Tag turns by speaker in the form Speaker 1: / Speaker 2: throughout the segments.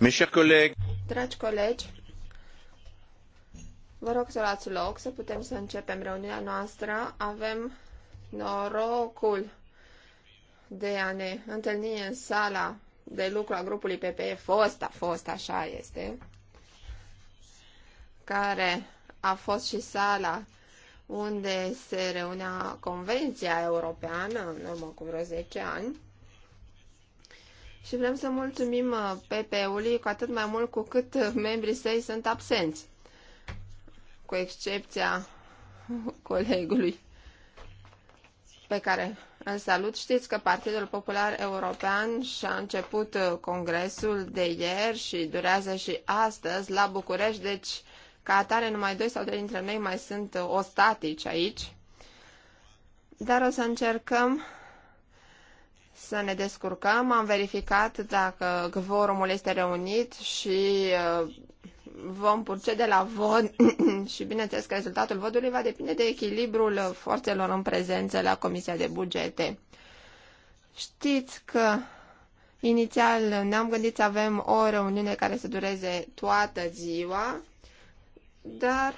Speaker 1: Mes chers collègues.
Speaker 2: Dragi colegi, vă rog să luați loc, să putem să începem reuniunea noastră. Avem norocul de a ne întâlni în sala de lucru a grupului PPE, fost, a fost, așa este, care a fost și sala unde se reunea Convenția Europeană în urmă cu vreo 10 ani, și vrem să mulțumim uh, PP-ului cu atât mai mult cu cât uh, membrii săi sunt absenți, cu excepția colegului pe care îl salut. Știți că Partidul Popular European și-a început uh, congresul de ieri și durează și astăzi la București, deci ca atare numai doi sau trei dintre noi mai sunt ostatici aici. Dar o să încercăm să ne descurcăm. Am verificat dacă gvorumul este reunit și uh, vom procede la vot și bineînțeles că rezultatul votului va depinde de echilibrul forțelor în prezență la Comisia de Bugete. Știți că inițial ne-am gândit să avem o reuniune care să dureze toată ziua, dar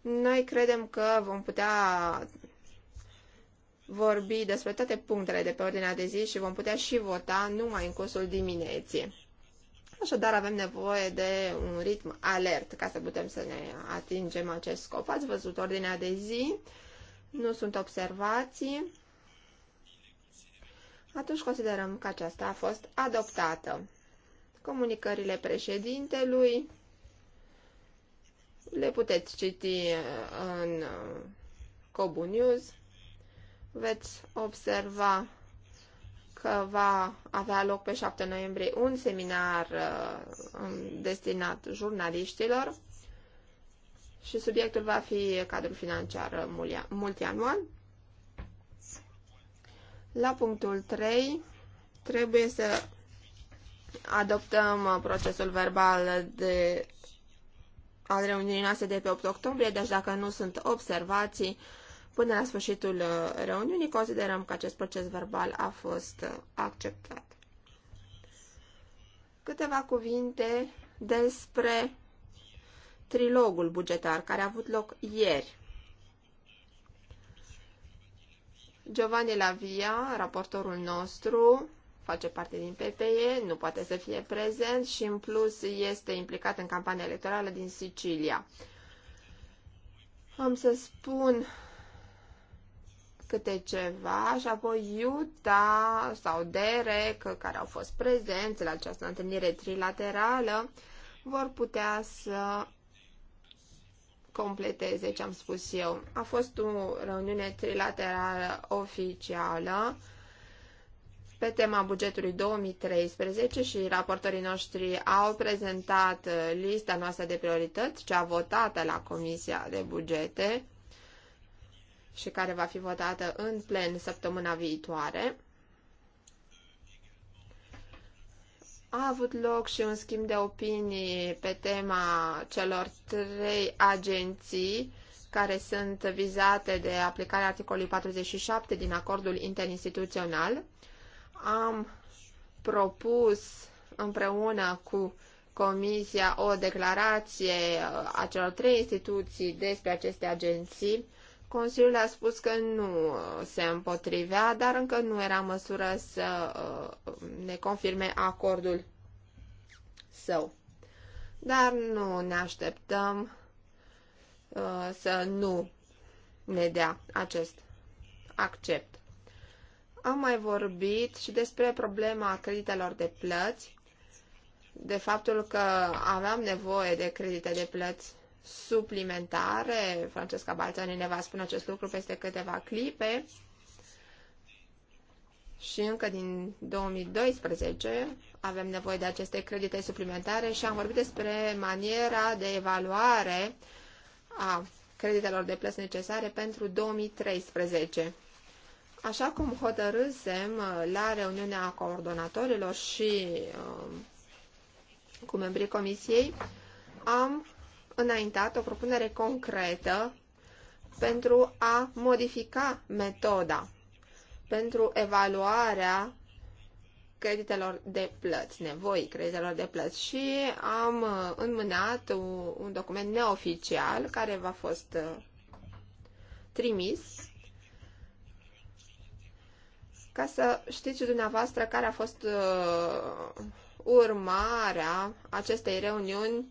Speaker 2: noi credem că vom putea vorbi despre toate punctele de pe ordinea de zi și vom putea și vota numai în cursul dimineții. Așadar, avem nevoie de un ritm alert ca să putem să ne atingem acest scop. Ați văzut ordinea de zi, nu sunt observații. Atunci considerăm că aceasta a fost adoptată. Comunicările președintelui le puteți citi în uh, Cobu News veți observa că va avea loc pe 7 noiembrie un seminar uh, destinat jurnaliștilor și subiectul va fi cadrul financiar multianual. La punctul 3 trebuie să adoptăm uh, procesul verbal de, al reuniunii noastre de pe 8 octombrie, deci dacă nu sunt observații, Până la sfârșitul uh, reuniunii considerăm că acest proces verbal a fost uh, acceptat. Câteva cuvinte despre trilogul bugetar care a avut loc ieri. Giovanni Lavia, raportorul nostru, face parte din PPE, nu poate să fie prezent și în plus este implicat în campania electorală din Sicilia. Am să spun câte ceva și apoi Iuta sau Derek, care au fost prezenți la această întâlnire trilaterală, vor putea să completeze ce am spus eu. A fost o reuniune trilaterală oficială pe tema bugetului 2013 și raportorii noștri au prezentat lista noastră de priorități, cea votată la Comisia de Bugete și care va fi votată în plen săptămâna viitoare. A avut loc și un schimb de opinii pe tema celor trei agenții care sunt vizate de aplicarea articolului 47 din acordul interinstituțional. Am propus împreună cu Comisia o declarație a celor trei instituții despre aceste agenții Consiliul a spus că nu uh, se împotrivea, dar încă nu era măsură să uh, ne confirme acordul său. Dar nu ne așteptăm uh, să nu ne dea acest accept. Am mai vorbit și despre problema creditelor de plăți, de faptul că aveam nevoie de credite de plăți suplimentare. Francesca Balțani ne va spune acest lucru peste câteva clipe. Și încă din 2012 avem nevoie de aceste credite suplimentare și am vorbit despre maniera de evaluare a creditelor de plăți necesare pentru 2013. Așa cum hotărâsem uh, la reuniunea coordonatorilor și uh, cu membrii comisiei, am înaintat o propunere concretă pentru a modifica metoda pentru evaluarea creditelor de plăți, nevoii creditelor de plăți și am uh, înmânat un document neoficial care v-a fost uh, trimis ca să știți și dumneavoastră care a fost uh, urmarea acestei reuniuni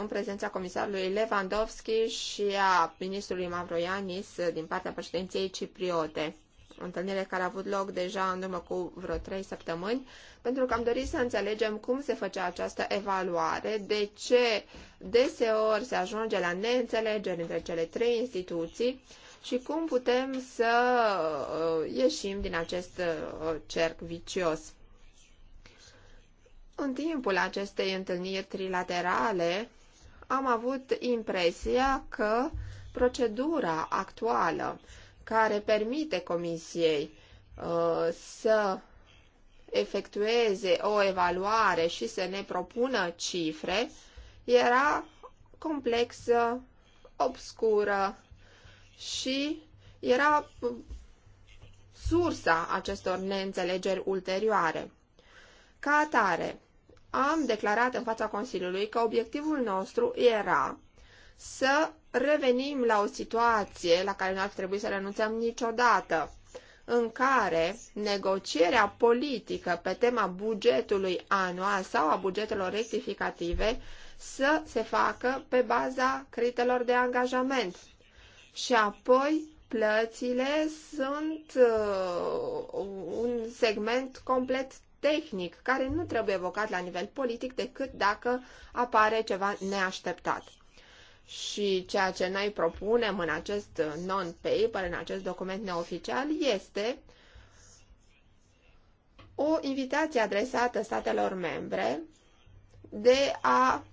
Speaker 2: în prezența comisarului Lewandowski și a ministrului Mavroianis din partea președinției cipriote. Întâlnire care a avut loc deja în urmă cu vreo trei săptămâni, pentru că am dorit să înțelegem cum se făcea această evaluare, de ce deseori se ajunge la neînțelegeri între cele trei instituții și cum putem să uh, ieșim din acest uh, cerc vicios. În timpul acestei întâlniri trilaterale am avut impresia că procedura actuală care permite Comisiei uh, să efectueze o evaluare și să ne propună cifre era complexă, obscură și era uh, sursa acestor neînțelegeri ulterioare. Ca atare, am declarat în fața Consiliului că obiectivul nostru era să revenim la o situație la care nu ar trebui să renunțăm niciodată, în care negocierea politică pe tema bugetului anual sau a bugetelor rectificative să se facă pe baza critelor de angajament. Și apoi plățile sunt uh, un segment complet tehnic care nu trebuie evocat la nivel politic decât dacă apare ceva neașteptat. Și ceea ce noi propunem în acest non-paper, în acest document neoficial, este o invitație adresată statelor membre de a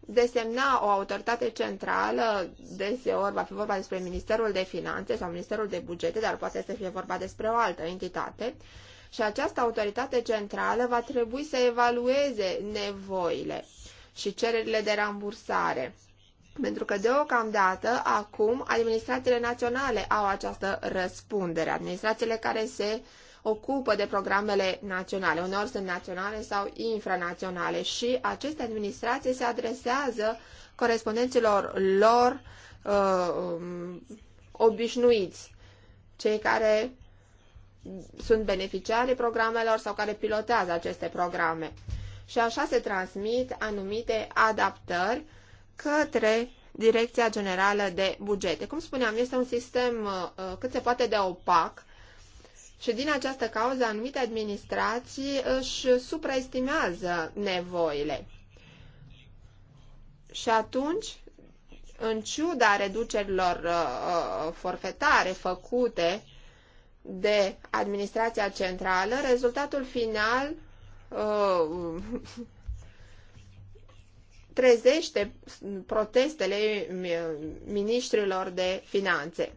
Speaker 2: desemna o autoritate centrală, deseori va fi vorba despre Ministerul de Finanțe sau Ministerul de Bugete, dar poate să fie vorba despre o altă entitate, și această autoritate centrală va trebui să evalueze nevoile și cererile de rambursare. Pentru că deocamdată, acum, administrațiile naționale au această răspundere, administrațiile care se ocupă de programele naționale, uneori sunt naționale sau infranaționale și aceste administrații se adresează corespondenților lor uh, um, obișnuiți, cei care sunt beneficiarii programelor sau care pilotează aceste programe. Și așa se transmit anumite adaptări către Direcția Generală de Bugete. Cum spuneam, este un sistem uh, uh, cât se poate de opac și din această cauză anumite administrații își supraestimează nevoile. Și atunci, în ciuda reducerilor uh, forfetare făcute de administrația centrală, rezultatul final uh, trezește protestele ministrilor de finanțe.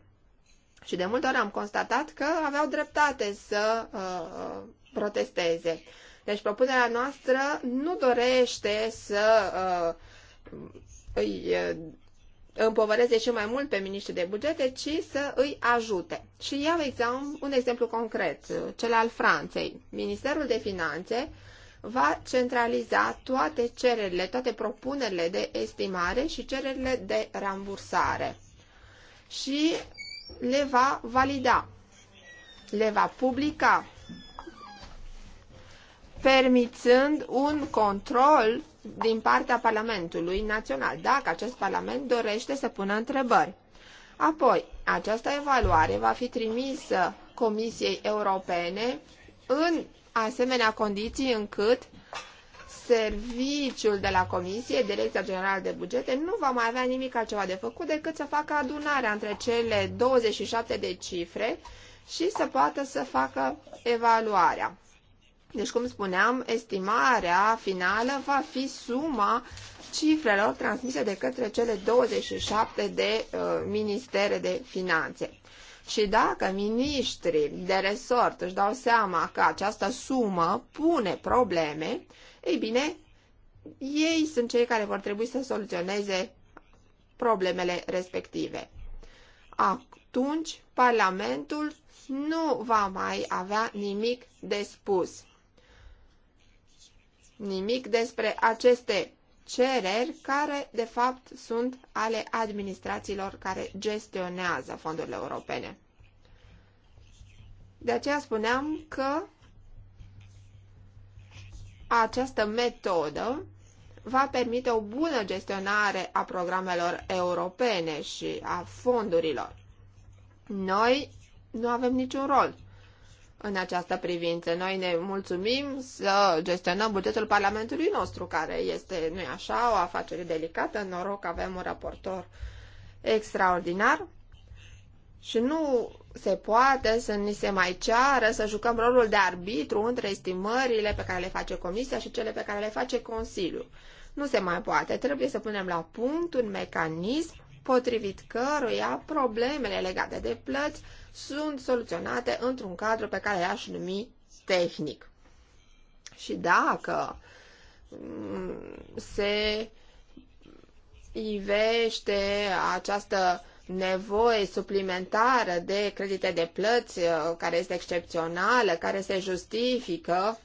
Speaker 2: Și de multe ori am constatat că aveau dreptate să uh, protesteze. Deci propunerea noastră nu dorește să uh, îi uh, împovăreze și mai mult pe miniștri de bugete, ci să îi ajute. Și iau exam, un exemplu concret, cel al Franței. Ministerul de Finanțe va centraliza toate cererile, toate propunerile de estimare și cererile de rambursare și le va valida, le va publica, permițând un control din partea Parlamentului Național, dacă acest Parlament dorește să pună întrebări. Apoi, această evaluare va fi trimisă Comisiei Europene în asemenea condiții încât serviciul de la Comisie, Direcția Generală de Bugete, nu va mai avea nimic altceva de făcut decât să facă adunarea între cele 27 de cifre și să poată să facă evaluarea. Deci, cum spuneam, estimarea finală va fi suma cifrelor transmise de către cele 27 de uh, ministere de finanțe. Și dacă miniștrii de resort își dau seama că această sumă pune probleme, ei bine, ei sunt cei care vor trebui să soluționeze problemele respective. Atunci, Parlamentul nu va mai avea nimic de spus nimic despre aceste cereri care, de fapt, sunt ale administrațiilor care gestionează fondurile europene. De aceea spuneam că această metodă va permite o bună gestionare a programelor europene și a fondurilor. Noi nu avem niciun rol în această privință. Noi ne mulțumim să gestionăm bugetul Parlamentului nostru, care este, nu așa, o afacere delicată. Noroc că avem un raportor extraordinar și nu se poate să ni se mai ceară să jucăm rolul de arbitru între estimările pe care le face Comisia și cele pe care le face Consiliul. Nu se mai poate. Trebuie să punem la punct un mecanism potrivit căruia problemele legate de plăți sunt soluționate într-un cadru pe care i aș numi tehnic. Și dacă mm, se ivește această nevoie suplimentară de credite de plăți uh, care este excepțională, care se justifică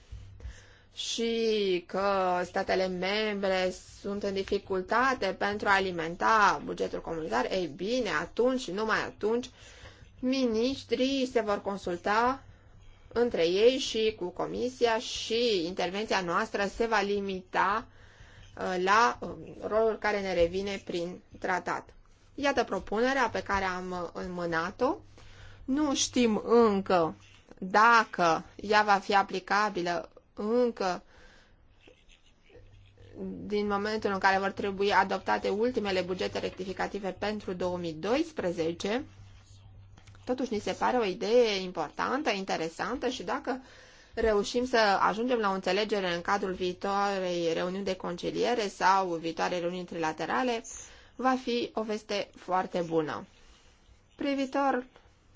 Speaker 2: și că statele membre sunt în dificultate pentru a alimenta bugetul comunitar, ei bine, atunci și numai atunci Ministrii se vor consulta între ei și cu comisia și intervenția noastră se va limita uh, la um, rolul care ne revine prin tratat. Iată propunerea pe care am uh, înmânat-o. Nu știm încă dacă ea va fi aplicabilă încă din momentul în care vor trebui adoptate ultimele bugete rectificative pentru 2012, Totuși, ni se pare o idee importantă, interesantă și dacă reușim să ajungem la o înțelegere în cadrul viitoarei reuniuni de conciliere sau viitoare reuniuni trilaterale, va fi o veste foarte bună. Privitor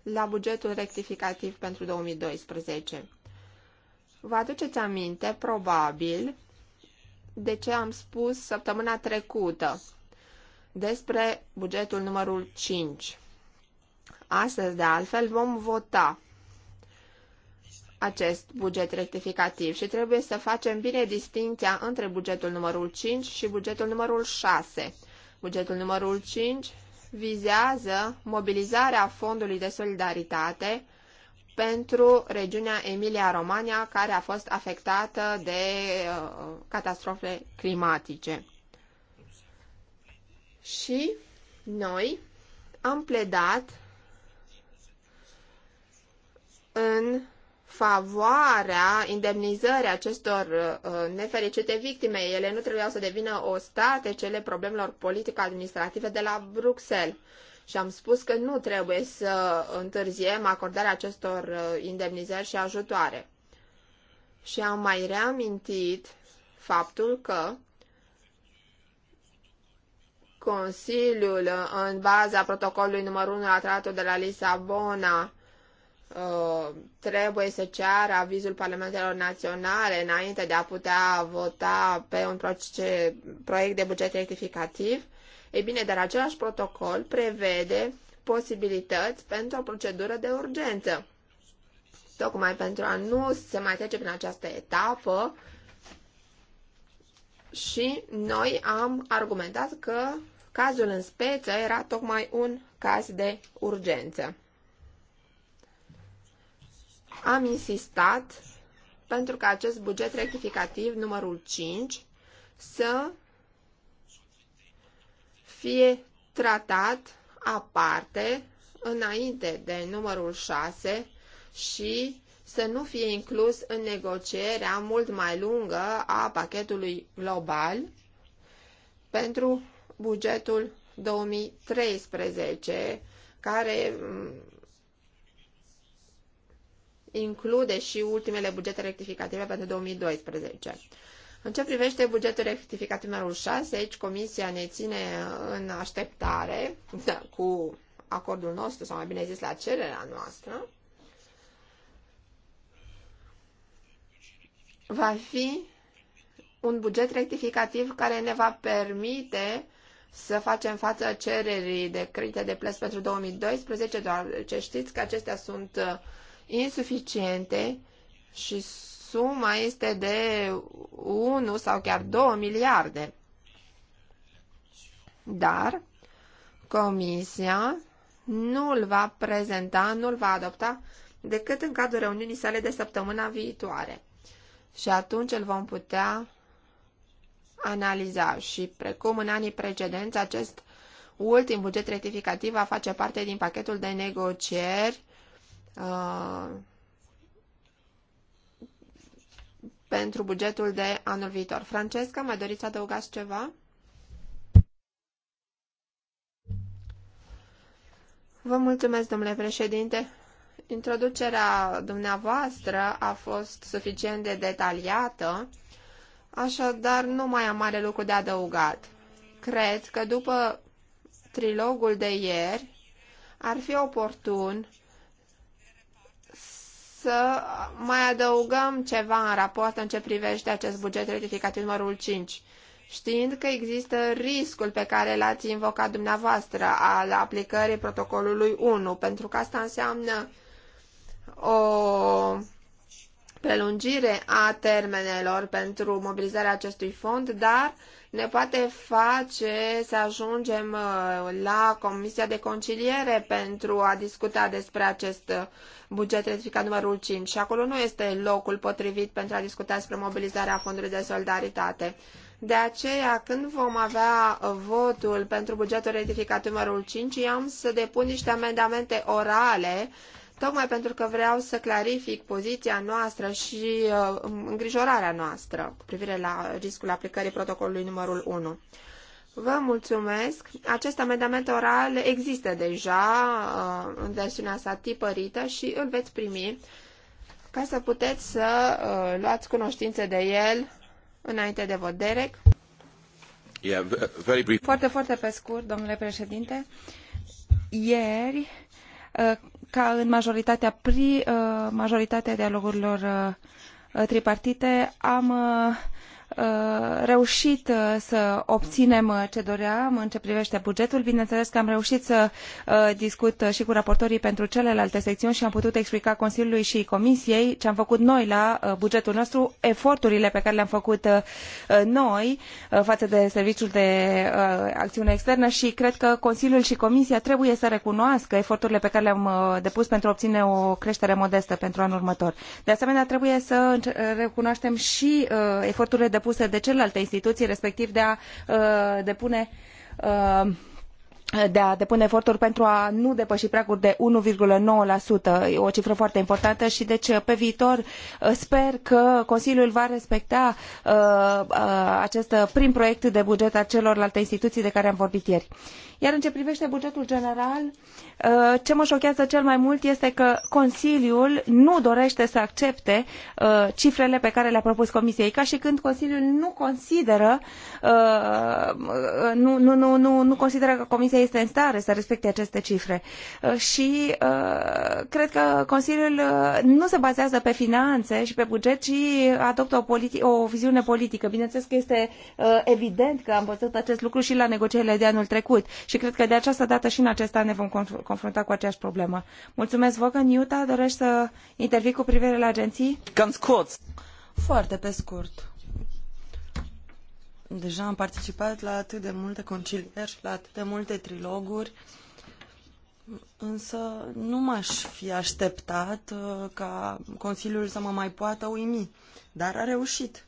Speaker 2: la bugetul rectificativ pentru 2012. Vă aduceți aminte, probabil, de ce am spus săptămâna trecută despre bugetul numărul 5. Astăzi, de altfel, vom vota acest buget rectificativ și trebuie să facem bine distinția între bugetul numărul 5 și bugetul numărul 6. Bugetul numărul 5 vizează mobilizarea fondului de solidaritate pentru regiunea Emilia-Romania, care a fost afectată de uh, catastrofe climatice. Și noi am pledat în favoarea indemnizării acestor uh, nefericite victime. Ele nu trebuiau să devină o state cele problemelor politico-administrative de la Bruxelles. Și am spus că nu trebuie să întârziem acordarea acestor uh, indemnizări și ajutoare. Și am mai reamintit faptul că Consiliul, în baza protocolului numărul 1 la tratatul de la Lisabona, Uh, trebuie să ceară avizul parlamentelor naționale înainte de a putea vota pe un proiect de buget rectificativ. Ei bine, dar același protocol prevede posibilități pentru o procedură de urgență. Tocmai pentru a nu se mai trece prin această etapă și noi am argumentat că cazul în speță era tocmai un caz de urgență am insistat pentru ca acest buget rectificativ numărul 5 să fie tratat aparte înainte de numărul 6 și să nu fie inclus în negocierea mult mai lungă a pachetului global pentru bugetul 2013, care include și ultimele bugete rectificative pentru 2012. În ce privește bugetul rectificativ numărul 6, aici Comisia ne ține în așteptare da, cu acordul nostru, sau mai bine zis la cererea noastră, va fi un buget rectificativ care ne va permite să facem față cererii de credite de plăți pentru 2012, doar ce știți că acestea sunt uh, insuficiente și suma este de 1 sau chiar 2 miliarde. Dar Comisia nu îl va prezenta, nu îl va adopta decât în cadrul reuniunii sale de săptămâna viitoare. Și atunci îl vom putea analiza și, precum în anii precedenți, acest ultim buget rectificativ va face parte din pachetul de negocieri Uh, pentru bugetul de anul viitor. Francesca, mai doriți să adăugați ceva? Vă mulțumesc, domnule președinte. Introducerea dumneavoastră a fost suficient de detaliată, așadar nu mai am mare lucru de adăugat. Cred că după trilogul de ieri ar fi oportun să mai adăugăm ceva în raport în ce privește acest buget rectificativ numărul 5, știind că există riscul pe care l-ați invocat dumneavoastră al aplicării protocolului 1, pentru că asta înseamnă o prelungire a termenelor pentru mobilizarea acestui fond, dar uh, ne poate face să ajungem uh, la Comisia de Conciliere pentru a discuta despre acest uh, buget rectificat numărul 5 și acolo nu este locul potrivit pentru a discuta despre mobilizarea fondului de solidaritate. De aceea, când vom avea uh, votul pentru bugetul rectificat numărul 5, eu am să depun niște amendamente orale tocmai pentru că vreau să clarific poziția noastră și uh, îngrijorarea noastră cu privire la riscul aplicării protocolului numărul 1. Vă mulțumesc. Acest amendament oral există deja uh, în versiunea sa tipărită și îl veți primi ca să puteți să uh, luați cunoștințe de el înainte de vot. Derek?
Speaker 3: Yeah, very brief.
Speaker 1: Foarte, foarte pe scurt, domnule președinte. Ieri, uh, ca în majoritatea, pri, uh, majoritatea dialogurilor uh, tripartite am uh, Uh, reușit uh, să obținem uh, ce doream în ce privește bugetul. Bineînțeles că am reușit să discut și cu raportorii pentru celelalte secțiuni și am putut explica Consiliului și Comisiei ce am făcut noi la bugetul nostru, eforturile pe care le-am făcut noi față de Serviciul de Acțiune Externă și cred că Consiliul și Comisia trebuie să recunoască eforturile pe care le-am depus pentru a obține o creștere modestă pentru anul următor. De asemenea, trebuie să recunoaștem și eforturile depuse depuse de celelalte instituții, respectiv de a uh, depune uh, de a depune eforturi pentru a nu depăi pragul de unu nouă o cifră foarte importantă i deci pe viitor uh, sper că consiliul va respecta uh, uh, acest prim proiect de buget al celorlalte instituii de care am vorbit ieri. iar în ceea ce privete bugetul general ce mă ochează cel mai mult este că consiliul nu dorete să accepte cifrele pe care le a propus comisiei ca i când consiliul nu consideră nu, nu, nu, nu consideră că comisia Comisia este în stare să respecte aceste cifre. Uh, și uh, cred că Consiliul uh, nu se bazează pe finanțe și pe buget, ci adoptă o, politi- o viziune politică. Bineînțeles că este evident că am văzut acest lucru și la negocierile de anul trecut și cred că de această dată și în acest an ne vom confrunta cu aceeași problemă. Mulțumesc, Vogan. Iuta, dorești să intervii cu privire la agenții? Ganz
Speaker 3: kurz. Foarte pe scurt. Deja am participat la atât de multe concilieri și la atât de multe triloguri, însă nu m-aș fi așteptat uh, ca Consiliul să mă mai poată uimi, dar a reușit.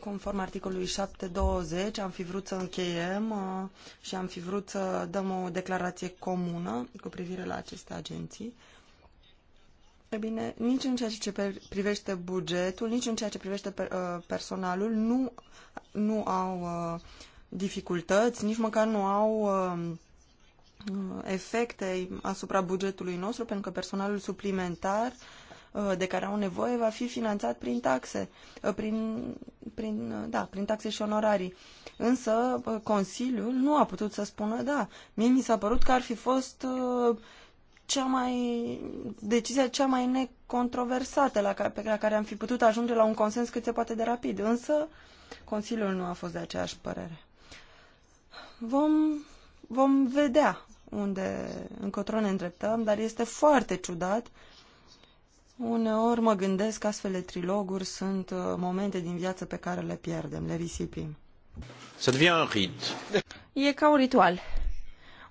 Speaker 3: Conform articolului 720 am fi vrut să încheiem uh, și am fi vrut să dăm o declarație comună cu privire la aceste agenții bine, nici în ceea ce privește bugetul, nici în ceea ce privește uh, personalul, nu, nu au uh, dificultăți, nici măcar nu au uh, uh efecte asupra bugetului nostru, pentru că personalul suplimentar uh, de care au nevoie va fi finanțat prin taxe, prin, prin, da, prin taxe și onorarii. Însă Consiliul nu a putut să spună da. Mie mi s-a părut că ar fi fost uh, cea mai, decizia cea mai necontroversată la care, pe la care am fi putut ajunge la un consens cât se poate de rapid. Însă, Consiliul nu a fost de aceeași părere. Vom, vom vedea unde încotro ne îndreptăm, dar este foarte ciudat. Uneori mă gândesc că astfel de triloguri sunt uh, momente din viață pe care le pierdem, le risipim.
Speaker 1: Să devine un
Speaker 2: rit.
Speaker 3: E ca un ritual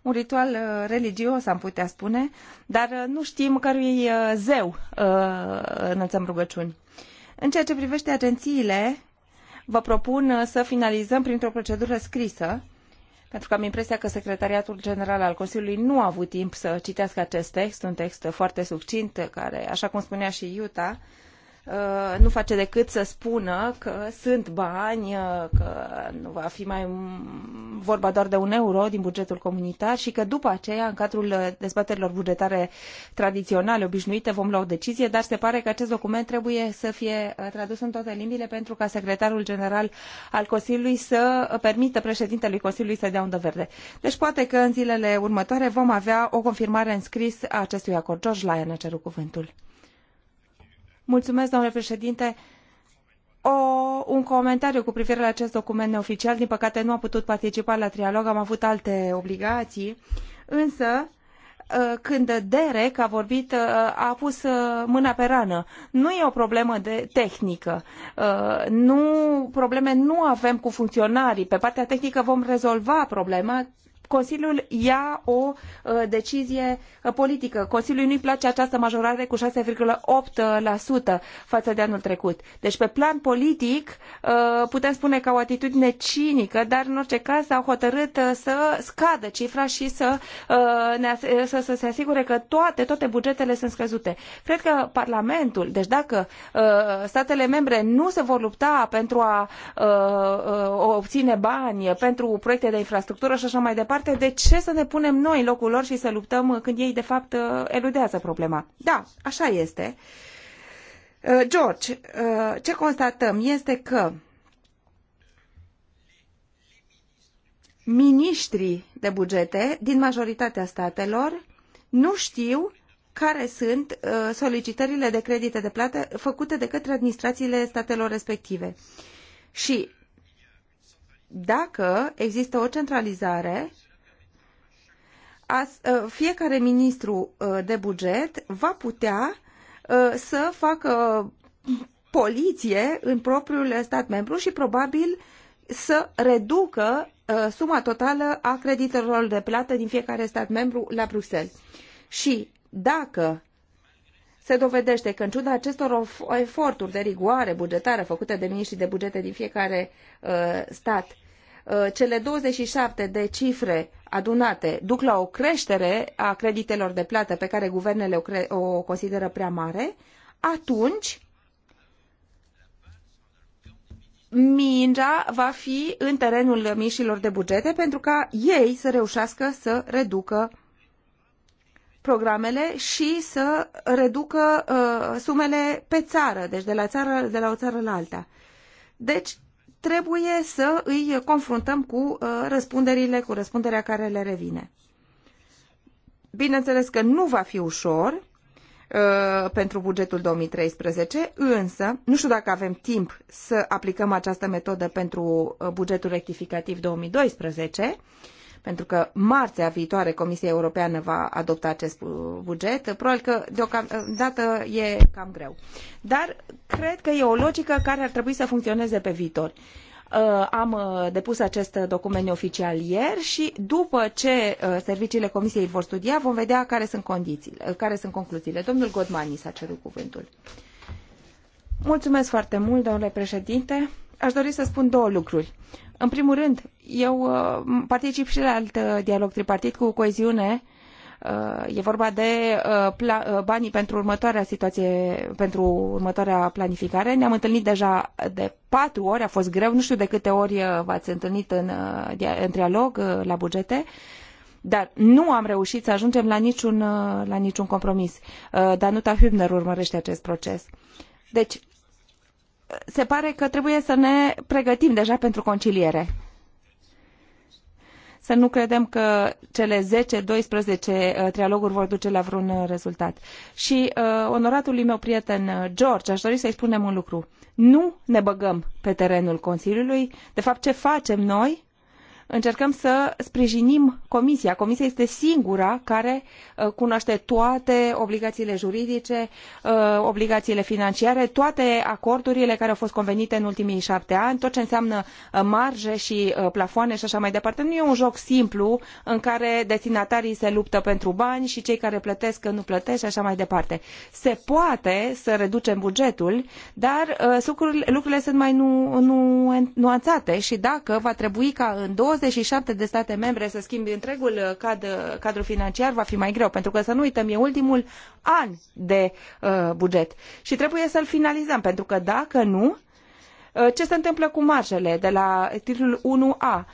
Speaker 3: un ritual uh, religios, am putea spune,
Speaker 1: dar uh, nu știm cărui uh, zeu înălțăm rugăciuni. În ceea ce privește agențiile, vă propun să finalizăm printr-o procedură scrisă, pentru că am impresia că Secretariatul General al Consiliului nu a avut timp să citească acest text, un text foarte succint, care, așa cum spunea și Iuta, Uh, nu face decât să spună că sunt bani, uh, că nu va fi mai vorba doar de un euro din bugetul comunitar și că după aceea, în cadrul uh, dezbaterilor bugetare tradiționale, obișnuite, vom lua o decizie, dar se pare că acest document trebuie să fie tradus în toate limbile pentru ca secretarul general al Consiliului să permită președintelui Consiliului să dea undă verde. Deci poate că în zilele următoare vom avea o confirmare în scris a acestui acord. George Lyon a cerut cuvântul. Mulțumesc, domnule președinte. O, un comentariu cu privire la acest document neoficial. Din păcate nu am putut participa la trialog, am avut alte obligații. Însă, ă, când Derek a vorbit, ă, a pus ă, mâna pe rană. Nu e o problemă de tehnică. Nu, probleme nu avem cu funcționarii. Pe partea tehnică vom rezolva problema Consiliul ia o uh, decizie uh, politică. Consiliului nu-i place această majorare cu 6,8% față de anul trecut. Deci, pe plan politic, uh, putem spune că o atitudine cinică, dar în orice caz s-au hotărât să scadă cifra și să, să, să se asigure că toate, toate bugetele sunt scăzute. Cred că Parlamentul, deci dacă statele membre nu se vor lupta pentru a obține bani pentru proiecte de infrastructură și așa mai departe, departe, de ce să ne punem noi în locul lor și să luptăm când ei, de fapt, uh, eludează problema? Da, așa este. Uh, George, uh, ce constatăm este că miniștrii de bugete din majoritatea statelor nu știu care sunt solicitările de credite de plată făcute de către administrațiile statelor respective. Și dacă există o centralizare, Uh, fiecare ministru uh, de buget va putea uh, să facă poliție în propriul stat membru și probabil să reducă suma totală a creditelor de plată din fiecare stat membru la Bruxelles. Și dacă se dovedește că în ciuda acestor eforturi de rigoare bugetară făcute de miniștrii de bugete din fiecare stat, Uh, cele 27 de cifre adunate duc la o creștere a creditelor de plată pe care guvernele o, o consideră prea mare, atunci mingea va fi în terenul mișilor de bugete pentru ca ei să reușească să reducă programele și să reducă uh, sumele pe țară, deci de la, țară, de la o țară la alta. Deci, trebuie să îi confruntăm cu uh, răspunderile, cu răspunderea care le revine. Bineînțeles că nu va fi ușor uh, pentru bugetul 2013, însă nu știu dacă avem timp să aplicăm această metodă pentru uh, bugetul rectificativ 2012, pentru că marțea viitoare Comisia Europeană va adopta acest buget. Probabil că deocamdată e cam greu. Dar cred că e o logică care ar trebui să funcționeze pe viitor uh, am uh, depus acest document oficial ieri și după ce uh, serviciile Comisiei vor studia, vom vedea care sunt condițiile, care sunt concluziile. Domnul Godmani s-a cerut cuvântul. Mulțumesc foarte mult, domnule președinte aș dori să spun două lucruri. În primul rând, eu uh, particip și la alt uh, dialog tripartit cu coeziune. Uh, e vorba de banii pentru următoarea situație, pentru următoarea planificare. Ne-am întâlnit deja de patru ori, a fost greu, nu știu de câte ori v-ați întâlnit în, în dialog la bugete dar nu am reușit să ajungem la niciun, la niciun compromis. Danuta Hübner urmărește acest proces. Deci, se pare că trebuie să ne pregătim deja pentru conciliere. Să nu credem că cele 10-12 uh, trialoguri vor duce la vreun uh, rezultat. Și uh, onoratului meu prieten uh, George, aș dori să-i spunem un lucru. Nu ne băgăm pe terenul Consiliului. De fapt, ce facem noi încercăm să sprijinim Comisia. Comisia este singura care uh, cunoaște toate obligațiile juridice, uh, obligațiile financiare, toate acordurile care au fost convenite în ultimii șapte ani, tot ce înseamnă uh, marje și plafoane și așa mai departe. Nu e un joc simplu în care destinatarii se luptă pentru bani și cei care plătesc nu plătesc și așa mai departe. Se poate să reducem bugetul, dar lucrurile sunt mai nu, nu, nuanțate și dacă va trebui ca în două 27 de state membre să schimbi întregul uh, cadru, uh, cadru financiar va fi mai greu, pentru că să nu uităm, e ultimul an de uh, buget și trebuie să-l finalizăm, pentru că dacă nu, uh, ce se întâmplă cu marjele de la titlul 1A.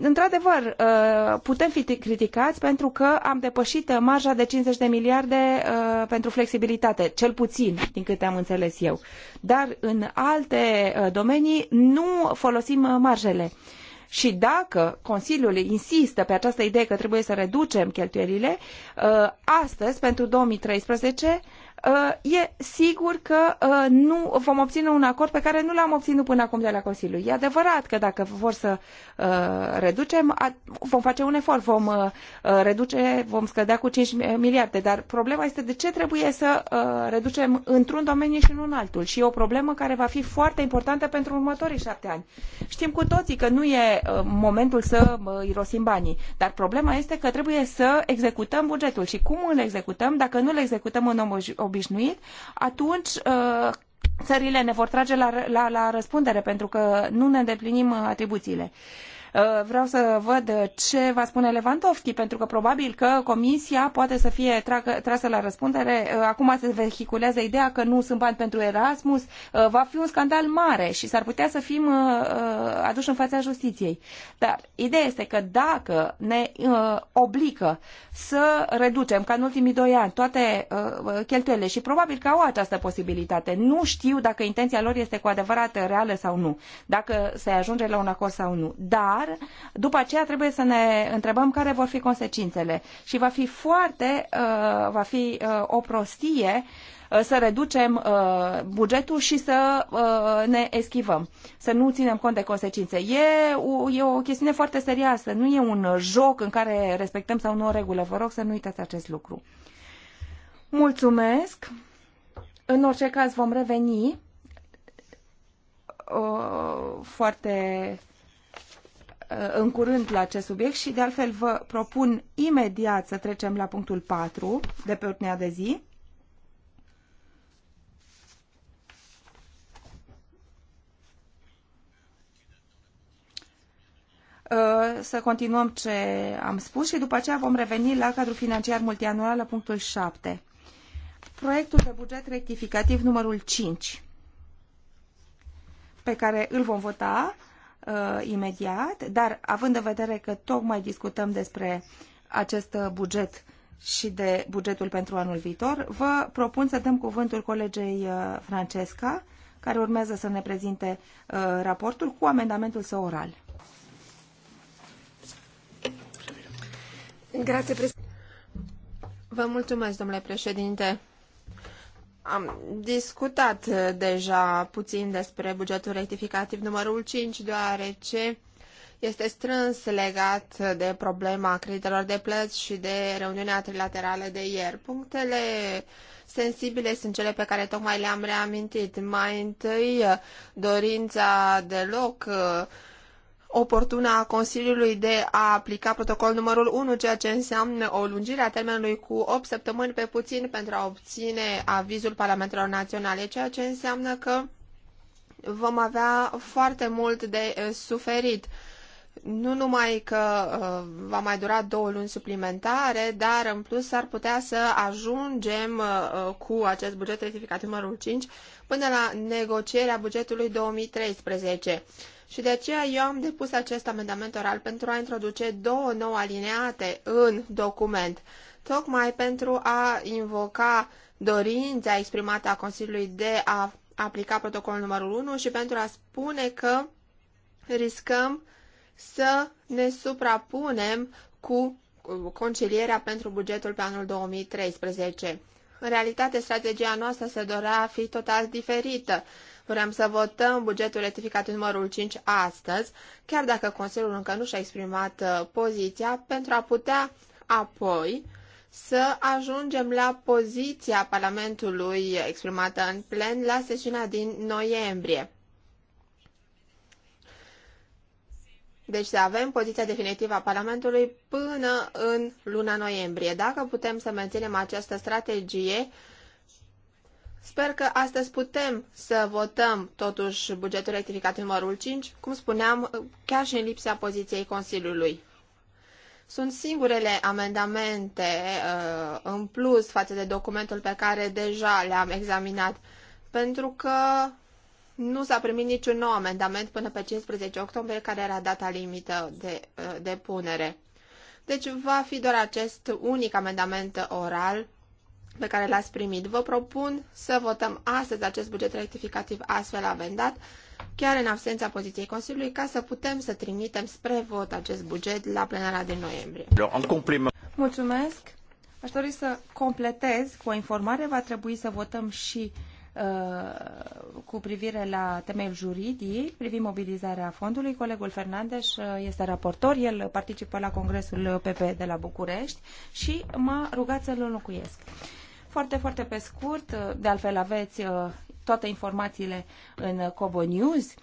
Speaker 1: Într-adevăr, putem fi criticați pentru că am depășit marja de 50 de miliarde pentru flexibilitate, cel puțin, din câte am înțeles eu. Dar în alte domenii nu folosim marjele și dacă Consiliul insistă pe această idee că trebuie să reducem cheltuielile, ă, astăzi, pentru 2013, Uh, e sigur că uh, nu vom obține un acord pe care nu l-am obținut până acum de la Consiliu. E adevărat că dacă vor să uh, reducem, vom face un efort, vom reduce, vom scădea cu 5 miliarde, dar problema este de ce trebuie să reducem într-un domeniu și nu în altul. Și e o problemă care va fi foarte importantă pentru următorii șapte ani. Știm cu toții că nu e momentul să irosim banii, dar problema este că trebuie să executăm bugetul. Și cum îl executăm dacă nu îl executăm în obișnuit, atunci uh, țările ne vor trage la, la, la răspundere pentru că nu ne îndeplinim uh, atribuțiile. Uh, Uh, vreau să văd ce va spune Lewandowski, pentru că probabil că comisia poate să fie trasă la răspundere. Uh, acum se vehiculează ideea că nu sunt bani pentru Erasmus. Uh, va fi un scandal mare și s-ar putea să fim aduși în fața justiției. Dar ideea este că dacă ne obligă să reducem, ca în ultimii doi ani, toate cheltuielile și probabil că au această posibilitate, nu știu dacă intenția lor este cu adevărat reală sau nu, dacă se ajunge la un acord sau nu. Dar dar după aceea trebuie să ne întrebăm care vor fi consecințele. Și va fi foarte, uh, va fi uh, o prostie uh, să reducem bugetul și să ne eschivăm, să nu ținem cont de consecințe. E o, e o chestiune foarte serioasă, nu e un joc în care respectăm sau nu o regulă. Vă rog să nu uitați acest lucru. Mulțumesc! În orice caz vom reveni foarte Uh, în curând la acest subiect și de altfel vă propun imediat să trecem la punctul 4 de pe ordinea de zi. Uh, să continuăm ce am spus și după aceea vom reveni la cadrul financiar multianual la punctul 7. Proiectul de buget rectificativ numărul 5 pe care îl vom vota uh, imediat, dar având în vedere că tocmai discutăm despre acest buget și de bugetul pentru anul viitor, vă propun să dăm cuvântul colegei uh, Francesca, care urmează să ne prezinte uh, raportul cu amendamentul său oral. Grazie, Vă mulțumesc,
Speaker 2: domnule președinte. Am discutat uh, deja puțin despre bugetul rectificativ numărul 5, deoarece este strâns legat de problema creditelor de plăți și de reuniunea trilaterală de ieri. Punctele sensibile sunt cele pe care tocmai le-am reamintit. Mai întâi, uh, dorința de loc. Uh, oportună a Consiliului de a aplica protocolul numărul 1, ceea ce înseamnă o lungire a termenului cu 8 săptămâni pe puțin pentru a obține avizul Parlamentelor Naționale, ceea ce înseamnă că vom avea foarte mult de eh, suferit. Nu numai că eh, va mai dura două luni suplimentare, dar în plus ar putea să ajungem eh, cu acest buget rectificativ numărul 5 până la negocierea bugetului 2013 și de aceea eu am depus acest amendament oral pentru a introduce două nouă alineate în document, tocmai pentru a invoca dorința exprimată a Consiliului de a aplica protocolul numărul 1 și pentru a spune că riscăm să ne suprapunem cu concilierea pentru bugetul pe anul 2013. În realitate, strategia noastră se dorea a fi total diferită Vrem să votăm bugetul rectificat numărul 5 astăzi, chiar dacă Consiliul încă nu și-a exprimat uh, poziția, pentru a putea apoi să ajungem la poziția Parlamentului exprimată în plen la sesiunea din noiembrie. Deci să avem poziția definitivă a Parlamentului până în luna noiembrie. Dacă putem să menținem această strategie, Sper că astăzi putem să votăm totuși bugetul rectificat numărul 5, cum spuneam, chiar și în lipsa poziției Consiliului. Sunt singurele amendamente uh, în plus față de documentul pe care deja le-am examinat, pentru că nu s-a primit niciun nou amendament până pe 15 octombrie, care era data limită de uh, depunere. Deci va fi doar acest unic amendament oral pe care l-ați primit. Vă propun să votăm astăzi acest buget rectificativ astfel amendat, chiar în absența poziției Consiliului, ca să putem să trimitem spre vot acest
Speaker 1: buget la plenara din noiembrie. Mulțumesc! Aș dori să completez cu o informare. Va trebui să votăm și uh, cu privire la temeiul juridic, privind mobilizarea fondului. Colegul Fernandez uh, este raportor, el participă la Congresul PP de la București și m-a rugat să-l înlocuiesc foarte, foarte pe scurt, de altfel aveți uh, toate informațiile în Cobo News.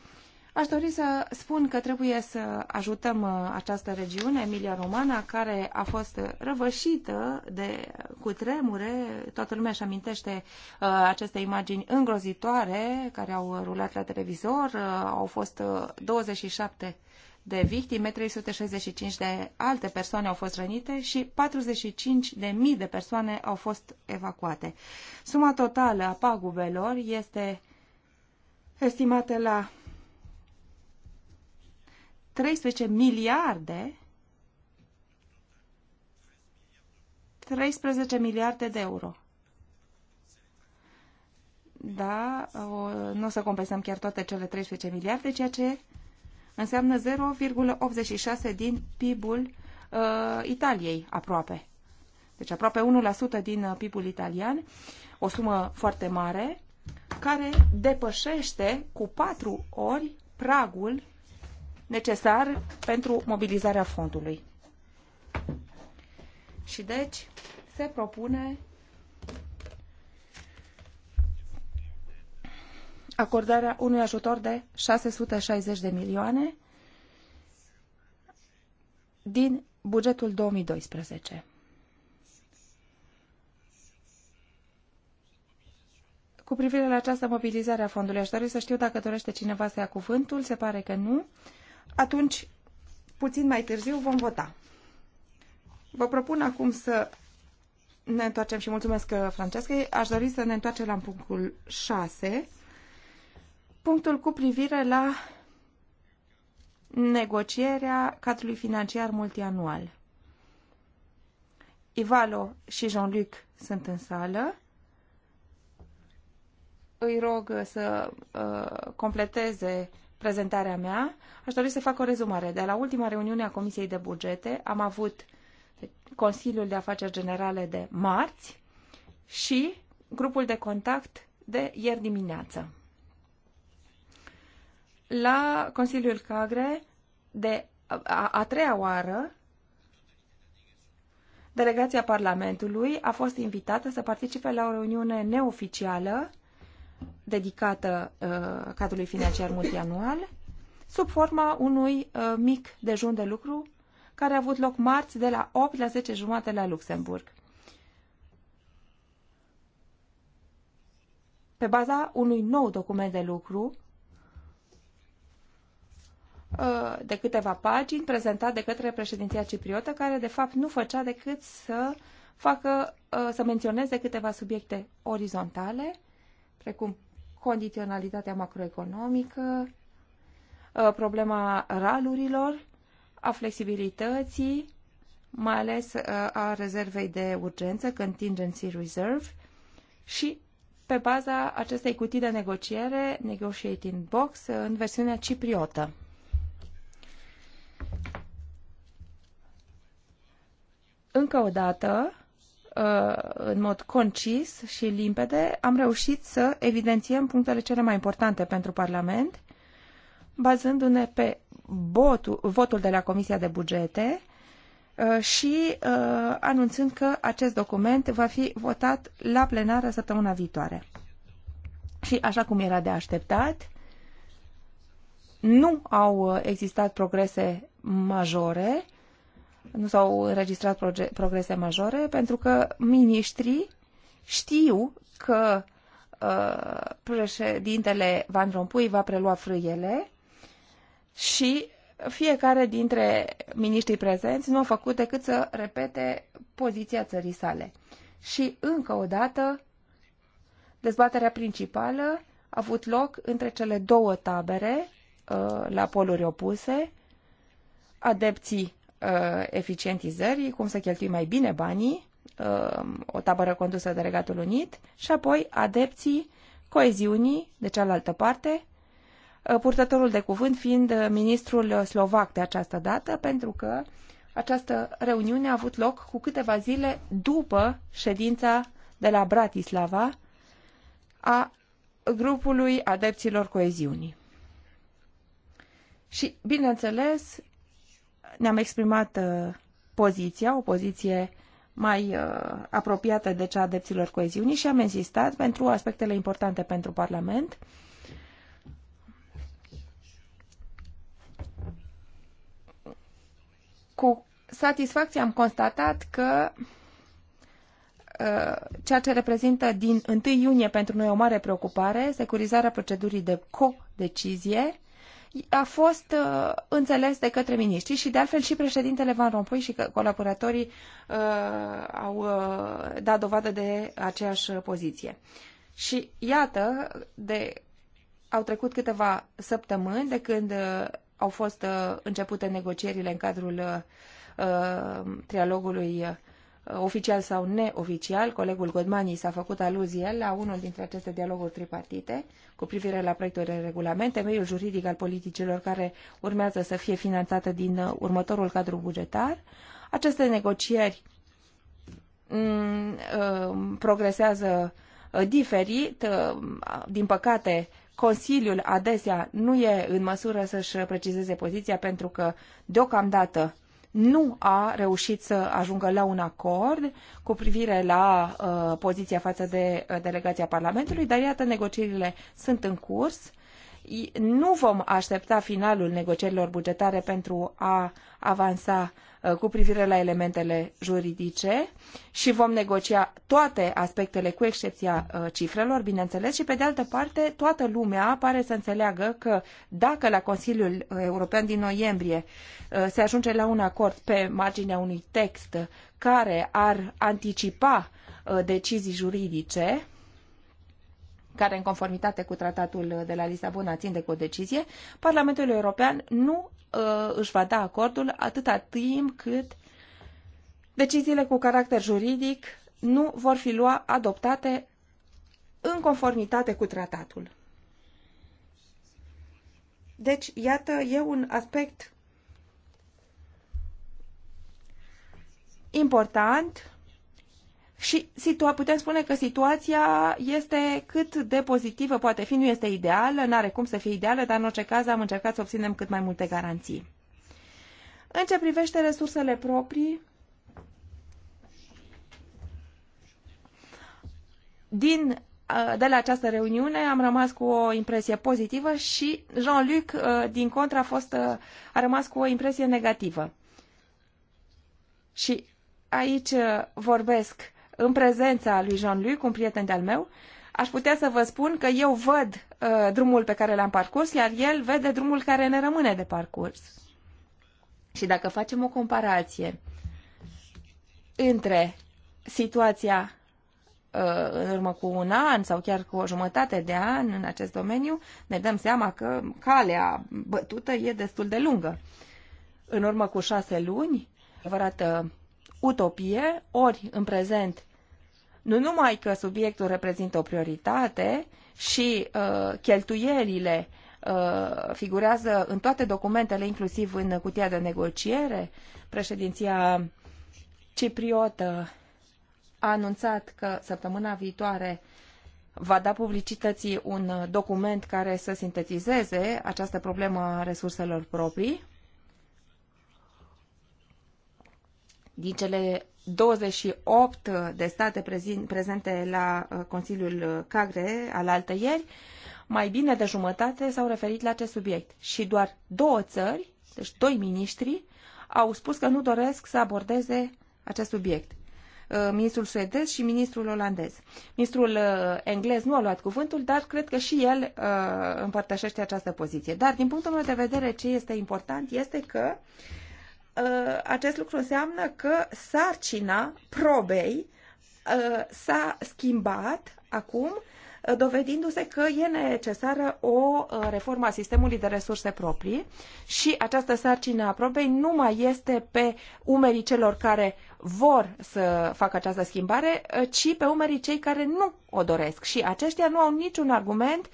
Speaker 1: Aș dori să spun că trebuie să ajutăm uh, această regiune, Emilia-Romana, care a fost răvășită de cutremure. Toată lumea își amintește uh, aceste imagini îngrozitoare care au rulat la televizor. Uh, au fost uh, 27 de victime, 365 de alte persoane au fost rănite și 45.000 de, de persoane au fost evacuate. Suma totală a pagubelor este estimată la 13 miliarde 13 miliarde de euro. Da, o, nu o să compensăm chiar toate cele 13 miliarde, ceea ce Înseamnă 0,86 din PIB-ul uh, Italiei aproape. Deci aproape 1% din uh, PIB-ul italian, o sumă foarte mare, care depășește cu 4 ori pragul necesar pentru mobilizarea fondului. Și deci se propune acordarea unui ajutor de 660 de milioane din bugetul 2012. Cu privire la această mobilizare a fondului, aș dori să știu dacă dorește cineva să ia cuvântul. Se pare că nu. Atunci, puțin mai târziu, vom vota. Vă propun acum să ne întoarcem și mulțumesc, uh, Francesca. Aș dori să ne întoarcem la punctul 6, punctul cu privire la negocierea cadrului financiar multianual. Ivalo și Jean-Luc sunt în sală. Îi rog să uh, completeze prezentarea mea. Aș dori să fac o rezumare. De la ultima reuniune a Comisiei de Bugete am avut Consiliul de Afaceri Generale de marți și grupul de contact de ieri dimineață la Consiliul Cagre de a, a treia oară Delegația Parlamentului a fost invitată să participe la o reuniune neoficială dedicată uh, cadrului financiar multianual sub forma unui uh, mic dejun de lucru care a avut loc marți de la 8 la 10 jumate la Luxemburg. Pe baza unui nou document de lucru Uh, de câteva pagini prezentat de către președinția cipriotă, care de fapt nu făcea decât să facă, uh, să menționeze câteva subiecte orizontale, precum condiționalitatea macroeconomică, uh, problema ralurilor, a flexibilității, mai ales a rezervei de urgență, contingency reserve, și pe baza acestei cutii de negociere, negotiating box, în versiunea cipriotă. încă o dată, uh, în mod concis și limpede, am reușit să evidențiem punctele cele mai importante pentru Parlament, bazându-ne pe votul, votul de la Comisia de Bugete uh, și uh, anunțând că acest document va fi votat la plenară săptămâna viitoare. Și așa cum era de așteptat, nu au existat progrese majore nu s-au înregistrat progrese majore, pentru că miniștrii știu că uh, președintele Van Rompuy va prelua frâiele și fiecare dintre miniștrii prezenți nu a făcut decât să repete poziția țării sale. Și încă o dată, dezbaterea principală a avut loc între cele două tabere uh, la poluri opuse, adepții Uh, eficientizării, cum să cheltui mai bine banii, uh, o tabără condusă de Regatul Unit, și apoi adepții coeziunii, de cealaltă parte, uh, purtătorul de cuvânt fiind ministrul slovac de această dată, pentru că această reuniune a avut loc cu câteva zile după ședința de la Bratislava a grupului adepților coeziunii. Și, bineînțeles, ne-am exprimat uh, poziția, o poziție mai uh, apropiată de cea a adepților coeziunii și am insistat pentru aspectele importante pentru Parlament. Cu satisfacție am constatat că uh, ceea ce reprezintă din 1 iunie pentru noi o mare preocupare, securizarea procedurii de co-decizie, a fost uh, înțeles de către miniștri și de altfel și președintele Van Rompuy și colaboratorii uh, au uh, dat dovadă de aceeași poziție. Și iată, de, au trecut câteva săptămâni de când uh, au fost uh, începute negocierile în cadrul uh, uh trialogului uh, oficial sau neoficial, colegul Godmani s-a făcut aluzie la unul dintre aceste dialoguri tripartite cu privire la proiectul de regulament, temeiul juridic al politicilor care urmează să fie finanțate din uh, următorul cadru bugetar. Aceste negocieri mm, uh, progresează uh, diferit. Din păcate, Consiliul adesea nu e în măsură să-și precizeze poziția pentru că, deocamdată, nu a reușit să ajungă la un acord cu privire la uh, poziția față de uh, delegația Parlamentului, dar iată, negocierile sunt în curs. nu vom aștepta finalul negocierilor bugetare pentru a avansa Uh, cu privire la elementele juridice și vom negocia toate aspectele, cu excepția uh, cifrelor, bineînțeles, și pe de altă parte, toată lumea pare să înțeleagă că dacă la Consiliul European din noiembrie uh, se ajunge la un acord pe marginea unui text care ar anticipa decizii juridice, care în conformitate cu tratatul de la Lisabona țin de codecizie, Parlamentul European nu uh, își va da acordul atâta timp cât deciziile cu caracter juridic nu vor fi lua adoptate în conformitate cu tratatul. Deci, iată, e un aspect important și situa- putem spune că situația este cât de pozitivă poate fi, nu este ideală, nu are cum să fie ideală, dar în orice caz am încercat să obținem cât mai multe garanții. În ce privește resursele proprii, din, uh, de la această reuniune am rămas cu o impresie pozitivă și Jean-Luc, uh, din contra, a, fost, uh, a rămas cu o impresie negativă. Și aici vorbesc în prezența lui Jean-Luc, un prieten de-al meu, aș putea să vă spun că eu văd uh, drumul pe care l-am parcurs, iar el vede drumul care ne rămâne de parcurs. Și dacă facem o comparație între situația uh, în urmă cu un an sau chiar cu o jumătate de an în acest domeniu, ne dăm seama că calea bătută e destul de lungă. În urmă cu șase luni, arată utopie, ori în prezent nu numai că subiectul reprezintă o prioritate și uh, cheltuielile uh, figurează în toate documentele, inclusiv în cutia de negociere, președinția cipriotă a anunțat că săptămâna viitoare va da publicității un document care să sintetizeze această problemă a resurselor proprii. din cele 28 de state prezente la uh, Consiliul Cagre al altăieri, mai bine de jumătate s-au referit la acest subiect și doar două țări, deci doi miniștri, au spus că nu doresc să abordeze acest subiect. Uh, ministrul suedez și ministrul olandez. Ministrul uh, englez nu a luat cuvântul, dar cred că și el împărtășește această poziție. Dar, din punctul meu de vedere, ce este important este că Uh, acest lucru înseamnă că sarcina probei uh, s-a schimbat acum, uh, dovedindu-se că e necesară o reformă a sistemului de resurse proprii și această sarcină a probei nu mai este pe umerii celor care vor să facă această schimbare, ci pe umerii cei care nu o doresc. Și aceștia nu au niciun argument,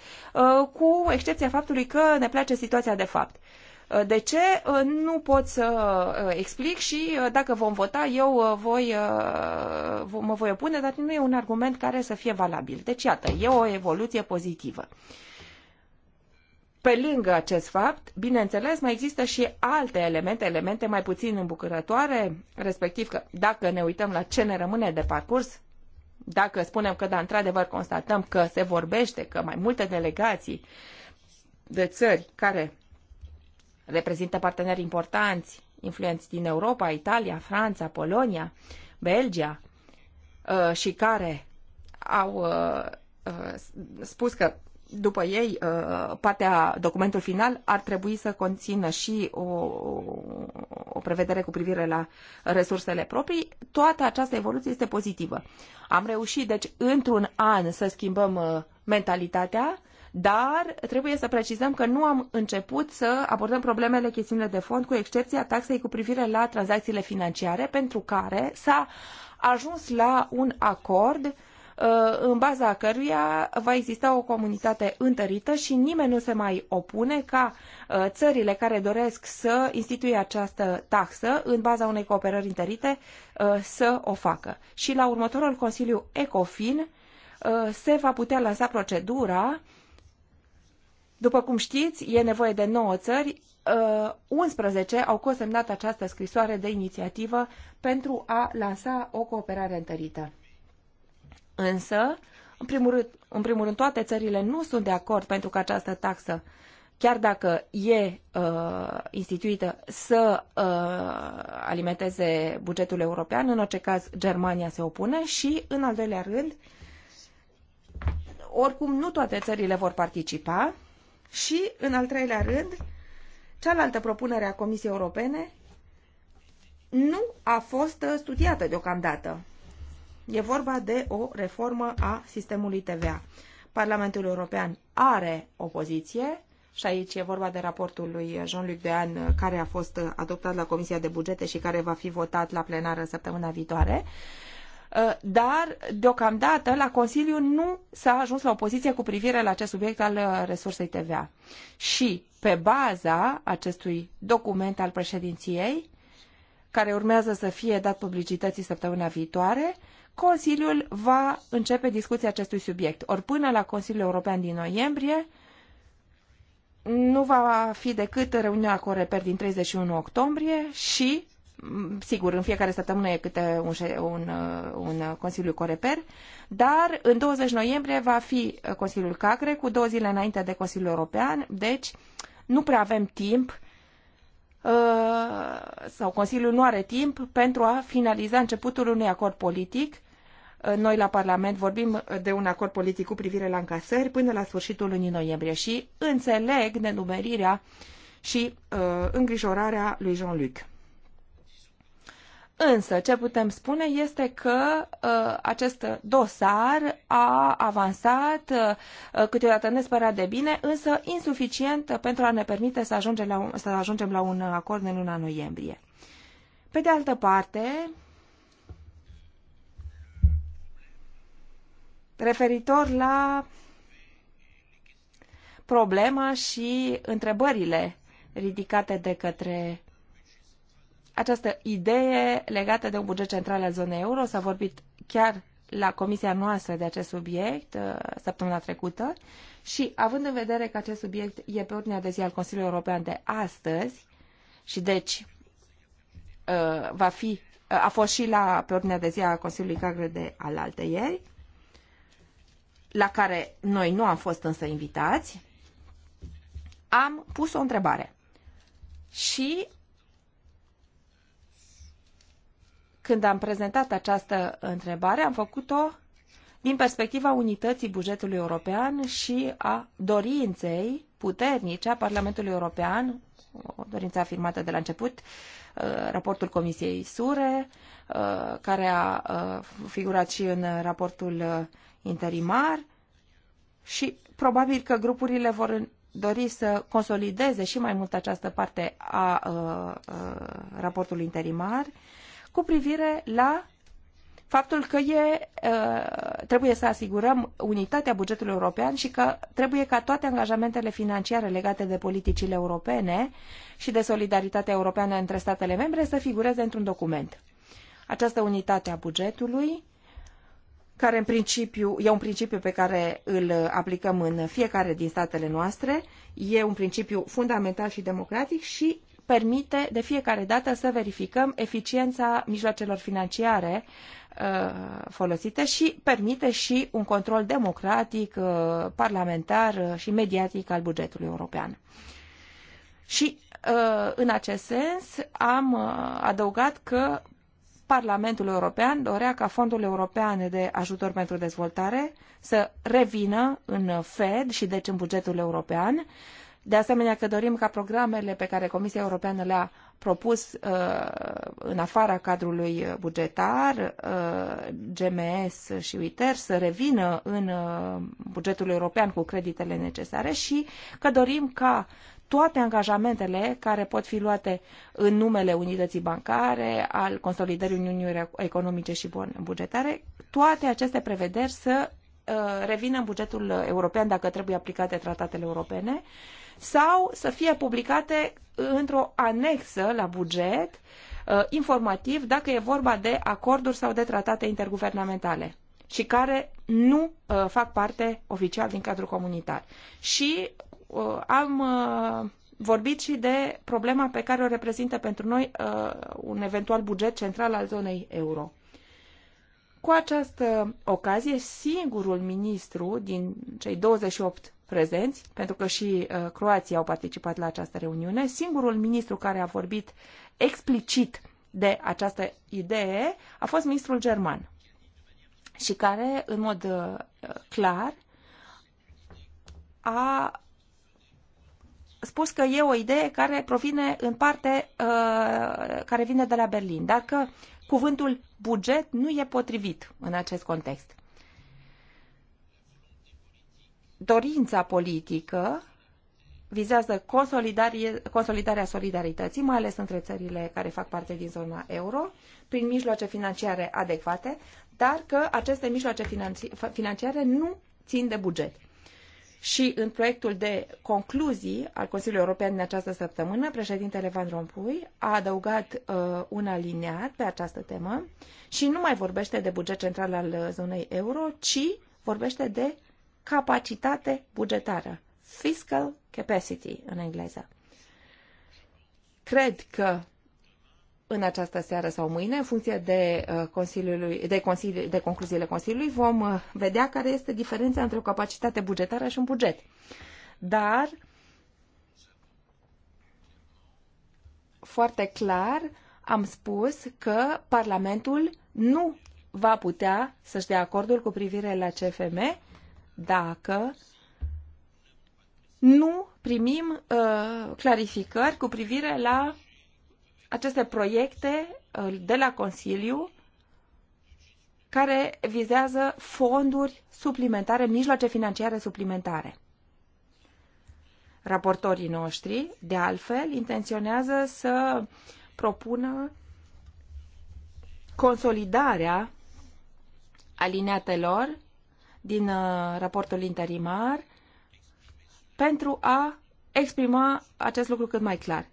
Speaker 1: cu excepția faptului că ne place situația de fapt. Uh, de ce? Uh, nu pot să uh, explic și dacă vom vota, eu voi, mă voi opune, dar nu e un argument care să fie valabil. Deci, iată, e o evoluție pozitivă. Pe lângă acest fapt, bineînțeles, mai există și alte elemente, elemente mai puțin îmbucurătoare, respectiv că dacă ne uităm la ce ne rămâne de parcurs, dacă spunem că, da, într-adevăr, constatăm că se vorbește că mai multe delegații de țări care reprezintă parteneri importanți, influenți din Europa, Italia, Franța, Polonia, Belgia uh, și care au uh, uh, spus că după ei, partea, documentul final ar trebui să conțină și o, o prevedere cu privire la resursele proprii. Toată această evoluție este pozitivă. Am reușit, deci, într-un an să schimbăm mentalitatea dar trebuie să precizăm că nu am început să abordăm problemele, chestiunile de fond, cu excepția taxei cu privire la tranzacțiile financiare, pentru care s-a ajuns la un acord uh, în baza căruia va exista o comunitate întărită și nimeni nu se mai opune ca uh, țările care doresc să instituie această taxă în baza unei cooperări întărite uh, să o facă. Și la următorul Consiliu ECOFIN se va putea lansa procedura uh, după cum știți, e nevoie de 9 țări. 11 uh, au consemnat această scrisoare de inițiativă pentru a lansa o cooperare întărită. Însă, în primul rând, în primul rând toate țările nu sunt de acord pentru că această taxă chiar dacă e uh, instituită să uh, alimenteze bugetul european, în orice caz Germania se opune și, în al doilea rând, oricum nu toate țările vor participa și, în al treilea rând, cealaltă propunere a Comisiei Europene nu a fost studiată deocamdată. E vorba de o reformă a sistemului TVA. Parlamentul European are o și aici e vorba de raportul lui Jean-Luc Dean care a fost adoptat la Comisia de Bugete și care va fi votat la plenară săptămâna viitoare. Uh, Uh, dar deocamdată la Consiliu nu s-a ajuns la o poziție cu privire la acest subiect al uh, resursei TVA. Și pe baza acestui document al președinției, care urmează să fie dat publicității săptămâna viitoare, Consiliul va începe discuția acestui subiect. Ori până la Consiliul European din noiembrie, nu va fi decât reuniunea Coreper din 31 octombrie și sigur, în fiecare săptămână e câte un, un, uh, un uh, Consiliu Coreper, dar în 20 noiembrie va fi Consiliul Cagre cu două zile înainte de Consiliul European, deci nu prea avem timp uh, sau Consiliul nu are timp pentru a finaliza începutul unui acord politic. Noi la Parlament vorbim de un acord politic cu privire la încasări până la sfârșitul lunii noiembrie și înțeleg nenumerirea și uh, îngrijorarea lui Jean-Luc. Însă, ce putem spune este că uh, acest dosar a avansat uh, câteodată nesperat de bine, însă insuficient pentru a ne permite să ajungem la un, să ajungem la un acord în luna noiembrie. Pe de altă parte, referitor la problema și întrebările ridicate de către această idee legată de un buget central al zonei euro. S-a vorbit chiar la comisia noastră de acest subiect uh, săptămâna trecută și având în vedere că acest subiect e pe ordinea de zi al Consiliului European de astăzi și deci uh, va fi, uh, a fost și la, pe ordinea de zi a Consiliului Cagre de alaltă ieri, la care noi nu am fost însă invitați, am pus o întrebare. Și Când am prezentat această întrebare, am făcut-o din perspectiva unității bugetului european și a dorinței puternice a Parlamentului European, o dorință afirmată de la început, uh, raportul Comisiei Sure, uh, care a uh, figurat și în raportul interimar și probabil că grupurile vor dori să consolideze și mai mult această parte a raportului interimar cu privire la faptul că e, uh, trebuie să asigurăm unitatea bugetului european și că trebuie ca toate angajamentele financiare legate de politicile europene și de solidaritatea europeană între statele membre să figureze într-un document. Această unitate a bugetului, care în principiu, e un principiu pe care îl aplicăm în fiecare din statele noastre, e un principiu fundamental și democratic și permite de fiecare dată să verificăm eficiența mijloacelor financiare uh, folosite și permite și un control democratic, uh, parlamentar uh, și mediatic al bugetului european. Și în acest sens am adăugat că Parlamentul European dorea ca Fondul European de Ajutor pentru Dezvoltare să revină în Fed și deci în bugetul european de asemenea că dorim ca programele pe care Comisia Europeană le-a propus uh, în afara cadrului bugetar, uh, GMS și UITER, să revină în uh, bugetul european cu creditele necesare și că dorim ca toate angajamentele care pot fi luate în numele unității bancare, al consolidării Uniunii Economice și Bugetare, toate aceste prevederi să revină în bugetul european dacă trebuie aplicate tratatele europene sau să fie publicate într-o anexă la buget uh, informativ dacă e vorba de acorduri sau de tratate interguvernamentale și care nu uh, fac parte oficial din cadrul comunitar. Și uh, am vorbit și de problema pe care o reprezintă pentru noi un eventual buget central al zonei euro. Cu această ocazie, singurul ministru din cei 28 prezenți, pentru că și uh, Croația au participat la această reuniune, singurul ministru care a vorbit explicit de această idee a fost ministrul german și care, în mod uh, clar, a spus că e o idee care provine în parte, uh, care vine de la Berlin, dar că cuvântul buget nu e potrivit în acest context. Dorința politică vizează consolidarea solidarității, mai ales între țările care fac parte din zona euro, prin mijloace financiare adecvate, dar că aceste mijloace financiare nu țin de buget. Și în proiectul de concluzii al Consiliului European din această săptămână, președintele Van Rompuy a adăugat uh, un aliniat pe această temă și nu mai vorbește de buget central al uh, zonei euro, ci vorbește de capacitate bugetară, fiscal capacity în engleză. Cred că în această seară sau mâine, în funcție de, uh, consiliului, de, consili, de concluziile Consiliului, vom uh, vedea care este diferența între o capacitate bugetară și un buget. Dar, foarte clar, am spus că Parlamentul nu va putea să-și dea acordul cu privire la CFM dacă nu primim uh, clarificări cu privire la aceste proiecte uh, de la Consiliu care vizează fonduri suplimentare, mijloace financiare suplimentare. Raportorii noștri, de altfel, intenționează să propună consolidarea alineatelor din uh, raportul interimar pentru a exprima acest lucru cât mai clar.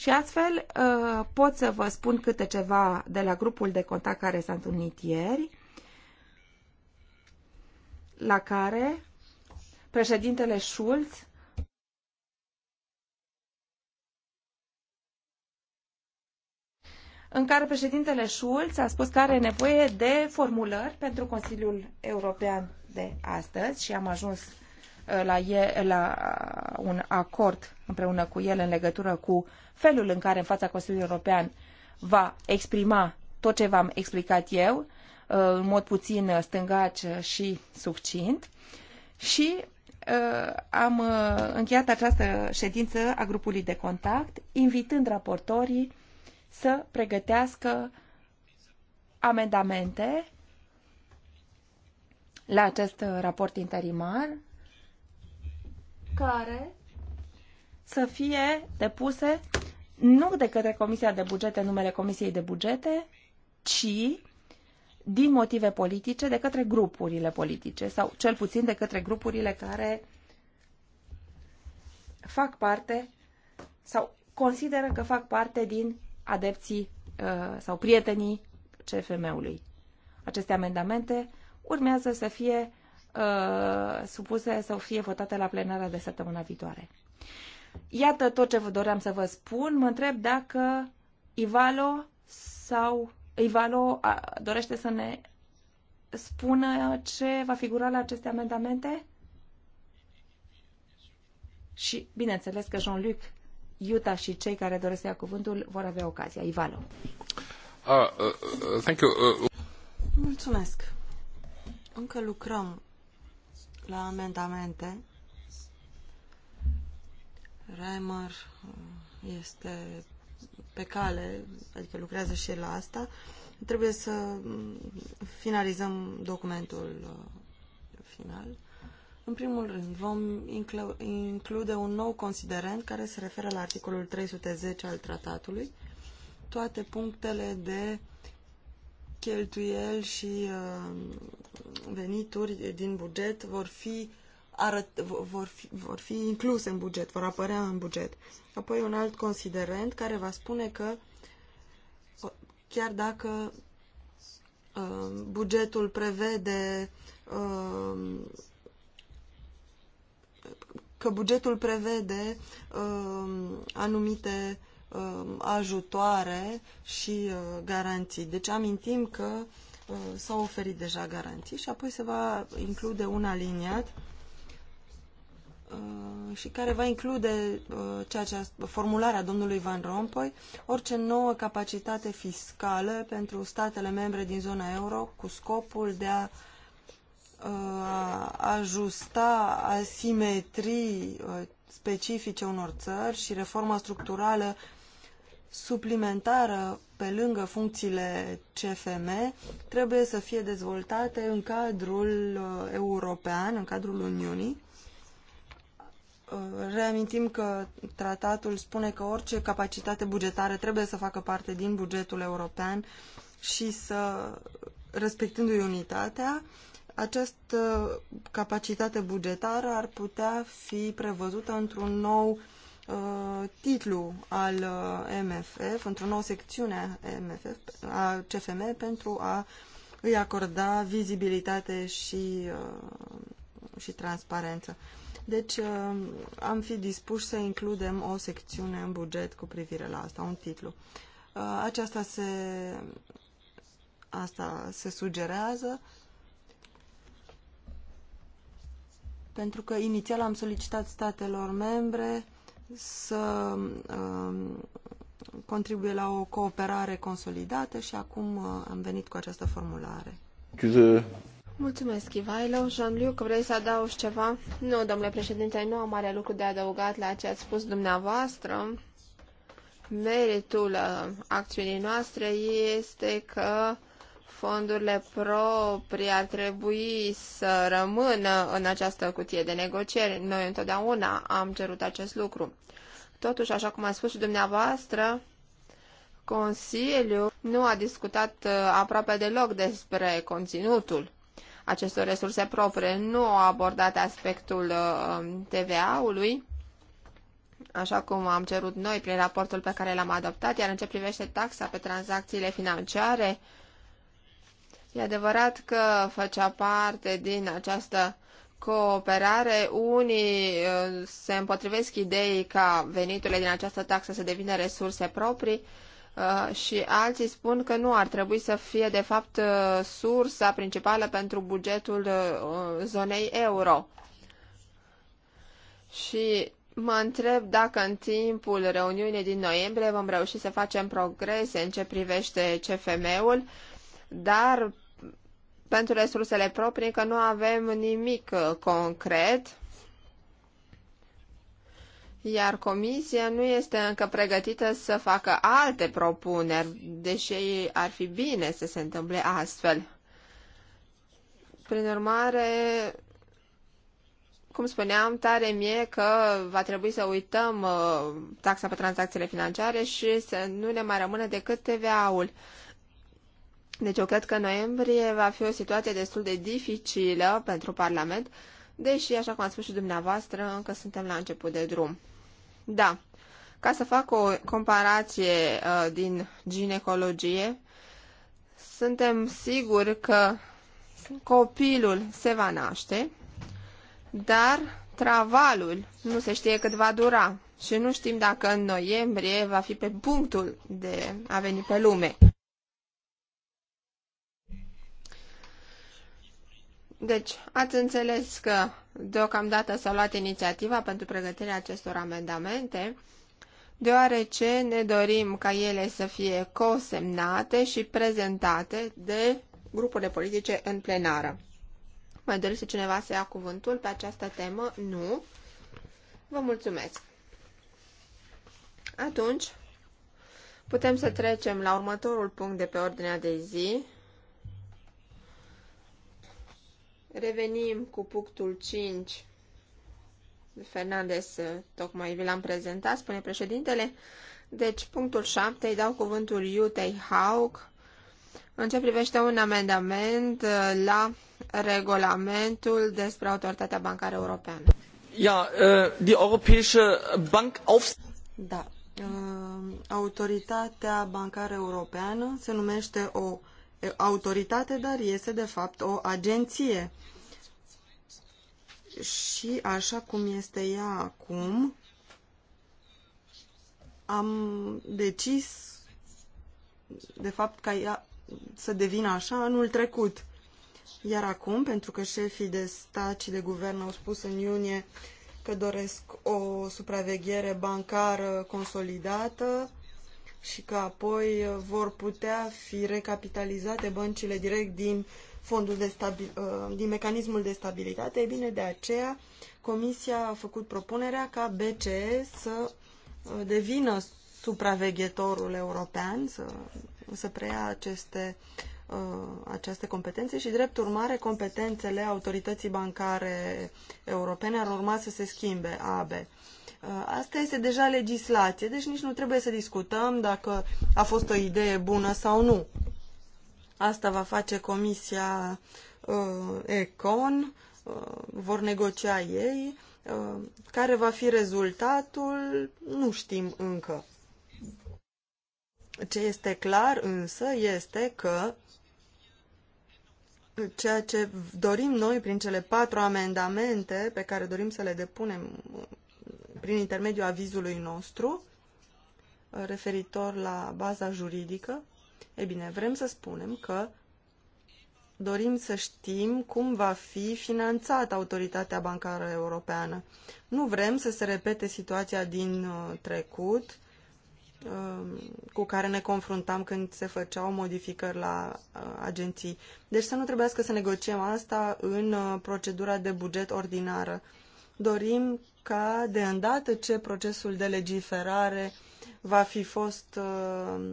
Speaker 1: Și astfel uh, pot să vă spun câte ceva de la grupul de contact care s-a întâlnit ieri, la care președintele Schulz în care președintele Schulz a spus că are nevoie de formulări pentru Consiliul European de astăzi și am ajuns Eh, la, e, la un acord împreună cu el în legătură cu felul în care în fața Consiliului European va exprima tot ce v-am explicat eu, eh, în mod puțin stângaci și succint. Și eh, am încheiat această ședință a grupului de contact, invitând raportorii să pregătească amendamente la acest raport interimar care să fie depuse nu de către Comisia de Bugete, numele Comisiei de Bugete, ci din motive politice de către grupurile politice sau cel puțin de către grupurile care fac parte sau consideră că fac parte din adepții uh, sau prietenii CFM-ului. Aceste amendamente urmează să fie Uh, supuse să fie votate la plenara de săptămâna viitoare. Iată tot ce vă doream să vă spun. Mă întreb dacă Ivalo sau Ivalo a, dorește să ne spună ce va figura la aceste amendamente? Și, bineînțeles, că Jean-Luc, Iuta și cei care doresc să ia cuvântul vor avea ocazia. Ivalo.
Speaker 3: Ah, uh, uh, thank you. Uh, Mulțumesc. Încă lucrăm la amendamente. Reimer uh, este pe cale, adică lucrează și la asta. Trebuie să mm, finalizăm documentul uh, final. În primul rând, vom include un nou considerent care se referă la articolul 310 al tratatului, toate punctele de cheltuieli și uh, venituri din buget vor fi, arăt, vor, fi, vor fi incluse în buget, vor apărea în buget. Apoi un alt considerent care va spune că chiar dacă uh, bugetul prevede uh, că bugetul prevede anumite Um, ajutoare și uh, garanții. Deci amintim că uh, s-au oferit deja garanții și apoi se va include un aliniat uh, și care va include ceea ce a, formularea domnului Van Rompuy, orice nouă capacitate fiscală pentru statele membre din zona euro cu scopul de a, a ajusta asimetrii specifice unor țări și reforma structurală suplimentară pe lângă funcțiile CFM trebuie să fie dezvoltate în cadrul uh, european, în cadrul Uniunii. Uh, reamintim că tratatul spune că orice capacitate bugetară trebuie să facă parte din bugetul european și să, respectându-i unitatea, această capacitate bugetară ar putea fi prevăzută într-un nou Uh, titlu al uh, MFF, într-o nouă secțiune a MFF, a CFM, pentru a îi acorda vizibilitate și, uh, și transparență. Deci am fi dispuși să includem o secțiune în buget cu privire la asta, un titlu. Aceasta se, asta se sugerează pentru că inițial am solicitat statelor membre să um, contribuie la o cooperare consolidată și acum uh, am venit cu această formulare. Mulțumesc, Ivailo.
Speaker 2: Jean-Luc, vrei să adaugi ceva? Nu, domnule președinte, nu am mare lucru de adăugat la ce ați spus dumneavoastră. Meritul uh, acțiunii noastre este că fondurile proprii ar trebui să rămână în această cutie de negocieri. Noi întotdeauna am cerut acest lucru. Totuși, așa cum a spus și dumneavoastră, Consiliul nu a discutat uh, aproape deloc despre conținutul acestor resurse proprie. Nu au abordat aspectul uh, um, TVA-ului, așa cum am cerut noi prin raportul pe care l-am adoptat, iar în ce privește taxa pe tranzacțiile financiare, E adevărat că făcea parte din această cooperare. Unii uh, se împotrivesc ideii ca veniturile din această taxă să devină resurse proprii uh, și alții spun că nu ar trebui să fie, de fapt, uh, sursa principală pentru bugetul zonei euro. Și mă întreb dacă în timpul reuniunii din noiembrie vom reuși să facem progrese în ce privește CFM-ul dar pentru resursele proprii că nu avem nimic uh, concret, iar comisia nu este încă pregătită să facă alte propuneri, deși ar fi bine să se întâmple astfel. Prin urmare, cum spuneam, tare mie că va trebui să uităm uh, taxa pe tranzacțiile financiare și să nu ne mai rămână decât TVA-ul. Deci eu cred că noiembrie va fi o situație destul de dificilă pentru Parlament, deși, așa cum ați spus și dumneavoastră, încă suntem la început de drum. Da, ca să fac o comparație uh, din ginecologie, suntem siguri că copilul se va naște, dar travalul nu se știe cât va dura și nu știm dacă în noiembrie va fi pe punctul de a veni pe lume. Deci, ați înțeles că deocamdată s-a luat inițiativa pentru pregătirea acestor amendamente, deoarece ne dorim ca ele să fie cosemnate și prezentate de grupurile politice în plenară. Mai doriți cineva să ia cuvântul pe această temă? Nu. Vă mulțumesc. Atunci, putem să trecem la următorul punct de pe ordinea de zi, Revenim cu punctul 5. Fernandez tocmai vi l-am prezentat, spune președintele. Deci, punctul 7, îi dau cuvântul Iutei Hauk. în ce privește un amendament uh, la regulamentul
Speaker 3: despre Autoritatea Bancară Europeană.
Speaker 2: Ja, uh, die Europäische
Speaker 3: auf... Da, uh, autoritatea bancară europeană se numește o autoritate, dar este de fapt o agenție. Și așa cum este ea acum, am decis de fapt ca ea să devină așa anul trecut. Iar acum, pentru că șefii de stat și de guvern au spus în iunie că doresc o supraveghere bancară consolidată, și că apoi uh, vor putea fi recapitalizate băncile direct din fondul de stabil, uh, din mecanismul de stabilitate. E bine, de aceea Comisia a făcut propunerea ca BCE să uh, devină supraveghetorul european, să, să preia aceste, aceste competențe și, drept urmare, competențele autorității bancare europene ar urma să se schimbe, AAB. Uh, asta este deja legislație, deci nici nu trebuie să discutăm dacă a fost o idee bună sau nu. Asta va face Comisia uh, Econ, uh, vor negocia ei. Care va fi rezultatul, nu știm încă. Ce este clar însă este că ceea ce dorim noi prin cele patru amendamente pe care dorim să le depunem prin intermediul avizului nostru uh, referitor la baza juridică, e bine, vrem să spunem că dorim să știm cum va fi finanțată autoritatea bancară europeană. Nu vrem să se repete situația din uh, trecut uh, cu care ne confruntam când se făceau modificări la agenții. Deci să nu trebuiască să negociem asta în procedura de buget ordinară dorim ca de îndată ce procesul de legiferare va fi fost uh,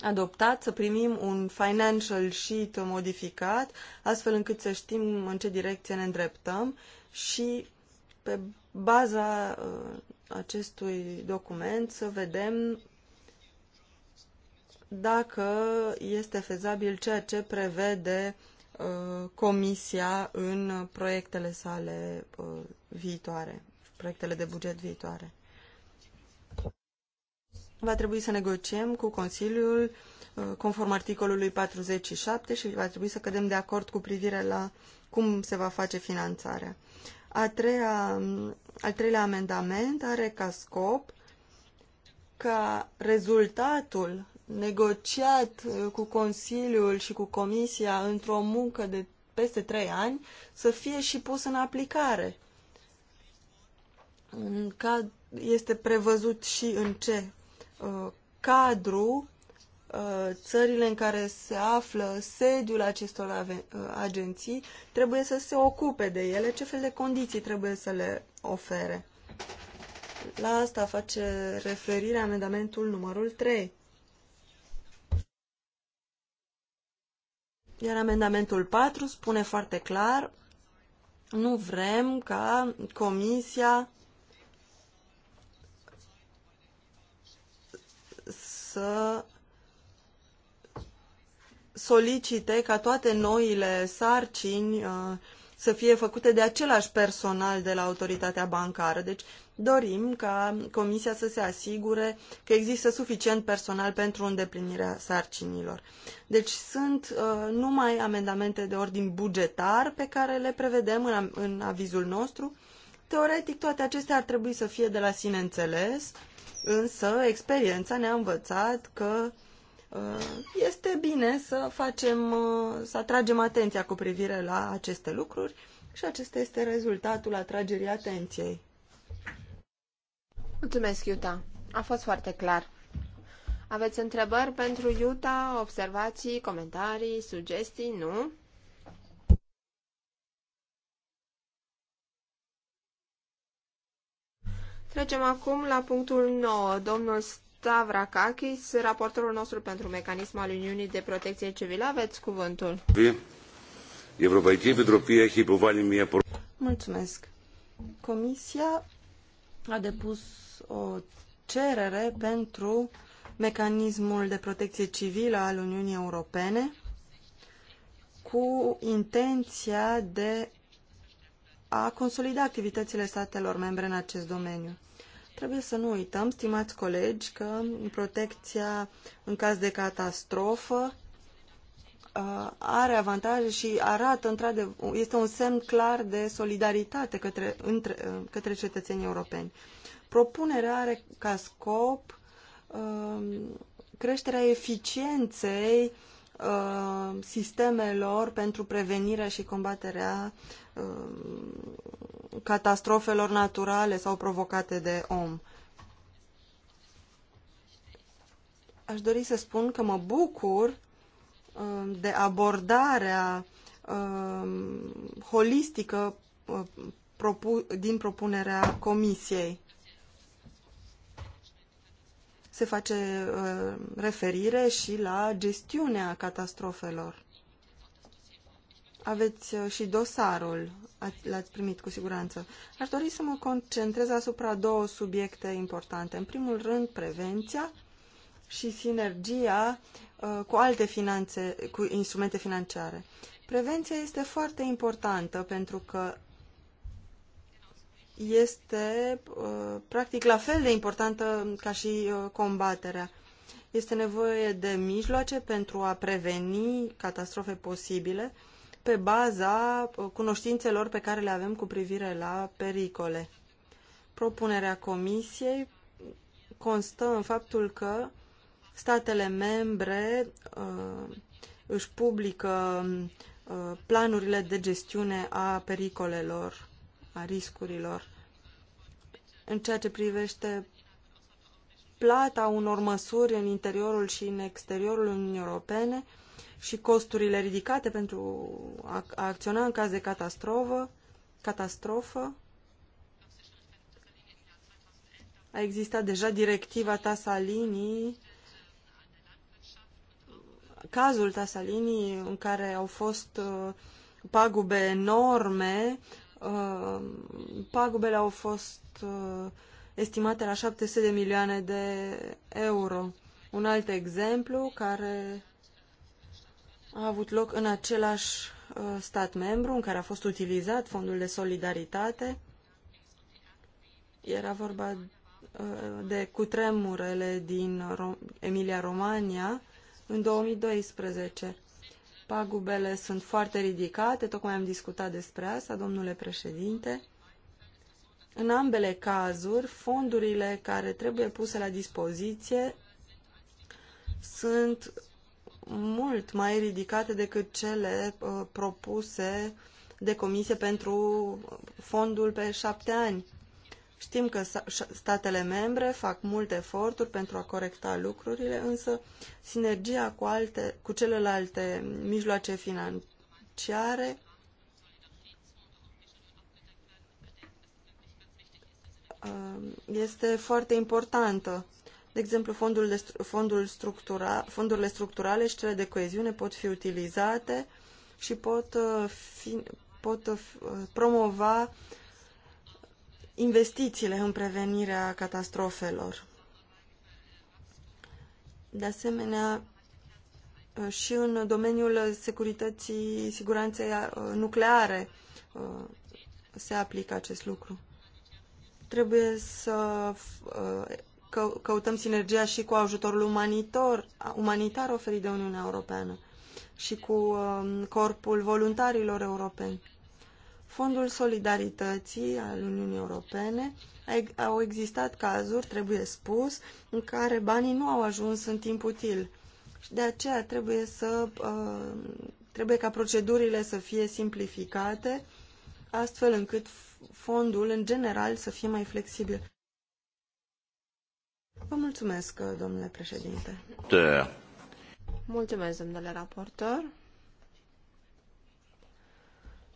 Speaker 3: adoptat, să primim un financial sheet modificat, astfel încât să știm în ce direcție ne îndreptăm și pe baza uh, acestui document să vedem dacă este fezabil ceea ce prevede Uh, comisia în proiectele sale uh, viitoare, proiectele de buget viitoare. Va trebui să negociem cu Consiliul uh, conform articolului 47 și va trebui să cădem de acord cu privire la cum se va face finanțarea. A treia, al treilea amendament are ca scop ca rezultatul negociat uh, cu Consiliul și cu Comisia într-o muncă de peste trei ani să fie și pus în aplicare. În cad, este prevăzut și în ce uh, cadru uh, țările în care se află sediul acestor agenții trebuie să se ocupe de ele, ce fel de condiții trebuie să le ofere. La asta face referire amendamentul numărul 3. Iar amendamentul 4 spune foarte clar, nu vrem ca Comisia să solicite ca toate noile sarcini uh, să fie făcute de același personal de la autoritatea bancară. Deci dorim ca Comisia să se asigure că există suficient personal pentru îndeplinirea sarcinilor. Deci sunt uh, numai amendamente de ordin bugetar pe care le prevedem în, în avizul nostru. Teoretic, toate acestea ar trebui să fie de la sine înțeles, însă experiența ne-a învățat că uh, Uh, este bine să facem, uh, să atragem atenția cu privire la aceste lucruri și acesta este rezultatul atragerii atenției. Mulțumesc,
Speaker 2: Iuta. A fost foarte clar. Aveți întrebări pentru Iuta, observații, comentarii, sugestii, nu? Trecem acum la punctul 9. Domnul Stavrakakis, raportorul nostru pentru mecanismul al Uniunii de Protecție Civilă. Aveți cuvântul.
Speaker 3: Mulțumesc. Comisia a depus o cerere pentru mecanismul de protecție civilă al Uniunii Europene cu intenția de a consolida activitățile statelor membre în acest domeniu. Trebuie să nu uităm, stimați colegi, că protecția în caz de catastrofă uh, are avantaje și arată într-adevăr, este un semn clar de solidaritate către, între, uh, către cetățenii europeni. Propunerea are ca scop uh, creșterea eficienței Uh, sistemelor pentru prevenirea și combaterea uh, catastrofelor naturale sau provocate de om. Aș dori să spun că mă bucur uh, de abordarea holistică din propunerea comisiei se face uh, referire și la gestiunea catastrofelor. Aveți uh, și dosarul, l-ați primit cu siguranță. Aș dori să mă concentrez asupra două subiecte importante. În primul rând, prevenția și sinergia uh, cu alte finanțe, cu instrumente financiare. Prevenția este foarte importantă pentru că este uh, practic la fel de importantă ca și uh, combaterea. Este nevoie de mijloace pentru a preveni catastrofe posibile pe baza uh, cunoștințelor pe care le avem cu privire la pericole. Propunerea Comisiei constă în faptul că statele membre uh, își publică uh, planurile de gestiune a pericolelor a riscurilor. În ceea ce privește plata unor măsuri în interiorul și în exteriorul Uniunii Europene și costurile ridicate pentru a acționa în caz de catastrofă, catastrofă. A existat deja directiva Tasalini, cazul Tasalini în care au fost uh, pagube enorme Uh, pagubele au fost uh, estimate la 700 de milioane de euro. Un alt exemplu care a avut loc în același uh, stat membru în care a fost utilizat fondul de solidaritate. Era vorba uh, de cutremurele din emilia romania în 2012. Pagubele sunt foarte ridicate, tocmai am discutat despre asta, domnule președinte. În ambele cazuri, fondurile care trebuie puse la dispoziție sunt mult mai ridicate decât cele uh, propuse de comisie pentru fondul pe șapte ani. Știm că statele membre fac multe eforturi pentru a corecta lucrurile, însă sinergia cu, alte, cu celelalte mijloace financiare um, este foarte importantă. De exemplu, fondul de, fondul structura, fondurile structurale și cele de coeziune pot fi utilizate și pot, uh, fi, pot uh, uh, promova investițiile în prevenirea catastrofelor. De asemenea, și în domeniul securității, siguranței uh, nucleare uh, se aplică acest lucru. Trebuie să uh, căutăm sinergia și cu ajutorul umanitor, umanitar oferit de Uniunea Europeană și cu um, corpul voluntarilor europeni. Fondul Solidarității al Uniunii Europene au existat cazuri, trebuie spus, în care banii nu au ajuns în timp util. Și de aceea trebuie, să, uh, trebuie ca procedurile să fie simplificate, astfel încât fondul, în general, să fie mai flexibil. Vă mulțumesc, uh, domnule președinte. Da. Mulțumesc, domnule
Speaker 2: raportor.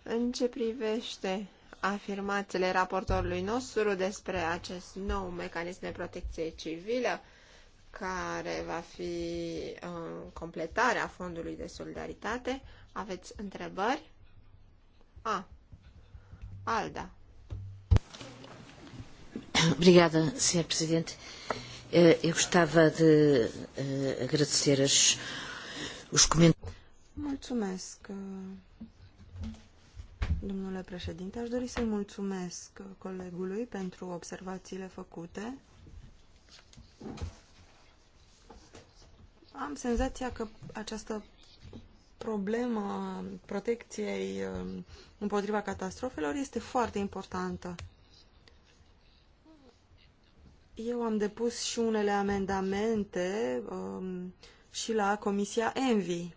Speaker 2: În ce privește afirmațiile raportorului nostru despre acest nou mecanism de protecție civilă, care va fi în uh, completarea Fondului de Solidaritate, aveți întrebări? A. Alda.
Speaker 1: Obrigada, Sr. Presidente. Eh, eu gostava de eh, agradecer os comentários.
Speaker 3: Mulțumesc, eh, Domnule președinte, aș dori să-i mulțumesc colegului pentru observațiile făcute. Am senzația că această problemă protecției um, împotriva catastrofelor este foarte importantă. Eu am depus și unele amendamente um, și la Comisia Envi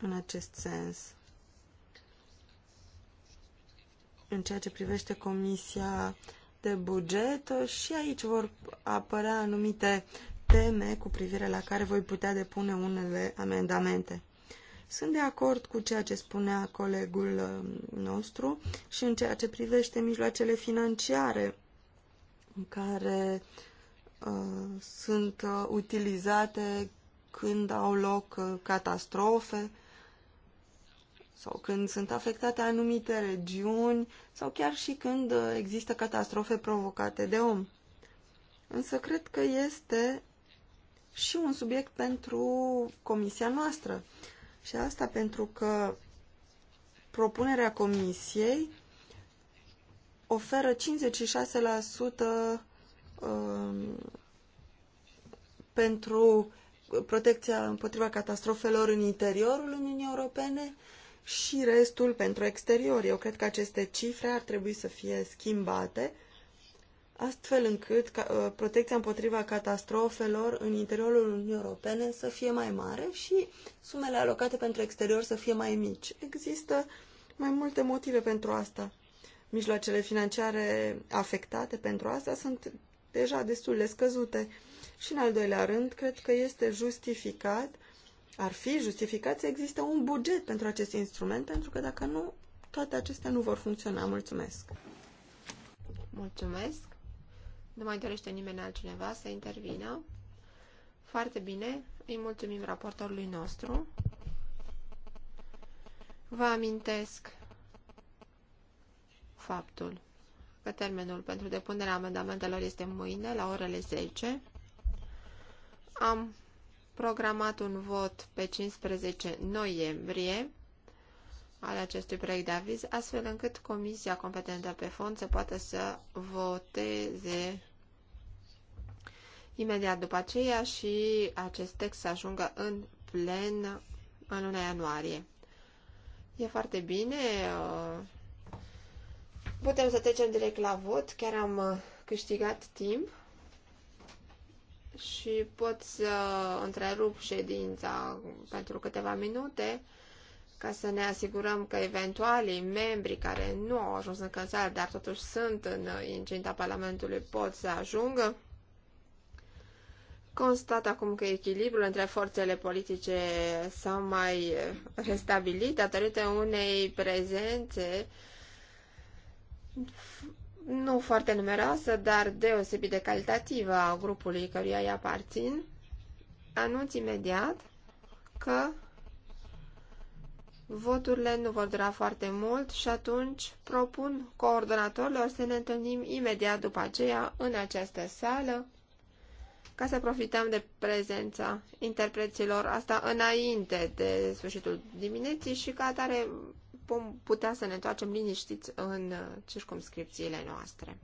Speaker 3: în acest sens. în ceea ce privește Comisia de Buget și aici vor apărea anumite teme cu privire la care voi putea depune unele amendamente. Sunt de acord cu ceea ce spunea colegul um, nostru și în ceea ce privește mijloacele financiare care uh, sunt uh, utilizate când au loc uh, catastrofe sau când sunt afectate anumite regiuni sau chiar și când uh, există catastrofe provocate de om. Însă cred că este și un subiect pentru comisia noastră. Și asta pentru că propunerea comisiei oferă 56% um, pentru protecția împotriva catastrofelor în interiorul Uniunii Europene și restul pentru exterior. Eu cred că aceste cifre ar trebui să fie schimbate astfel încât uh, protecția împotriva catastrofelor în interiorul Uniunii Europene să fie mai mare și sumele alocate pentru exterior să fie mai mici. Există mai multe motive pentru asta. Mijloacele financiare afectate pentru asta sunt deja destul de scăzute. Și în al doilea rând, cred că este justificat ar fi justificat să existe un buget pentru acest instrument, pentru că dacă nu, toate acestea nu vor funcționa. Mulțumesc! Mulțumesc!
Speaker 2: Nu mai dorește nimeni altcineva să intervină. Foarte bine, îi mulțumim raportorului nostru. Vă amintesc faptul că termenul pentru depunerea amendamentelor este mâine la orele 10. Am programat un vot pe 15 noiembrie al acestui proiect de aviz, astfel încât comisia competentă pe fond să poată să voteze imediat după aceea și acest text să ajungă în plen în luna ianuarie. E foarte bine. Uh, putem să trecem direct la vot. Chiar am uh, câștigat timp și pot să întrerup ședința pentru câteva minute ca să ne asigurăm că eventualii membri care nu au ajuns încă în sală, dar totuși sunt în incinta Parlamentului, pot să ajungă. Constat acum că echilibrul între forțele politice s-a mai restabilit datorită unei prezențe nu foarte numeroasă, dar deosebit de calitativă a grupului căruia îi aparțin, anunț imediat că voturile nu vor dura foarte mult și atunci propun coordonatorilor să ne întâlnim imediat după aceea în această sală ca să profităm de prezența interpreților asta înainte de sfârșitul dimineții și ca atare vom putea să ne întoarcem liniștiți în uh, circumscripțiile noastre.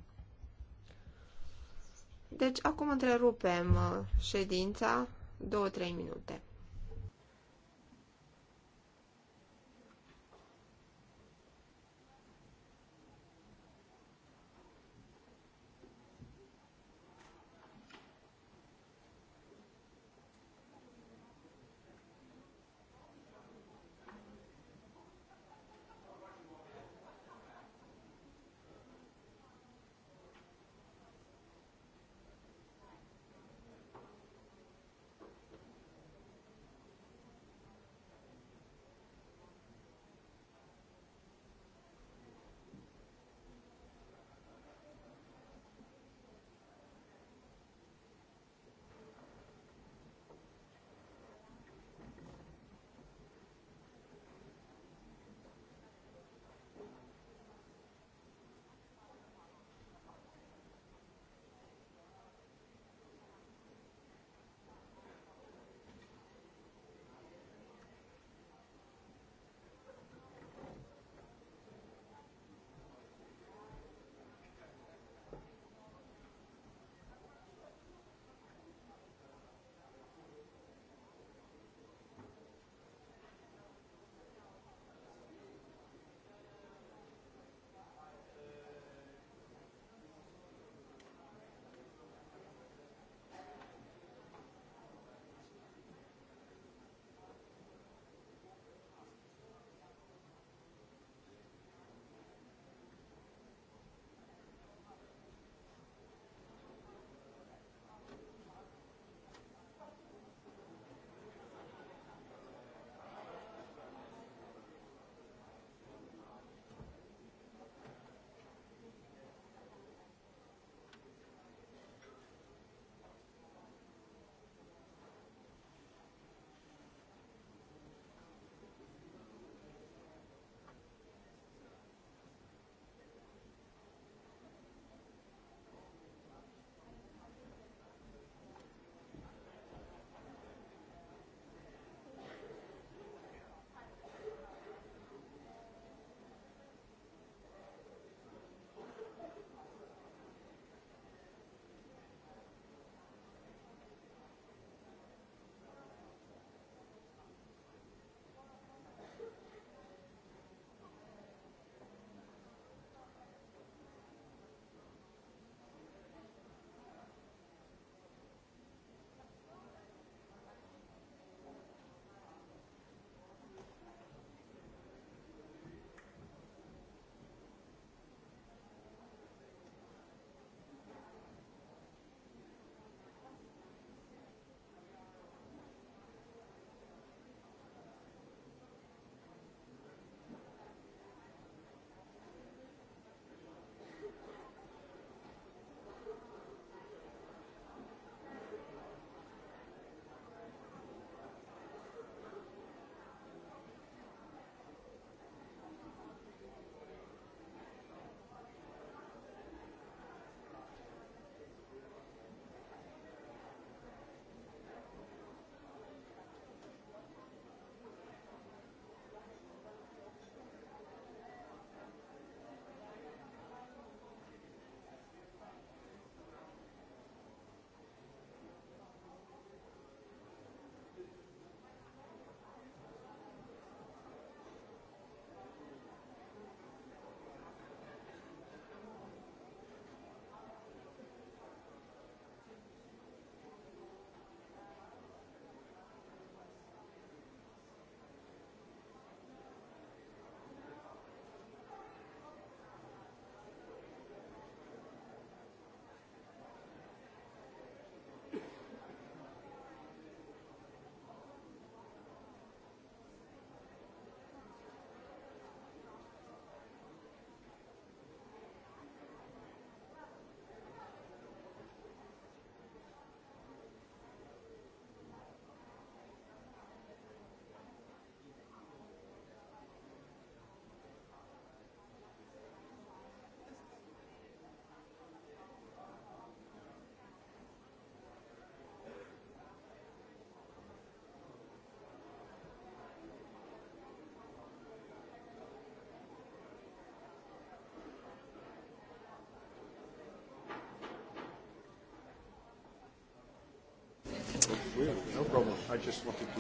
Speaker 2: Deci acum întrerupem uh, ședința 2-3 minute.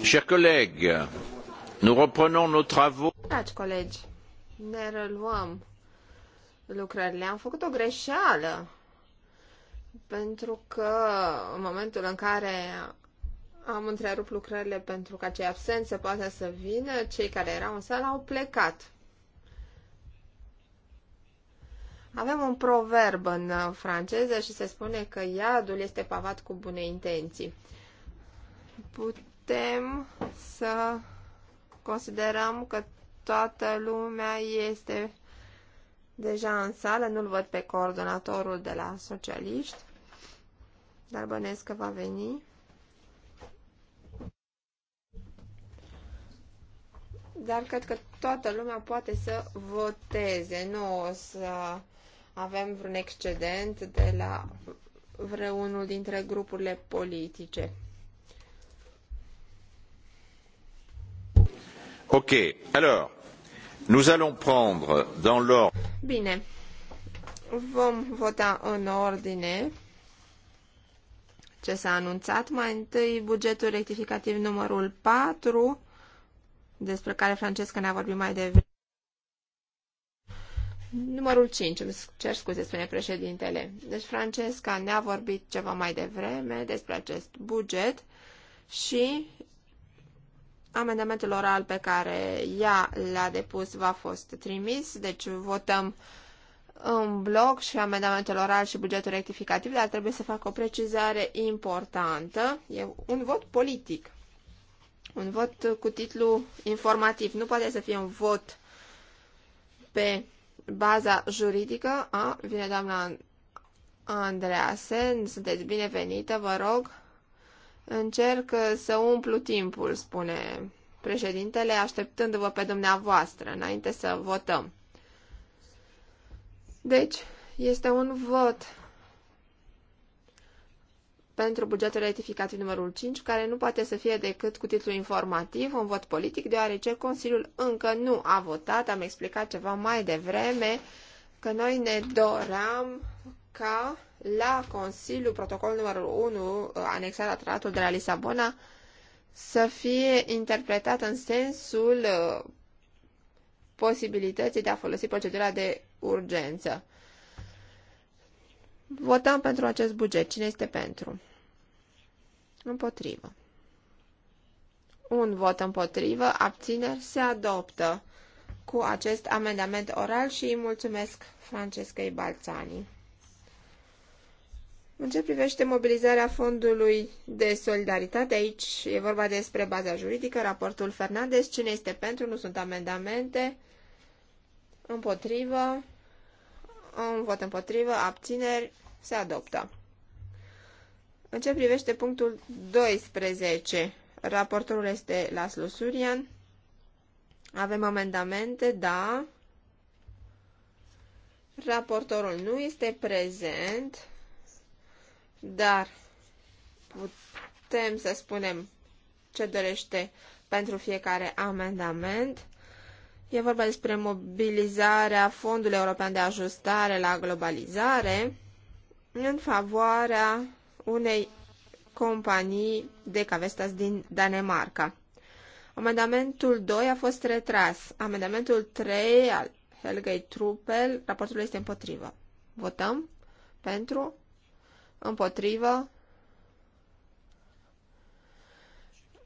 Speaker 3: Chers collègues, nous reprenons nos travaux.
Speaker 2: Dragi colegi, ne reluăm lucrările. Am făcut o greșeală pentru că în momentul în care am întrerupt lucrările pentru ca cei absenți să poată să vină, cei care erau în sală au plecat. Avem un proverb în franceză și se spune că iadul este pavat cu bune intenții putem să considerăm că toată lumea este deja în sală, nu-l văd pe coordonatorul de la socialiști, dar bănesc că va veni. Dar cred că toată lumea poate să voteze, nu o să avem vreun excedent de la vreunul dintre grupurile politice.
Speaker 3: Ok, nous allons prendre dans l'ordre.
Speaker 2: Bine. Vom vota în ordine ce s-a anunțat. Mai întâi bugetul rectificativ numărul 4, despre care Francesca ne-a vorbit mai devreme. Numărul 5, îmi cer scuze, spune președintele. Deci Francesca ne-a vorbit ceva mai devreme despre acest buget și Amendamentul oral pe care ea l-a depus va fost trimis, deci votăm în bloc și amendamentul oral și bugetul rectificativ, dar trebuie să fac o precizare importantă. E un vot politic, un vot cu titlu informativ. Nu poate să fie un vot pe baza juridică. A, vine doamna Andreasen, sunteți binevenită, vă rog. Încerc uh, să umplu timpul, spune președintele, așteptându-vă pe dumneavoastră înainte să votăm. Deci, este un vot pentru bugetul rectificativ numărul 5, care nu poate să fie decât cu titlu informativ, un vot politic, deoarece Consiliul încă nu a votat, am explicat ceva mai devreme, că noi ne doream ca la Consiliu, protocolul numărul 1, uh, anexat la tratatul de la Lisabona, să fie interpretat în sensul uh, posibilității de a folosi procedura de urgență. Votăm pentru acest buget. Cine este pentru? Împotrivă. Un vot împotrivă, abțineri, se adoptă cu acest amendament oral și îi mulțumesc Francescai Balțani. În ce privește mobilizarea fondului de solidaritate, aici e vorba despre baza juridică, raportul Fernandez, cine este pentru, nu sunt amendamente, împotrivă, un vot împotrivă, abțineri, se adoptă. În ce privește punctul 12, raportorul este Laslo Surian, avem amendamente, da, raportorul nu este prezent, dar putem să spunem ce dorește pentru fiecare amendament. E vorba despre mobilizarea Fondului European de Ajustare la Globalizare în favoarea unei companii de Cavestas din Danemarca. Amendamentul 2 a fost retras. Amendamentul 3 al Helgei Trupel, raportul este împotrivă. Votăm pentru, Împotrivă.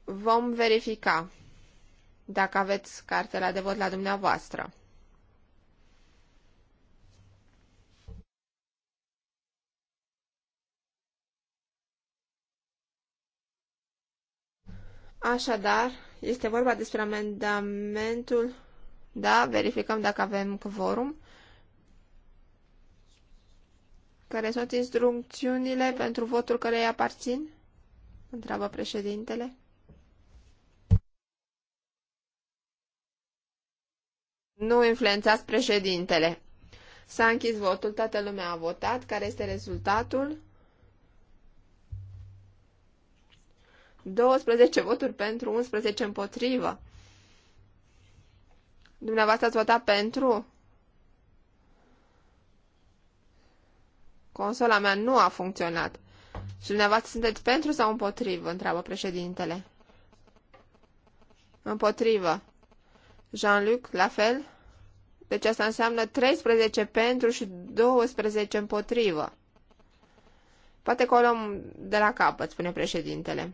Speaker 2: Vom verifica dacă aveți cartela de vot la dumneavoastră. Așadar, este vorba despre amendamentul... Da, verificăm dacă avem quorum. Care sunt instrucțiunile pentru votul care îi aparțin? Întreabă președintele. Nu influențați președintele. S-a închis votul, toată lumea a votat. Care este rezultatul? 12 voturi pentru, 11 împotrivă. Dumneavoastră ați votat pentru? Consola mea nu a funcționat. Și dumneavoastră sunteți pentru sau împotrivă? întreabă președintele. Împotrivă. Jean-Luc, la fel? Deci asta înseamnă 13 pentru și 12 împotrivă. Poate că o luăm de la capăt, spune președintele.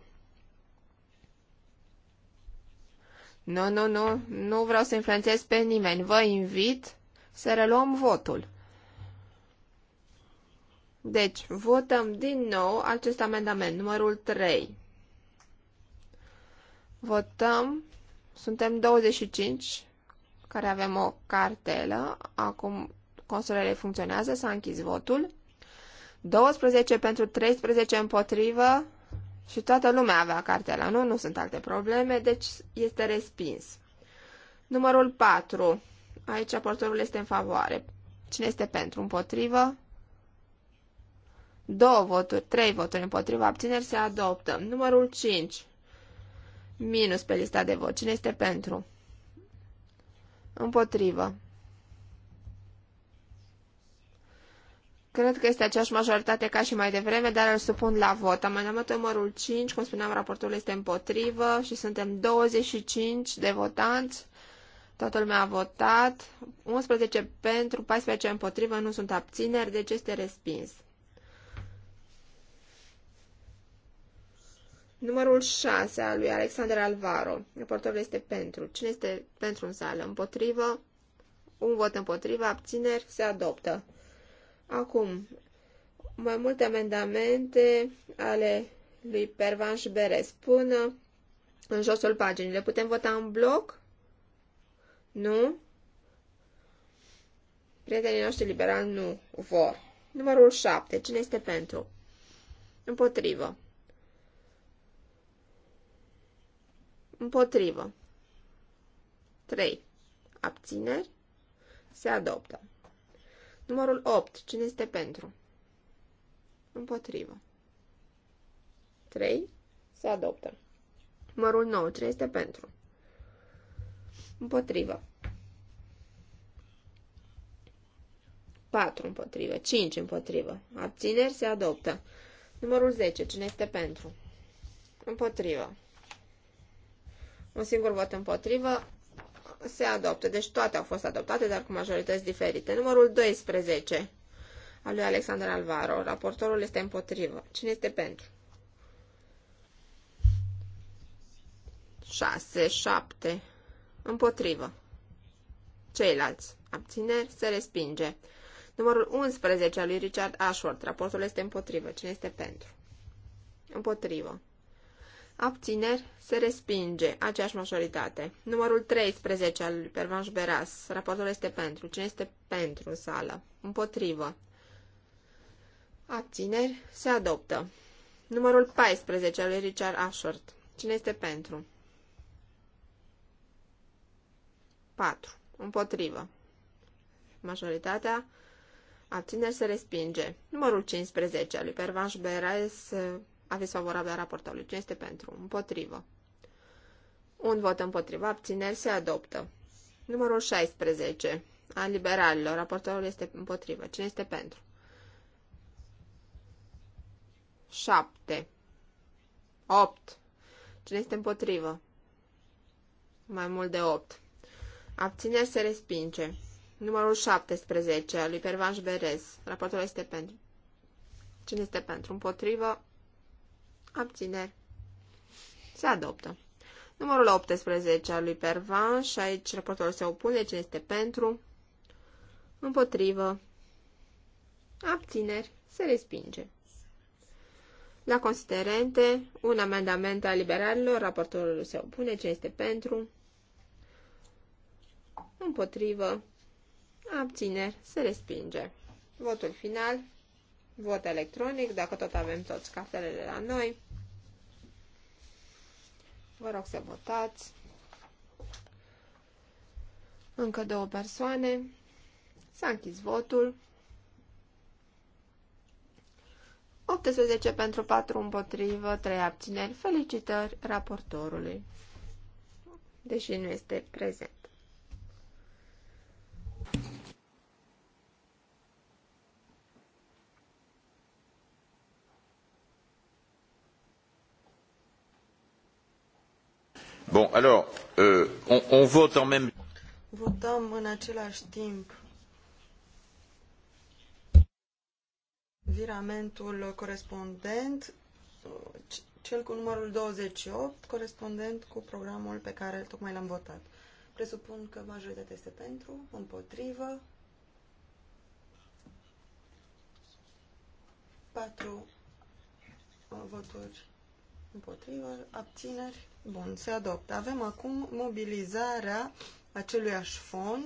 Speaker 2: Nu, nu, nu, nu vreau să influențez pe nimeni. Vă invit să reluăm votul. Deci, votăm din nou acest amendament, numărul 3. Votăm, suntem 25 care avem o cartelă, acum consolele funcționează, s-a închis votul. 12 pentru 13 împotrivă și toată lumea avea cartela, nu? Nu sunt alte probleme, deci este respins. Numărul 4. Aici aportorul este în favoare. Cine este pentru? Împotrivă? Două voturi, trei voturi împotriva, abțineri se adoptă. Numărul 5. Minus pe lista de vot. Cine este pentru? Împotrivă. Cred că este aceeași majoritate ca și mai devreme, dar îl supun la vot. Amendamentul numărul 5, cum spuneam, raportul este împotrivă și suntem 25 de votanți. Toată lumea a votat. 11 pentru, 14 împotrivă, nu sunt abțineri, deci este respins. Numărul 6 al lui Alexander Alvaro. Raportorul este pentru. Cine este pentru în sală? Împotrivă? Un vot împotrivă, abțineri, se adoptă. Acum, mai multe amendamente ale lui Pervanș Beres. Până în josul paginii. Le putem vota în bloc? Nu? Prietenii noștri liberali nu vor. Numărul 7. Cine este pentru? Împotrivă. Împotrivă. 3. Abțineri. Se adoptă. Numărul 8. Cine este pentru? Împotrivă. 3. Se adoptă. Numărul 9. Cine este pentru? Împotrivă. 4 împotrivă, 5 împotrivă. Abțineri se adoptă. Numărul 10. Cine este pentru? Împotrivă un singur vot împotrivă, se adoptă. Deci toate au fost adoptate, dar cu majorități diferite. Numărul 12 al lui Alexander Alvaro. Raportorul este împotrivă. Cine este pentru? 6, 7. Împotrivă. Ceilalți. Abțineri. Se respinge. Numărul 11 al lui Richard Ashworth. Raportul este împotrivă. Cine este pentru? Împotrivă. Abțineri se respinge. Aceeași majoritate. Numărul 13 al lui Pervanș Beras. Raportul este pentru. Cine este pentru în sală? Împotrivă. Abțineri se adoptă. Numărul 14 al lui Richard Ashford. Cine este pentru? 4. Împotrivă. Majoritatea Abțineri se respinge. Numărul 15 al lui Pervanș Beras. Aveți favorabil raportului. Cine este pentru? Împotrivă. Un vot împotrivă. Abțineri se adoptă. Numărul 16. A liberalilor. Raportorul este împotrivă. Cine este pentru? 7. 8. Cine este împotrivă? Mai mult de 8. Abțineri se respinge. Numărul 17 A lui Pervanș Berez. Raportul este pentru. Cine este pentru? Împotrivă? Abțineri. Se adoptă. Numărul 18 al lui Pervan și aici raportorul se opune. Cine este pentru? Împotrivă. Abțineri. Se respinge. La considerente, un amendament al liberalilor, raportorul se opune. Cine este pentru? Împotrivă. Abțineri. Se respinge. Votul final. Vot electronic, dacă tot avem toți cartelele la noi. Vă rog să votați. Încă două persoane. S-a închis votul. 18 pentru 4 împotrivă, 3 abțineri. Felicitări raportorului, deși nu este prezent.
Speaker 3: Euh, Votăm în același timp viramentul corespondent, cel cu numărul 28, corespondent cu programul pe care tocmai l-am votat. Presupun că majoritatea este pentru, împotrivă, 4 uh, voturi împotrivă, abțineri. Bun, se adoptă. Avem acum mobilizarea aceluiași fond,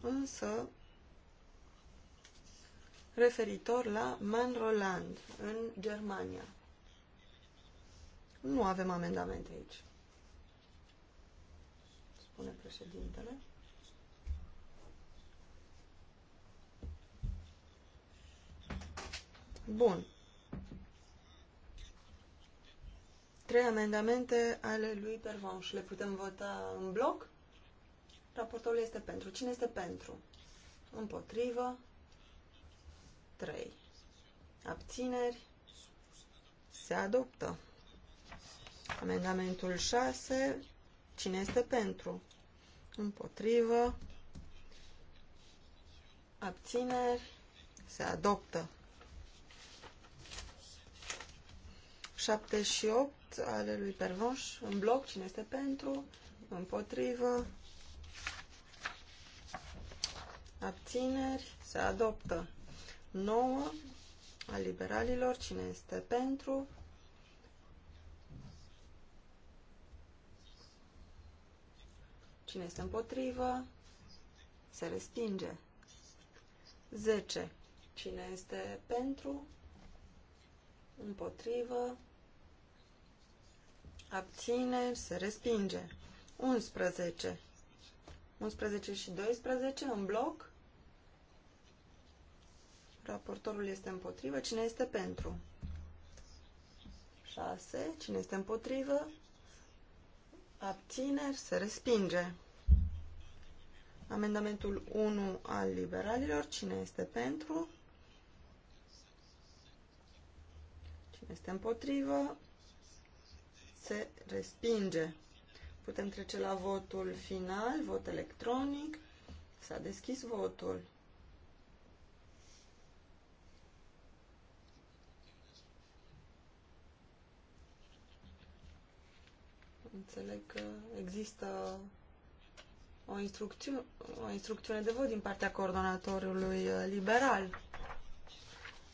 Speaker 3: însă referitor la Manroland în Germania. Nu avem amendamente aici. Spune președintele. Bun. Trei amendamente ale lui Pervon și Le putem vota în bloc? Raportul este pentru. Cine este pentru? Împotrivă. 3. Abțineri. Se adoptă. Amendamentul 6. Cine este pentru? Împotrivă. Abțineri. Se adoptă. 7 și 8 ale lui Pervoș în bloc. Cine este pentru? Împotrivă. Abțineri. Se adoptă. 9 a liberalilor. Cine este pentru? Cine este împotrivă? Se respinge. 10. Cine este pentru? Împotrivă? abțineri, se respinge. 11. 11 și 12 în bloc. Raportorul este împotrivă. Cine este pentru? 6. Cine este împotrivă? Abțineri, se respinge. Amendamentul 1 al liberalilor. Cine este pentru? Cine este împotrivă? se respinge. Putem trece la votul final, vot electronic. S-a deschis votul. Înțeleg că există o, instrucțiu- o instrucțiune de vot din partea coordonatorului liberal.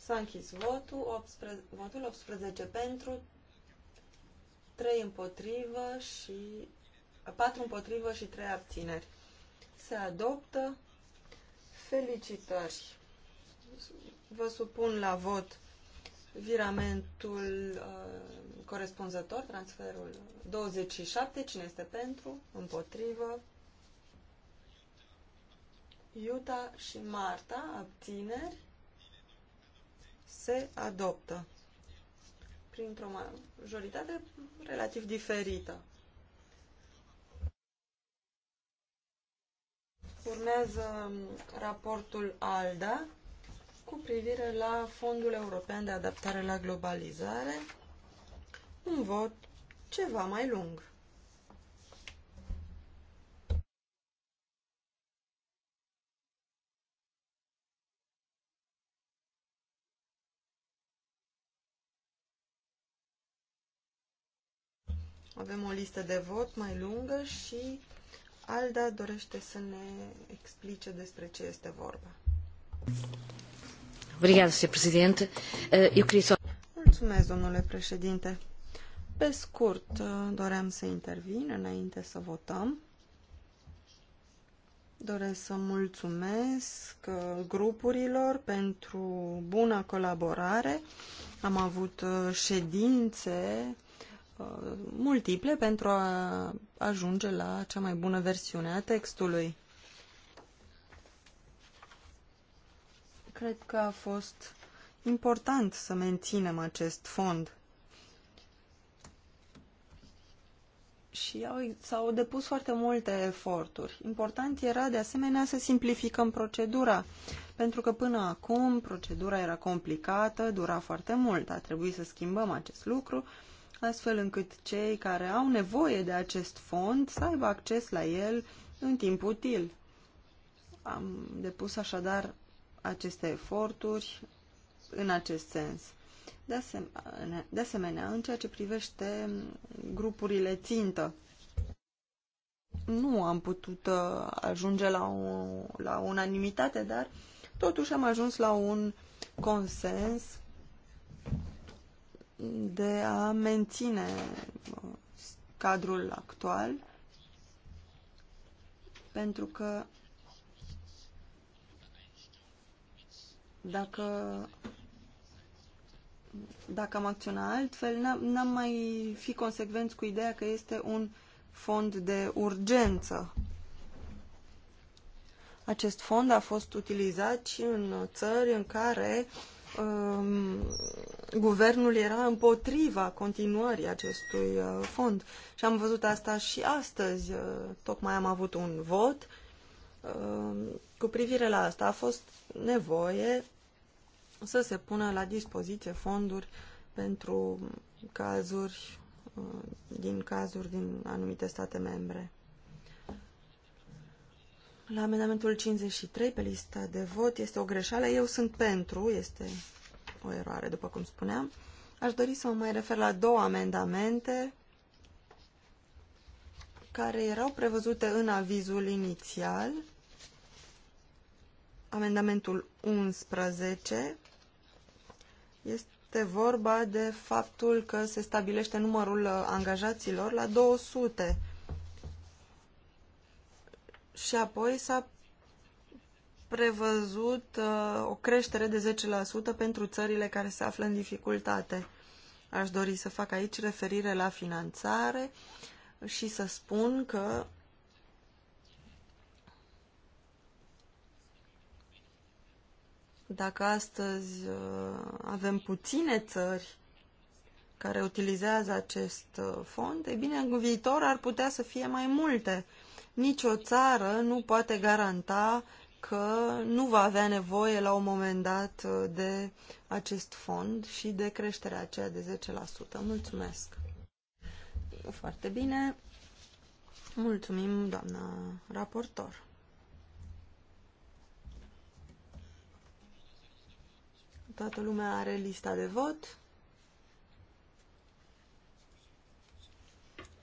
Speaker 3: S-a închis votul, 18, votul 18 pentru, 3 împotrivă și 4 împotrivă și 3 abțineri. Se adoptă. Felicitări! Vă supun la vot viramentul uh, corespunzător, transferul 27. Cine este pentru? Împotrivă? Iuta și Marta, abțineri, se adoptă printr-o majoritate relativ diferită. Urmează raportul ALDA cu privire la Fondul European de Adaptare la Globalizare, un vot ceva mai lung. Avem o listă de vot mai lungă și Alda dorește să ne explice despre ce este vorba.
Speaker 1: Obrigada, Presidente. Eh, eu queria só...
Speaker 3: Mulțumesc, domnule președinte. Pe scurt, eh, doream să intervin înainte să votăm. Doresc să mulțumesc eh, grupurilor pentru bună colaborare. Am avut ședințe Uh, multiple pentru a ajunge la cea mai bună versiune a textului. Cred că a fost important să menținem acest fond. Și s-au depus foarte multe eforturi. Important era de asemenea să simplificăm procedura, pentru că până acum procedura era complicată, dura foarte mult, a trebuit să schimbăm acest lucru astfel încât cei care au nevoie de acest fond să aibă acces la el în timp util. Am depus așadar aceste eforturi în acest sens. De asemenea, de asemenea, în ceea ce privește grupurile țintă, nu am putut uh, ajunge la, o, la unanimitate, dar totuși am ajuns la un consens de a menține uh, cadrul actual pentru că dacă dacă am acționa altfel, n-am mai fi consecvenți cu ideea că este un fond de urgență. Acest fond a fost utilizat și în țări în care uh, Um, guvernul era împotriva continuării acestui uh, fond. Și am văzut asta și astăzi. Uh, tocmai am avut un vot. Um, cu privire la asta a fost nevoie să se pună la dispoziție fonduri pentru cazuri uh, din cazuri din anumite state membre. La amendamentul 53 pe lista de vot este o greșeală. Eu sunt pentru, este o eroare, după cum spuneam. Aș dori să mă mai refer la două amendamente care erau prevăzute în avizul inițial. Amendamentul 11 este vorba de faptul că se stabilește numărul uh, angajaților la 200 și apoi s-a prevăzut uh, o creștere de 10% pentru țările care se află în dificultate. Aș dori să fac aici referire la finanțare și să spun că dacă astăzi uh, avem puține țări care utilizează acest uh, fond, e bine, în viitor ar putea să fie mai multe. Uh, nicio țară nu poate garanta că nu va avea nevoie la un moment dat uh, de acest fond și de creșterea aceea de 10%. Mulțumesc! Foarte bine! Mulțumim, doamna raportor! Toată lumea are lista de vot.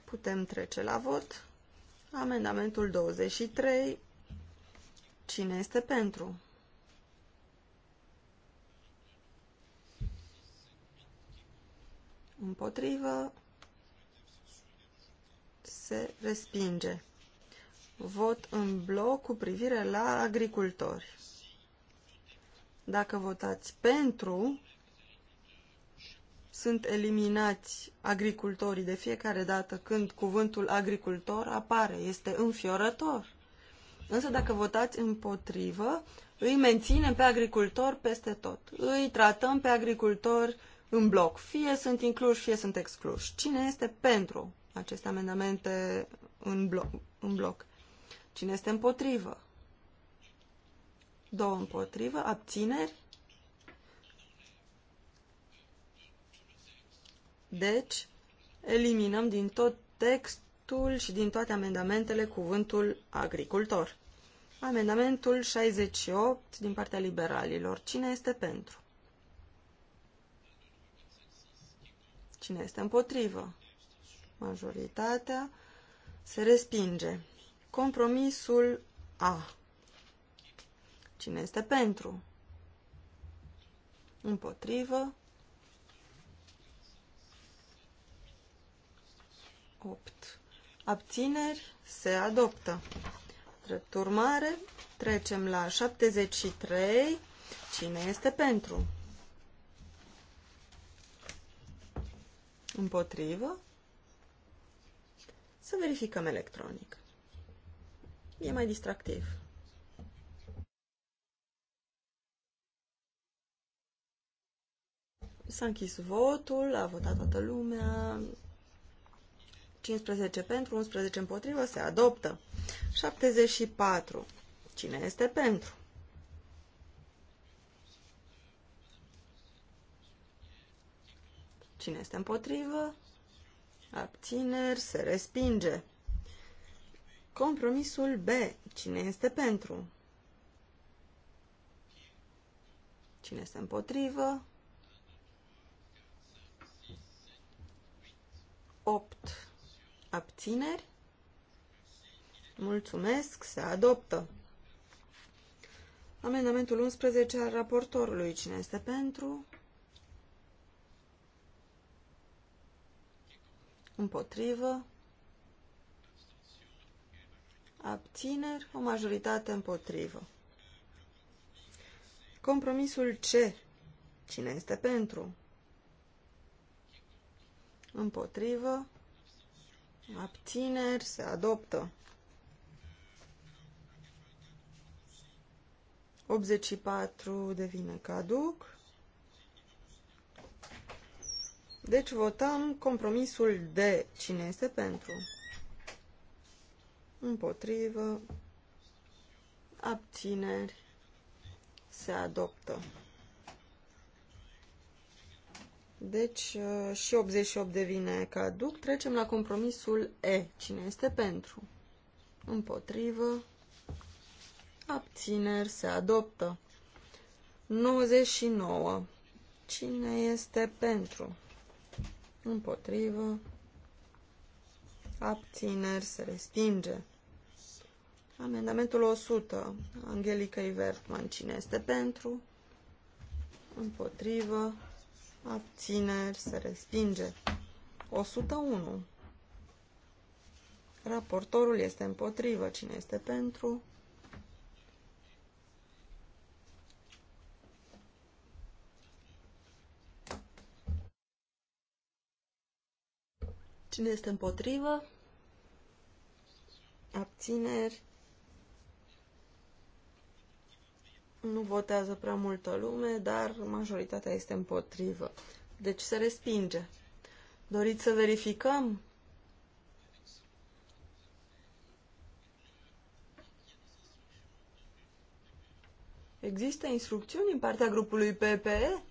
Speaker 3: Putem trece la vot. Amendamentul 23. Cine este pentru? Împotrivă. Se respinge. Vot în bloc cu privire la agricultori. Dacă votați pentru, sunt eliminați agricultorii de fiecare dată când cuvântul agricultor apare. Este înfiorător. Însă dacă votați împotrivă, îi menținem pe agricultori peste tot. Îi tratăm pe agricultori în bloc. Fie sunt incluși, fie sunt excluși. Cine este pentru aceste amendamente în bloc? În bloc? Cine este împotrivă? Două împotrivă, abțineri, Deci, eliminăm din tot textul și din toate amendamentele cuvântul agricultor. Amendamentul 68 din partea liberalilor. Cine este pentru? Cine este împotrivă? Majoritatea se respinge. Compromisul A. Cine este pentru? Împotrivă? 8. Abțineri se adoptă. Drept urmare, trecem la 73. Cine este pentru? Împotrivă? Să verificăm electronic. E mai distractiv. S-a închis votul, a votat toată lumea, 15 pentru, 11 împotrivă, se adoptă. 74. Cine este pentru? Cine este împotrivă? Abțineri, se respinge. Compromisul B. Cine este pentru? Cine este împotrivă? 8 Abțineri? Mulțumesc, se adoptă. Amendamentul 11 al raportorului. Cine este pentru? Împotrivă? Abțineri? O majoritate împotrivă. Compromisul C. Cine este pentru? Împotrivă? abțineri, se adoptă. 84 devine caduc. Deci votăm compromisul de cine este pentru. Împotrivă. Abțineri. Se adoptă. Deci uh, și 88 devine caduc. Trecem la compromisul E. Cine este pentru? Împotrivă. Abțineri se adoptă. 99. Cine este pentru? Împotrivă. Abțineri se respinge. Amendamentul 100. Angelica Ivertman. Cine este pentru? Împotrivă abțineri, se respinge. 101. Raportorul este împotrivă. Cine este pentru? Cine este împotrivă? Abțineri. Nu votează prea multă lume, dar majoritatea este împotrivă. Deci se respinge. Doriți să verificăm? Există instrucțiuni în partea grupului PPE?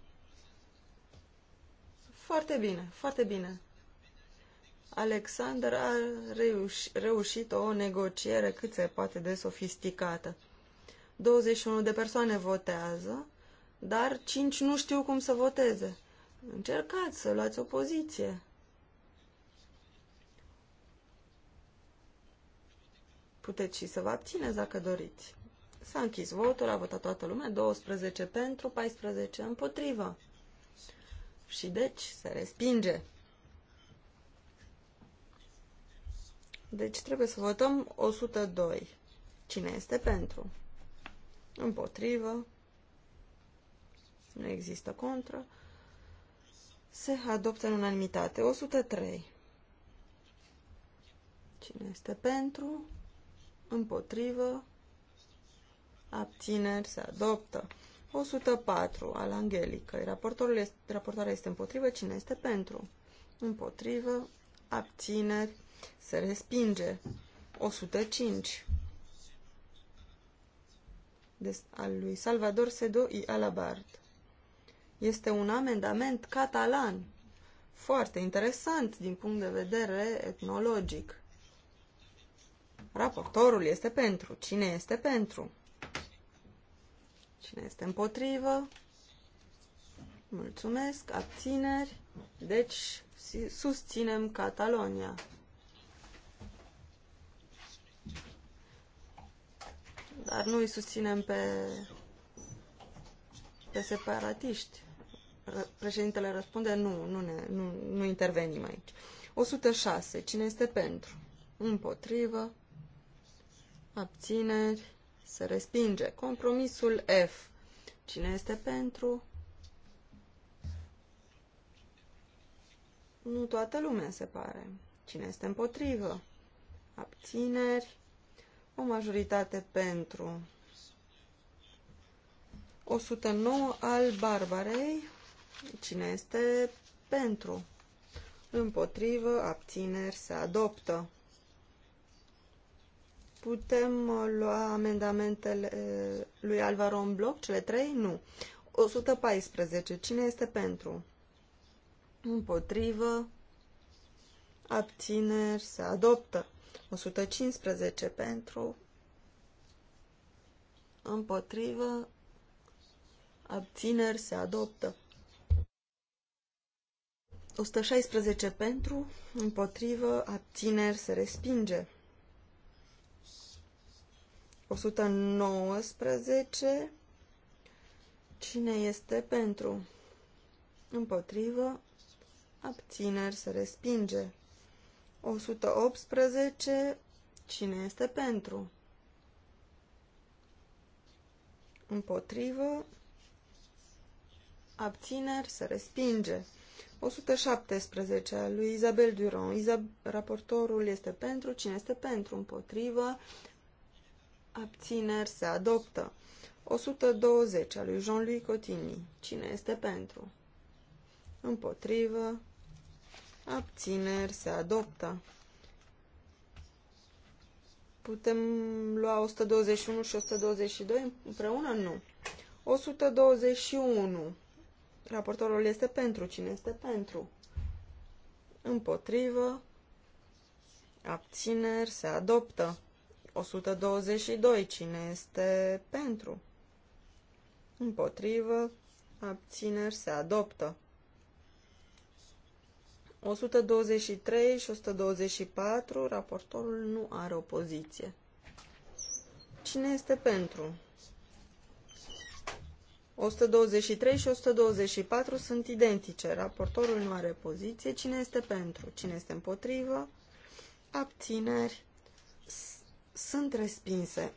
Speaker 3: Foarte bine, foarte bine. Alexander a reuș- reușit o negociere cât se poate de sofisticată. 21 de persoane votează, dar 5 nu știu cum să voteze. Încercați să luați o poziție. Puteți și să vă abțineți dacă doriți. S-a închis votul, a votat toată lumea, 12 pentru, 14 împotrivă. Și deci se respinge. Deci trebuie să votăm 102. Cine este pentru? împotrivă, nu există contră, se adoptă în unanimitate. 103. Cine este pentru? Împotrivă? Abțineri? Se adoptă. 104. Al Angelicăi. Raportoarea este, este împotrivă. Cine este pentru? Împotrivă? Abțineri? Se respinge. 105 al lui Salvador Sedo y alabard. Este un amendament catalan, foarte interesant din punct de vedere etnologic. Raportorul este pentru. Cine este pentru? Cine este împotrivă? Mulțumesc. Abțineri. Deci susținem Catalonia. Dar nu îi susținem pe, pe separatiști. Președintele răspunde, nu, nu, ne, nu, nu intervenim aici. 106. Cine este pentru? Împotrivă. Abțineri. Se respinge. Compromisul F. Cine este pentru? Nu toată lumea se pare. Cine este împotrivă? Abțineri o majoritate pentru. 109 al Barbarei. Cine este pentru? Împotrivă, abțineri, se adoptă. Putem uh, lua amendamentele uh, lui Alvaro în bloc, cele trei? Nu. 114. Cine este pentru? Împotrivă, abțineri, se adoptă. 115 pentru, împotrivă, abțineri se adoptă. 116 pentru, împotrivă, abțineri se respinge. 119. Cine este pentru? Împotrivă, abțineri se respinge. 118. Cine este pentru? Împotrivă. Abțineri. Se respinge. 117 a lui Isabel Duron. Isab raportorul este pentru. Cine este pentru? Împotrivă. Abțineri. Se adoptă. 120 a lui Jean-Louis Cotini. Cine este pentru? Împotrivă abțineri, se adoptă. Putem lua 121 și 122 împreună? Nu. 121. Raportorul este pentru. Cine este pentru? Împotrivă. Abțineri. Se adoptă. 122. Cine este pentru? Împotrivă. Abțineri. Se adoptă. 123 și 124, raportorul nu are opoziție. Cine este pentru? 123 și 124 sunt identice. Raportorul nu are poziție. Cine este pentru? Cine este împotrivă? Abțineri. Sunt respinse.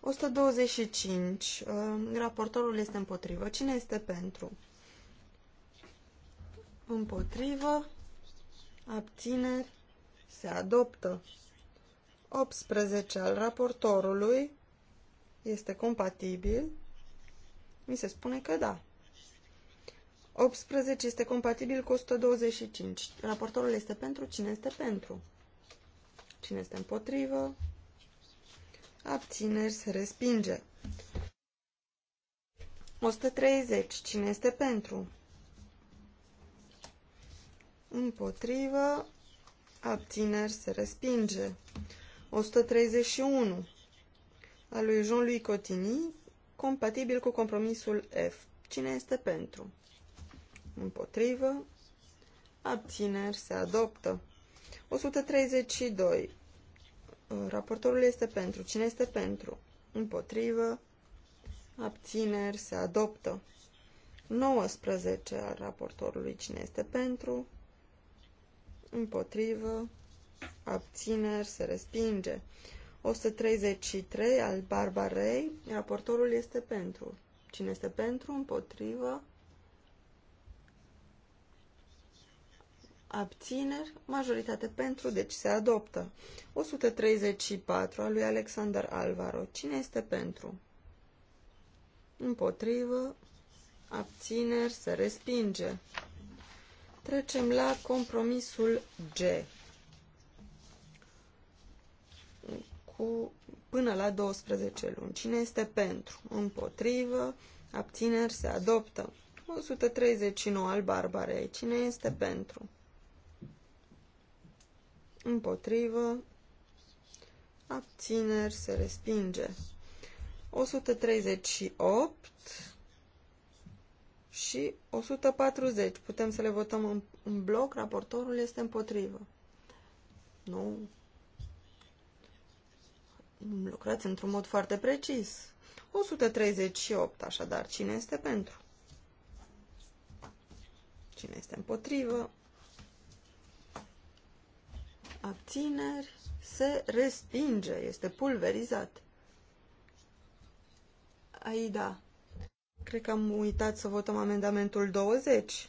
Speaker 3: 125. Uh, raportorul este împotrivă. Cine este pentru? împotrivă, abțineri, se adoptă. 18 al raportorului este compatibil. Mi se spune că da. 18 este compatibil cu 125. Raportorul este pentru, cine este pentru? Cine este împotrivă? Abțineri se respinge. 130. Cine este pentru? împotrivă, abțineri se respinge. 131 al lui Jean-Louis Cotini, compatibil cu compromisul F. Cine este pentru? Împotrivă, abțineri se adoptă. 132. Raportorul este pentru. Cine este pentru? Împotrivă, abțineri se adoptă. 19 al raportorului. Cine este pentru? împotrivă, abțineri, se respinge. 133 al Barbarei, raportorul este pentru. Cine este pentru, împotrivă, abțineri, majoritate pentru, deci se adoptă. 134 al lui Alexander Alvaro. Cine este pentru? Împotrivă, abțineri, se respinge. Trecem la compromisul G. Cu până la 12 luni. Cine este pentru? Împotrivă? Abțineri se adoptă. 139 al barbarei. Cine este pentru? Împotrivă? Abțineri se respinge. 138 și 140. Putem să le votăm în, în bloc, raportorul este împotrivă. Nu. Lucrați într-un mod foarte precis. 138, așadar, cine este pentru? Cine este împotrivă? Abțineri. Se respinge, este pulverizat. Aida, Cred că am uitat să votăm amendamentul 20.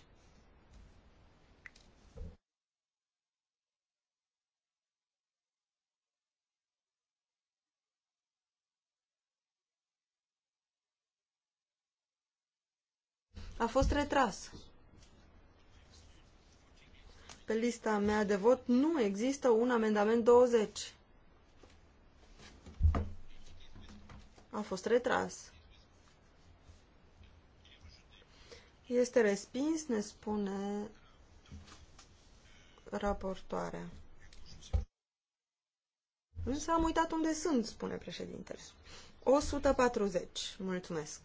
Speaker 3: A fost retras. Pe lista mea de vot nu există un amendament 20. A fost retras. Este respins, ne spune raportoarea. Însă am uitat unde sunt, spune președintele. 140. Mulțumesc.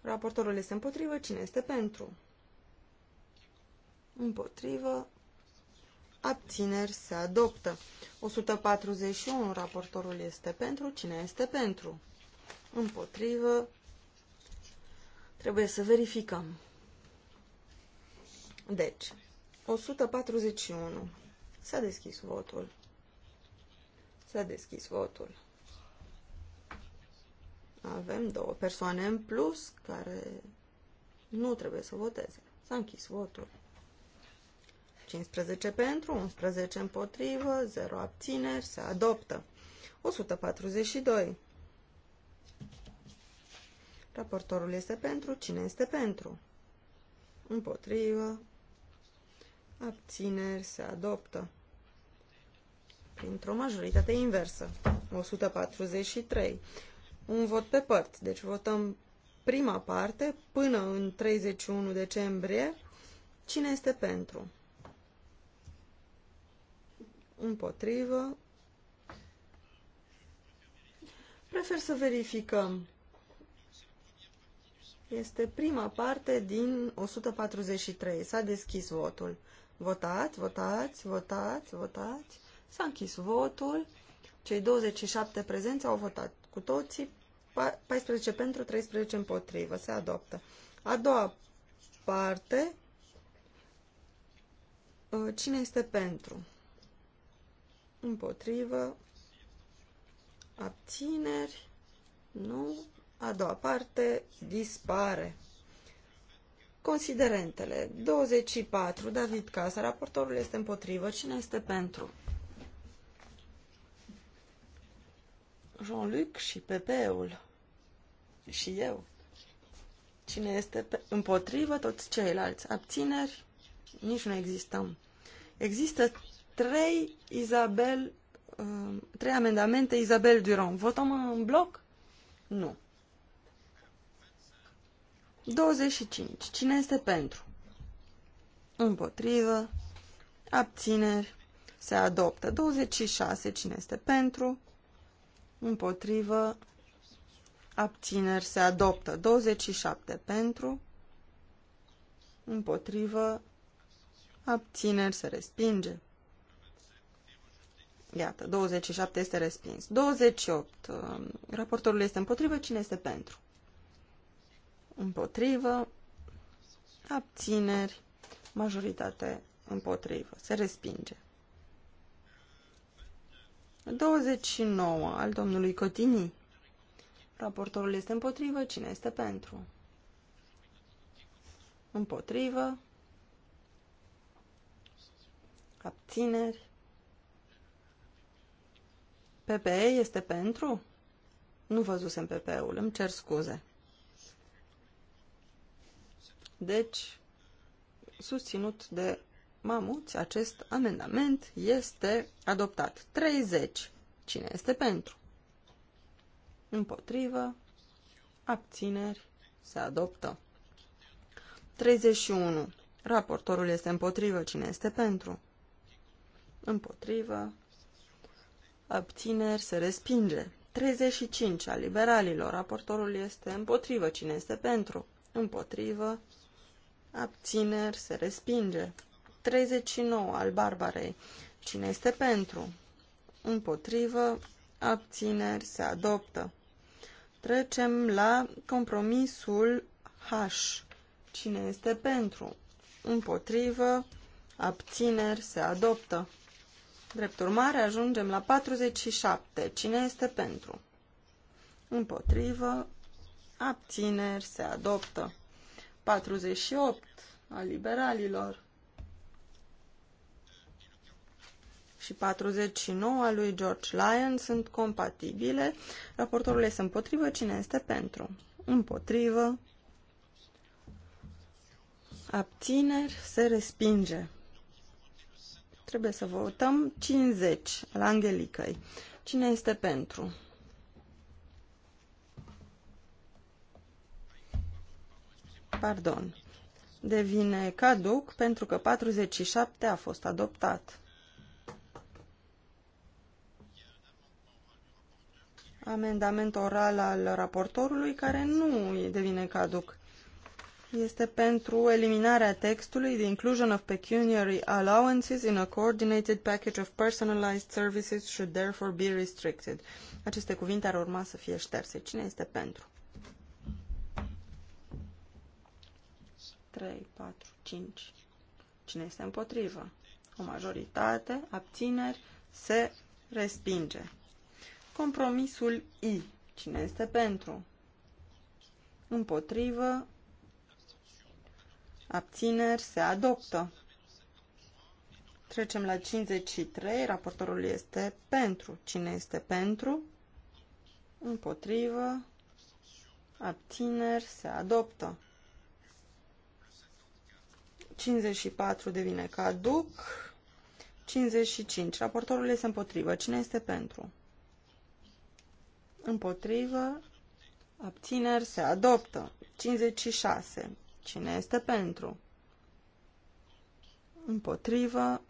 Speaker 3: Raportorul este împotrivă. Cine este pentru? Împotrivă. Abțineri se adoptă. 141. Raportorul este pentru. Cine este pentru? Împotrivă. Trebuie să verificăm. Deci, 141. S-a deschis votul. S-a deschis votul. Avem două persoane în plus care nu trebuie să voteze. S-a închis votul. 15 pentru, 11 împotrivă, 0 abțineri, se adoptă. 142. Raportorul este pentru, cine este pentru? Împotrivă, abțineri se adoptă printr-o majoritate inversă. 143. Un vot pe părți. Deci votăm prima parte până în 31 decembrie. Cine este pentru? Împotrivă. Prefer să verificăm. Este prima parte din 143. S-a deschis votul. Votați, votați, votați, votați. S-a închis votul. Cei 27 prezenți au votat cu toții. 14 pentru, 13 împotrivă. Se adoptă. A doua parte. Uh, cine este pentru? Împotrivă. Abțineri. Nu. A doua parte dispare. Considerentele. 24. David Casa. Raportorul este împotrivă. Cine este pentru? Jean-Luc și Pepeul. Și eu. Cine este împotrivă? Toți ceilalți. Abțineri? Nici nu existăm. Există trei Isabel, um, trei amendamente Isabel Durand Votăm în bloc? Nu. 25. Cine este pentru? Împotrivă. Abțineri. Se adoptă. 26. Cine este pentru? Împotrivă. Abțineri. Se adoptă. 27. Pentru. Împotrivă. Abțineri. Se respinge. Iată, 27 este respins. 28. Raportorul este împotrivă. Cine este pentru? împotrivă, abțineri, majoritate împotrivă, se respinge. 29 al domnului Cotini. Raportorul este împotrivă, cine este pentru? Împotrivă, abțineri, PPE este pentru? Nu văzusem ppe ul îmi cer scuze. Deci, susținut de mamuți, acest amendament este adoptat. 30. Cine este pentru? Împotrivă. Abțineri. Se adoptă. 31. Raportorul este împotrivă. Cine este pentru? Împotrivă. Abțineri. Se respinge. 35. A liberalilor. Raportorul este împotrivă. Cine este pentru? Împotrivă abțineri, se respinge. 39 al Barbarei, cine este pentru? Împotrivă, abțineri, se adoptă. Trecem la compromisul H. Cine este pentru? Împotrivă, abțineri, se adoptă. Drept urmare, ajungem la 47. Cine este pentru? Împotrivă, abțineri, se adoptă. 48 a liberalilor și 49 a lui George Lyon sunt compatibile. Raportorul este împotrivă. Cine este pentru? Împotrivă. Abțineri. Se respinge. Trebuie să votăm 50 la Angelicăi. Cine este pentru? pardon, devine caduc pentru că 47 a fost adoptat. Amendament oral al raportorului care nu devine caduc. Este pentru eliminarea textului The inclusion of pecuniary allowances in a coordinated package of personalized services should therefore be restricted. Aceste cuvinte ar urma să fie șterse. Cine este pentru? 3, 4, 5. Cine este împotrivă? O majoritate, abțineri, se respinge. Compromisul I. Cine este pentru? Împotrivă, abțineri, se adoptă. Trecem la 53. Raportorul este pentru. Cine este pentru? Împotrivă. Abțineri. Se adoptă. 54 devine caduc. 55. Raportorul este împotrivă. Cine este pentru? Împotrivă. Abțineri se adoptă. 56. Cine este pentru? Împotrivă.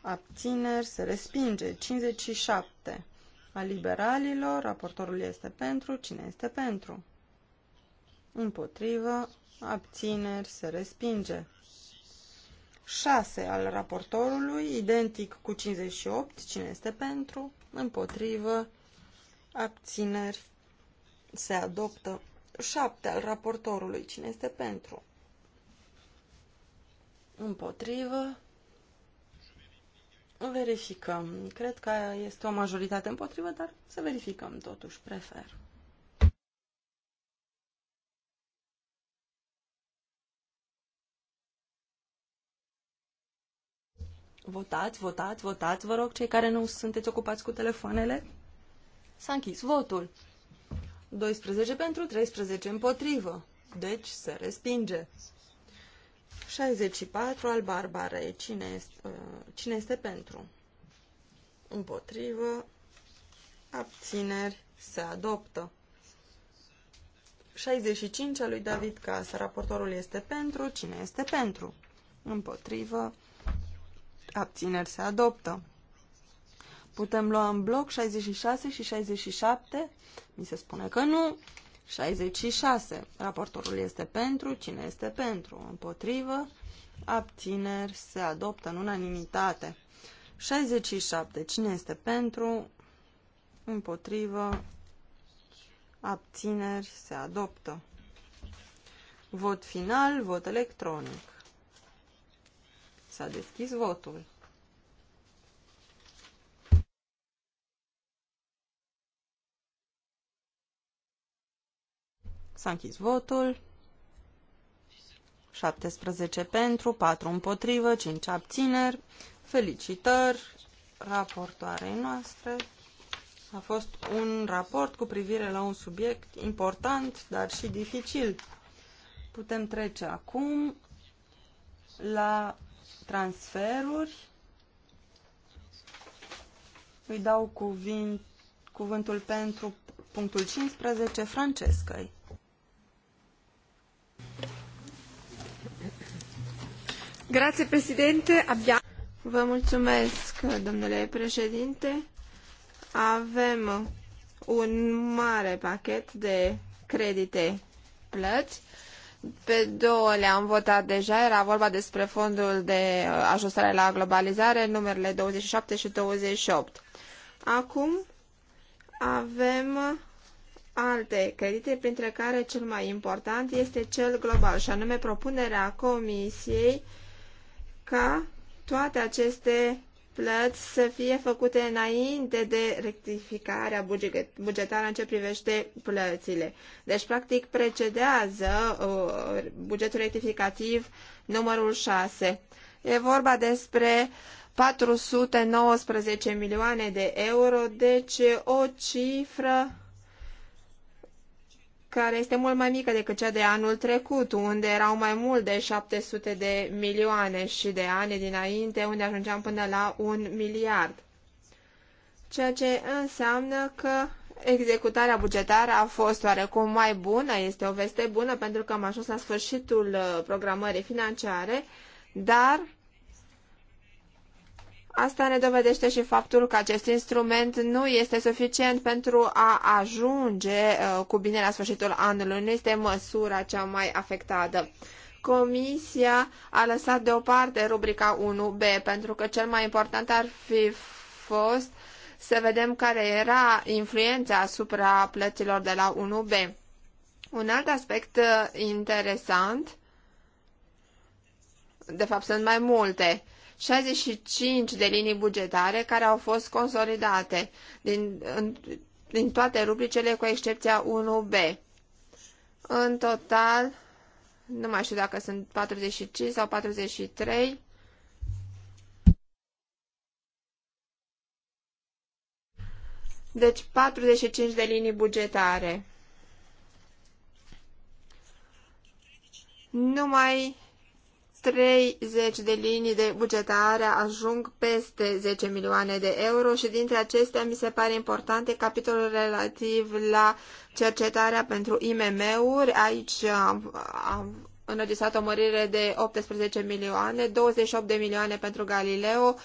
Speaker 3: Abțineri se respinge. 57. A liberalilor, raportorul este pentru. Cine este pentru? Împotrivă abțineri, se respinge. 6 al raportorului, identic cu 58, cine este pentru, împotrivă, abțineri, se adoptă. 7 al raportorului, cine este pentru, împotrivă, verificăm. Cred că este o majoritate împotrivă, dar să verificăm totuși, prefer. Votați, votați, votați, vă rog, cei care nu sunteți ocupați cu telefoanele. S-a închis votul. 12 pentru, 13 împotrivă. Deci se respinge. 64 al barbarei. Cine este, uh, cine este pentru? Împotrivă. Abțineri. Se adoptă. 65 al lui David Casa. Raportorul este pentru. Cine este pentru? Împotrivă abțineri se adoptă. Putem lua în bloc 66 și 67, mi se spune că nu. 66, raportorul este pentru, cine este pentru, împotrivă, abțineri se adoptă în unanimitate. 67, cine este pentru, împotrivă, abțineri se adoptă. Vot final, vot electronic. S-a deschis votul. S-a închis votul. 17 pentru, 4 împotrivă, 5 abțineri. Felicitări raportoarei noastre. A fost un raport cu privire la un subiect important, dar și dificil. Putem trece acum la transferuri. Îi dau cuvint, cuvântul pentru punctul 15, Francescăi.
Speaker 2: Grazie, Presidente. Abbiamo... Vă mulțumesc, domnule președinte. Avem un mare pachet de credite plăți pe două le-am votat deja, era vorba despre fondul de uh, ajustare la globalizare, numerele 27 și 28. Acum avem alte credite, printre care cel mai important este cel global, și anume propunerea Comisiei ca toate aceste plăți să fie făcute înainte de rectificarea bugetară în ce privește plățile. Deci, practic, precedează uh, bugetul rectificativ numărul 6. E vorba despre 419 milioane de euro, deci o cifră care este mult mai mică decât cea de anul trecut, unde erau mai mult de 700 de milioane și de ani dinainte, unde ajungeam până la un miliard. Ceea ce înseamnă că executarea bugetară a fost oarecum mai bună, este o veste bună pentru că am ajuns la sfârșitul uh, programării financiare, dar Asta ne dovedește și faptul că acest instrument nu este suficient pentru a ajunge uh, cu bine la sfârșitul anului. Nu este măsura cea mai afectată. Comisia a lăsat deoparte rubrica 1B pentru că cel mai important ar fi fost să vedem care era influența asupra plăților de la 1B. Un alt aspect uh, interesant, de fapt sunt mai multe, 65 de linii bugetare care au fost consolidate din, în, din toate rubricele cu excepția 1B. În total, nu mai știu dacă sunt 45 sau 43, Deci 45 de linii bugetare. Numai 30 de linii de bugetare ajung peste 10 milioane de euro și dintre acestea mi se pare importante capitolul relativ la cercetarea pentru IMM-uri. Aici am, am înregistrat o mărire de 18 milioane, 28 de milioane pentru Galileo,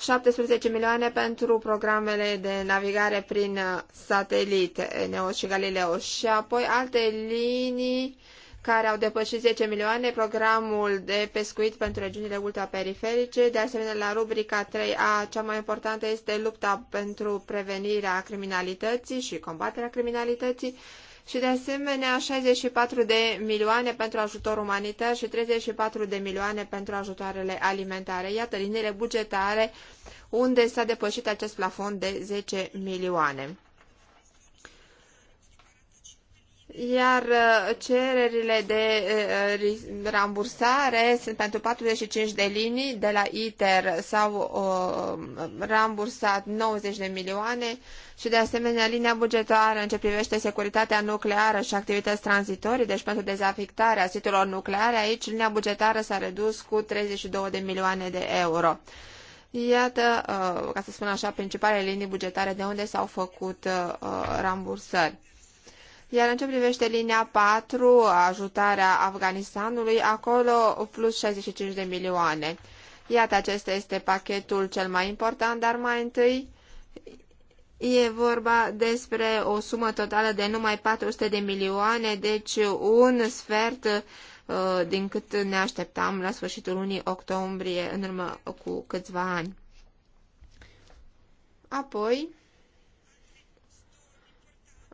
Speaker 2: 17 milioane pentru programele de navigare prin satelit, Neo și Galileo, și apoi alte linii care au depășit 10 milioane, programul de pescuit pentru regiunile ultraperiferice. De asemenea, la rubrica 3A, cea mai importantă este lupta pentru prevenirea criminalității și combaterea criminalității și de asemenea 64 de milioane pentru ajutor umanitar și 34 de milioane pentru ajutoarele alimentare. Iată linile bugetare unde s-a depășit acest plafon de 10 milioane iar uh, cererile de uh, rambursare sunt pentru 45 de linii, de la ITER s-au uh, rambursat 90 de milioane și de asemenea linia bugetară în ce privește securitatea nucleară și activități tranzitorii, deci pentru dezafectarea siturilor nucleare, aici linia bugetară s-a redus cu 32 de milioane de euro. Iată, ca să spun așa, principalele linii bugetare de unde s-au făcut rambursări. Iar în ce privește linia 4, ajutarea Afganistanului, acolo plus 65 de milioane. Iată, acesta este pachetul cel mai important, dar mai întâi e vorba despre o sumă totală de numai 400 de milioane, deci un sfert uh, din cât ne așteptam la sfârșitul lunii octombrie, în urmă cu câțiva ani. Apoi,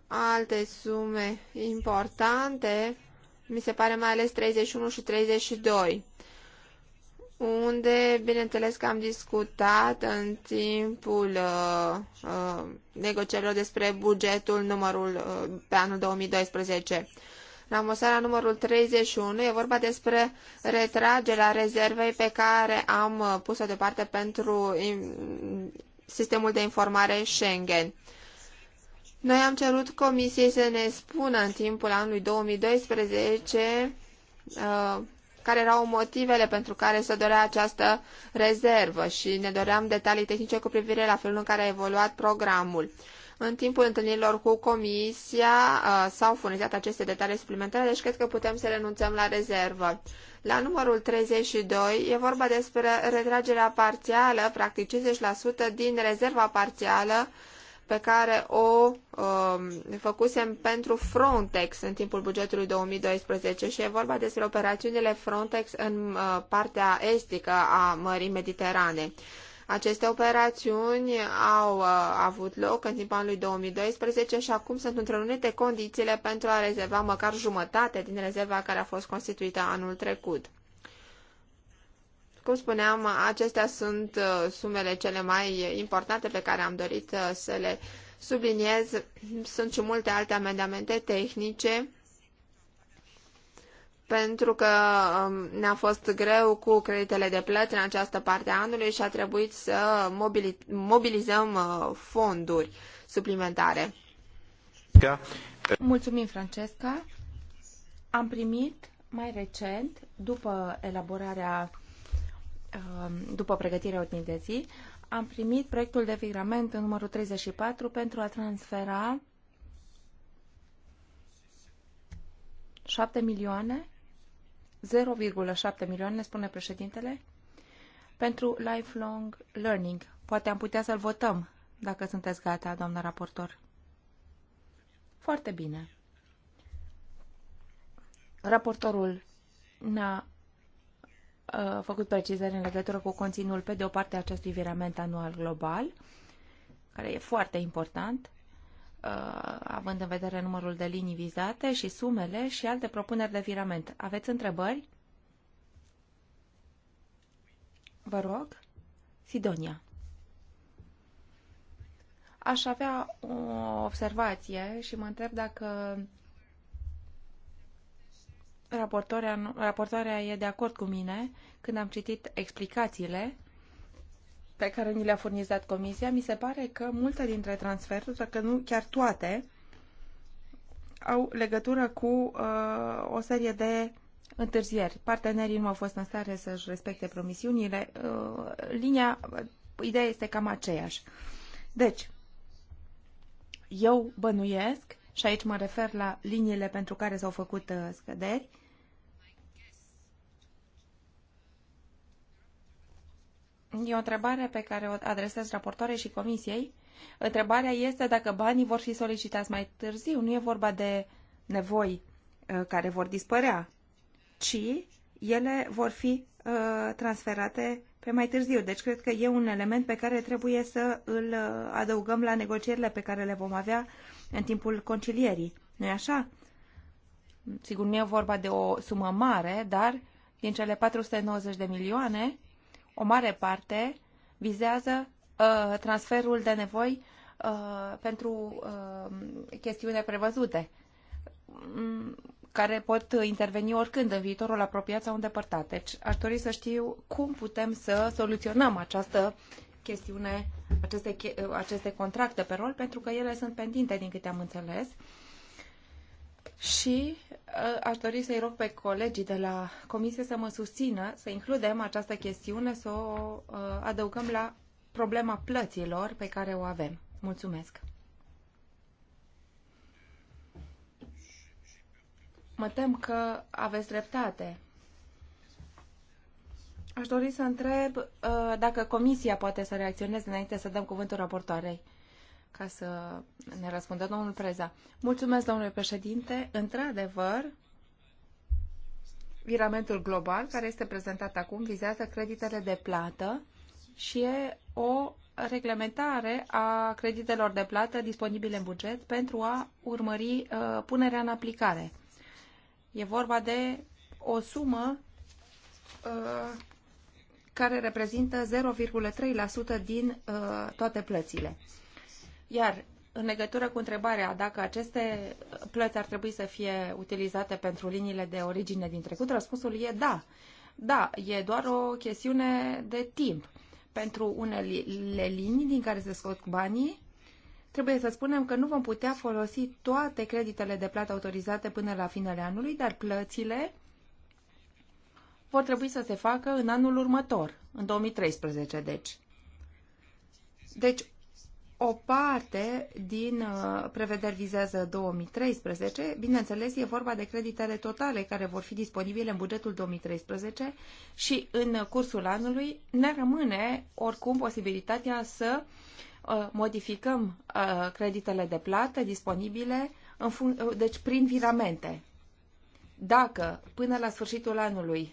Speaker 2: alte sume importante, mi se pare mai ales 31 și 32, unde, bineînțeles că am discutat în timpul uh, uh, negocierilor despre bugetul numărul uh, pe anul 2012. La măsarea numărul 31 e vorba despre retragerea rezervei pe care am uh, pus-o deoparte pentru sistemul de informare Schengen. Noi am cerut comisiei să ne spună în timpul anului 2012 uh, care erau motivele pentru care se dorea această rezervă și ne doream detalii tehnice cu privire la felul în care a evoluat programul. În timpul întâlnirilor cu comisia uh, s-au furnizat aceste detalii suplimentare, deci cred că putem să renunțăm la rezervă. La numărul 32 e vorba despre retragerea parțială, practic 50% din rezerva parțială pe care o uh, făcusem pentru Frontex în timpul bugetului 2012 și e vorba despre operațiunile Frontex în uh, partea estică a Mării Mediterane. Aceste operațiuni au uh, avut loc în timpul anului 2012 și acum sunt întrunite condițiile pentru a rezerva măcar jumătate din rezerva care a fost constituită anul trecut. Cum spuneam, acestea sunt uh, sumele cele mai importante pe care am dorit uh, să le subliniez. Sunt și multe alte amendamente tehnice pentru că um, ne-a fost greu cu creditele de plăți în această parte a anului și a trebuit să mobilizăm uh,
Speaker 1: fonduri suplimentare. Mulțumim, Francesca. Am primit mai recent, după elaborarea Um, după pregătirea unității, am primit proiectul de figrament în numărul 34 pentru a transfera 7 milioane, 0,7 milioane, spune președintele, pentru lifelong learning. Poate am putea să-l votăm, dacă sunteți gata, doamnă raportor. Foarte bine. Raportorul ne-a Uh, făcut precizări în legătură cu conținul, pe de o parte, acestui virament anual global, care e foarte important, uh, având în vedere numărul de linii vizate și sumele și alte propuneri de virament. Aveți întrebări? Vă rog, Sidonia. Aș avea o observație și mă întreb dacă raportoarea, raportoarea e de acord cu mine. Când am citit explicațiile pe care ni le-a furnizat comisia, mi se pare că multe dintre transferuri, dacă nu chiar toate,
Speaker 3: au legătură cu
Speaker 1: uh, o serie de întârzieri. Partenerii nu au fost în stare să-și respecte promisiunile. Uh, linia, uh, ideea este cam aceeași. Deci, eu bănuiesc și aici mă refer la liniile pentru care s-au făcut uh, scăderi, E o întrebare pe care o adresez raportoarei și comisiei. Întrebarea este dacă banii vor fi solicitați mai târziu. Nu e vorba de nevoi uh, care vor dispărea, ci ele vor fi uh, transferate pe mai târziu. Deci cred că e un element pe care trebuie să îl adăugăm la negocierile pe care le vom avea în timpul concilierii. nu e așa? Sigur, nu e vorba de o sumă mare, dar din cele 490 de milioane, o mare parte vizează uh, transferul de nevoi uh, pentru uh, chestiune prevăzute, um, care pot interveni oricând în viitorul apropiat sau îndepărtat. Deci aș dori să știu cum putem să soluționăm această chestiune aceste, aceste contracte pe rol pentru că ele sunt pendinte, din câte am înțeles. Și uh, aș dori să-i rog pe colegii de la comisie să mă susțină, să includem această chestiune, să o uh, adăugăm la problema plăților pe care o avem. Mulțumesc! Mă tem că aveți dreptate. Aș dori să întreb uh, dacă comisia poate să reacționeze înainte să dăm cuvântul raportoarei ca să ne răspundă domnul Preza. Mulțumesc, domnule președinte. Într-adevăr, viramentul global care este prezentat acum vizează creditele de plată și e o reglementare a creditelor de plată disponibile în buget pentru a urmări uh, punerea în aplicare. E vorba de o sumă
Speaker 3: uh,
Speaker 1: care reprezintă 0,3% din uh, toate plățile. Iar în legătură cu întrebarea dacă aceste plăți ar trebui să fie utilizate pentru liniile de origine din trecut, răspunsul e da. Da, e doar o chestiune de timp. Pentru unele linii din care se scot banii, trebuie să spunem că nu vom putea folosi toate creditele de plată autorizate până la finele anului, dar plățile vor trebui să se facă în anul următor, în 2013, deci. Deci, o parte din uh, prevederi vizează 2013. Bineînțeles, e vorba de creditele totale care vor fi disponibile în bugetul 2013 și în cursul anului ne rămâne oricum posibilitatea să uh, modificăm uh, creditele de plată disponibile în uh, deci prin viramente. Dacă până la sfârșitul anului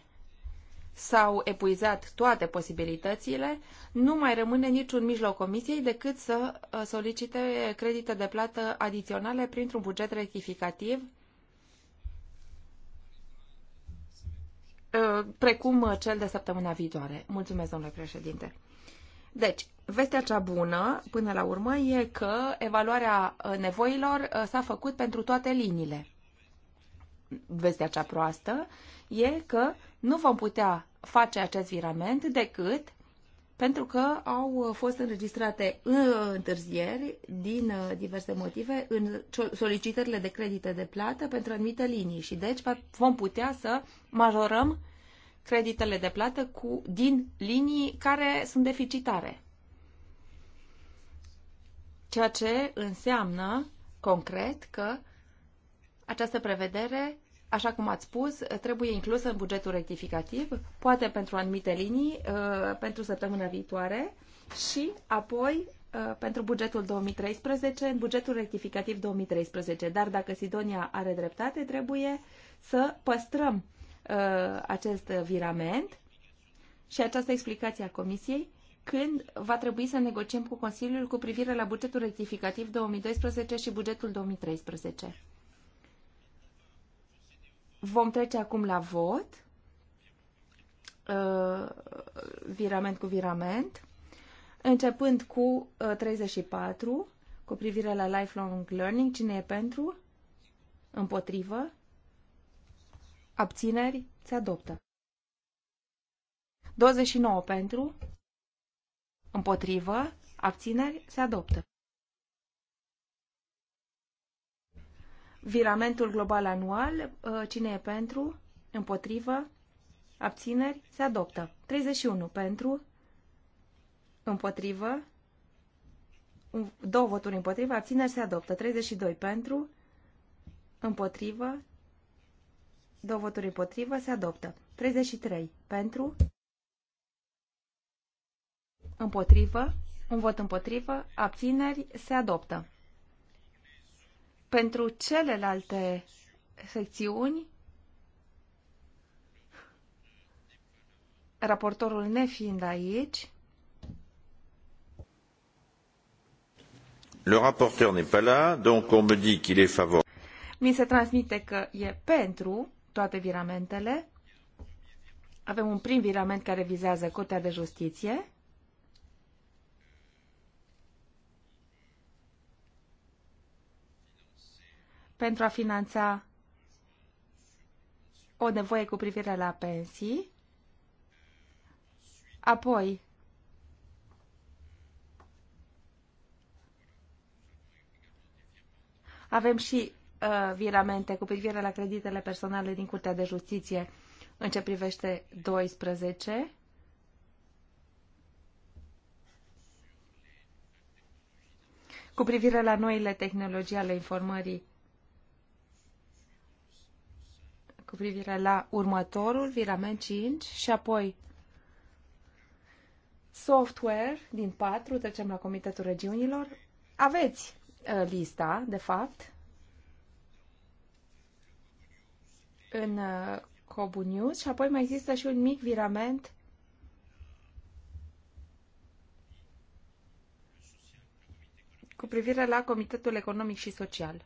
Speaker 1: s-au epuizat toate posibilitățile, nu mai rămâne niciun mijloc comisiei decât să uh, solicite credite de plată adiționale printr-un buget rectificativ, uh, precum cel de săptămâna viitoare. Mulțumesc, domnule președinte. Deci, vestea cea bună, până la urmă, e că evaluarea uh, nevoilor s-a făcut pentru toate liniile vestea cea proastă e că nu vom putea face acest virament decât pentru că au fost înregistrate uh, întârzieri din uh, diverse motive în solicitările de credite de plată pentru anumite linii și deci vom putea să majorăm creditele de plată cu, din linii care sunt deficitare. Ceea ce înseamnă concret că această prevedere, așa cum ați spus, trebuie inclusă în bugetul rectificativ, poate pentru anumite linii, uh, pentru săptămâna viitoare și apoi uh, pentru bugetul 2013, în bugetul rectificativ 2013. Dar dacă Sidonia are dreptate, trebuie să păstrăm uh, acest virament și această explicație a Comisiei când va trebui să negociem cu Consiliul cu privire la bugetul rectificativ 2012 și bugetul 2013. Vom trece acum la vot. Uh, virament cu virament. Începând cu 34, uh, cu privire la lifelong learning, cine e pentru? Împotrivă? Abțineri? Se adoptă. 29 pentru? Împotrivă? Abțineri? Se adoptă. viramentul global anual. Uh, cine e pentru? Împotrivă? Abțineri? Se adoptă. 31 pentru? Împotrivă? Două voturi împotrivă. Abțineri? Se adoptă. 32 pentru? Împotrivă? Două voturi împotrivă. Se adoptă. 33 pentru? Împotrivă? Un vot împotrivă? Abțineri? Se adoptă. Pentru celelalte secțiuni, raportorul nefiind aici, Le rapporteur n'est pas là, donc on me dit qu'il est favorable. Mi se transmite că e pentru toate viramentele. Avem un prim virament care vizează Curtea de Justiție. pentru a finanța o nevoie cu privire la pensii, apoi avem și uh, viramente cu privire la creditele personale din Curtea de Justiție în ce privește 12. Cu privire la noile tehnologii ale informării cu privire la următorul, virament 5 și apoi software din 4, trecem la Comitetul Regiunilor. Aveți uh, lista, de fapt, în uh, Cobu News și apoi mai există și un mic virament cu privire la Comitetul Economic și Social.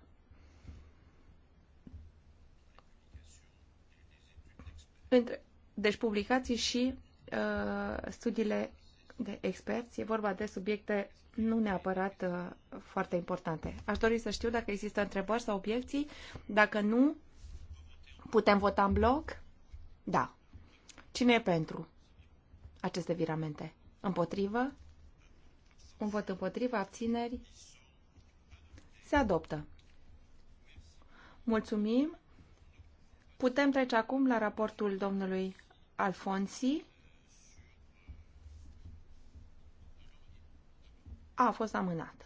Speaker 1: între, deci publicații și uh, studiile de experți. E vorba de subiecte nu neapărat uh, foarte importante. Aș dori să știu dacă există întrebări sau obiecții. Dacă nu, putem vota în bloc? Da. Cine e pentru aceste viramente? Împotrivă? Un vot împotrivă, abțineri? Se adoptă. Mulțumim. Putem trece acum la raportul domnului Alfonsi. A fost amânat.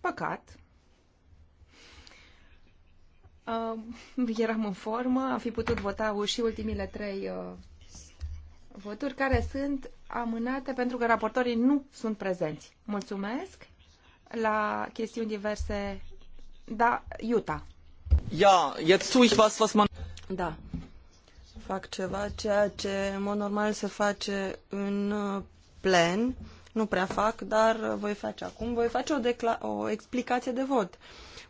Speaker 1: Păcat. Uh, eram în formă, am fi putut vota și ultimile trei uh, voturi care sunt amânate pentru că raportorii nu sunt prezenți. Mulțumesc. La chestiuni diverse, da, Iuta.
Speaker 3: Ja, jetzt tue ich was, was man... Da. Fac ceva, ceea ce în mod normal se face în uh, plen. Nu prea fac, dar uh, voi face acum. Voi face o, decla- o explicație de vot.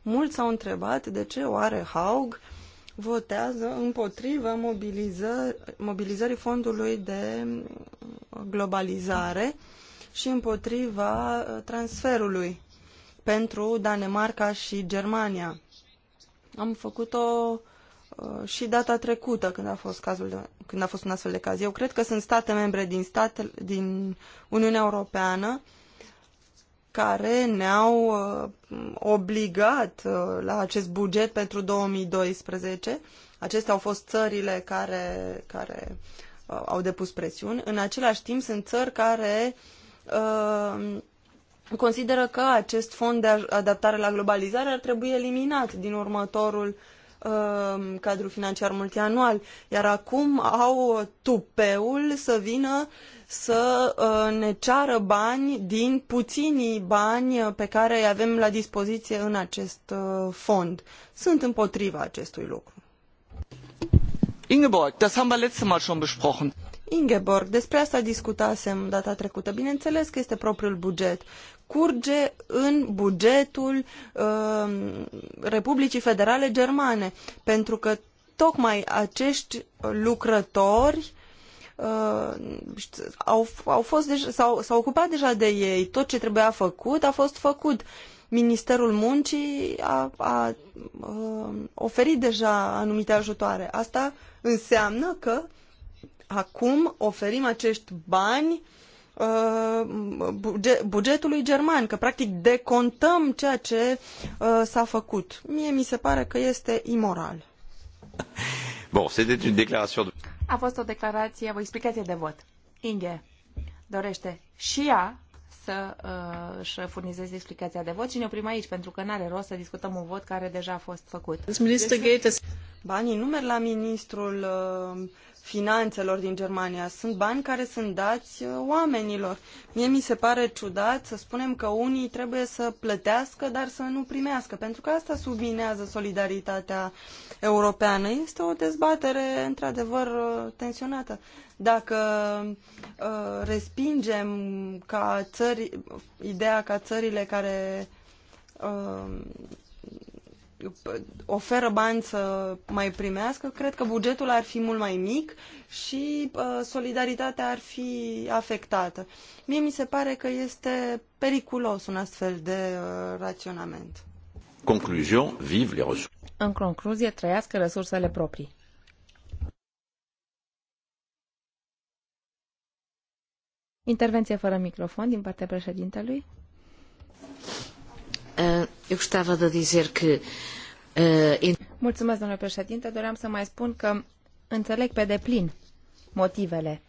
Speaker 3: Mulți s-au întrebat de ce oare Haug votează împotriva mobilizări, mobilizării fondului de uh, globalizare și împotriva transferului pentru Danemarca și Germania. Am făcut-o uh, și data trecută când a fost cazul de, când a fost un astfel de caz. Eu cred că sunt state membre din state din Uniunea Europeană care ne-au uh, obligat uh, la acest buget pentru 2012. Acestea au fost țările care, care uh, au depus presiuni. În același timp sunt țări care uh, consideră că acest fond de adaptare la globalizare ar trebui eliminat din următorul uh, cadru financiar multianual, iar acum au tupeul să vină să uh, ne ceară bani din puținii bani pe care îi avem la dispoziție în acest uh, fond. Sunt împotriva acestui lucru. Ingeborg, das haben wir letzte Mal schon besprochen. Ingeborg, despre asta discutasem data trecută. Bineînțeles că este propriul buget curge în bugetul uh, Republicii Federale Germane, pentru că tocmai acești lucrători uh, au, au fost deja, s-au, s-au ocupat deja de ei. Tot ce trebuia făcut a fost făcut. Ministerul Muncii a, a a uh, oferit deja anumite ajutoare. Asta înseamnă că acum oferim acești bani uh, Uh, bugetului german, că practic decontăm ceea ce uh, s-a făcut. Mie mi se pare că este imoral. Bon, c'était une déclaration de... A fost o declarație, o explicație de vot.
Speaker 1: Inge dorește și ea să uh, își furnizeze explicația de vot și ne oprim aici, pentru că n-are rost să discutăm un vot care deja a fost făcut.
Speaker 3: Banii nu merg la ministrul uh, finanțelor din Germania. Sunt bani care sunt dați uh, oamenilor. Mie mi se pare ciudat să spunem că unii trebuie să plătească, dar să nu primească, pentru că asta subminează solidaritatea europeană. Este o dezbatere, într-adevăr, uh, tensionată. Dacă uh, respingem ca țări, ideea ca țările care uh, oferă bani să mai primească, cred că bugetul ar fi mult mai mic și uh, solidaritatea ar fi afectată. Mie mi se pare că este periculos un astfel de uh, raționament. Concluzion, vive les ressources.
Speaker 1: În concluzie, trăiască resursele proprii. Intervenție fără microfon din partea președintelui. Eh, eu gostava de dizer que... Eh, Mulțumesc, domnule președinte. Doream să mai spun că înțeleg pe deplin motivele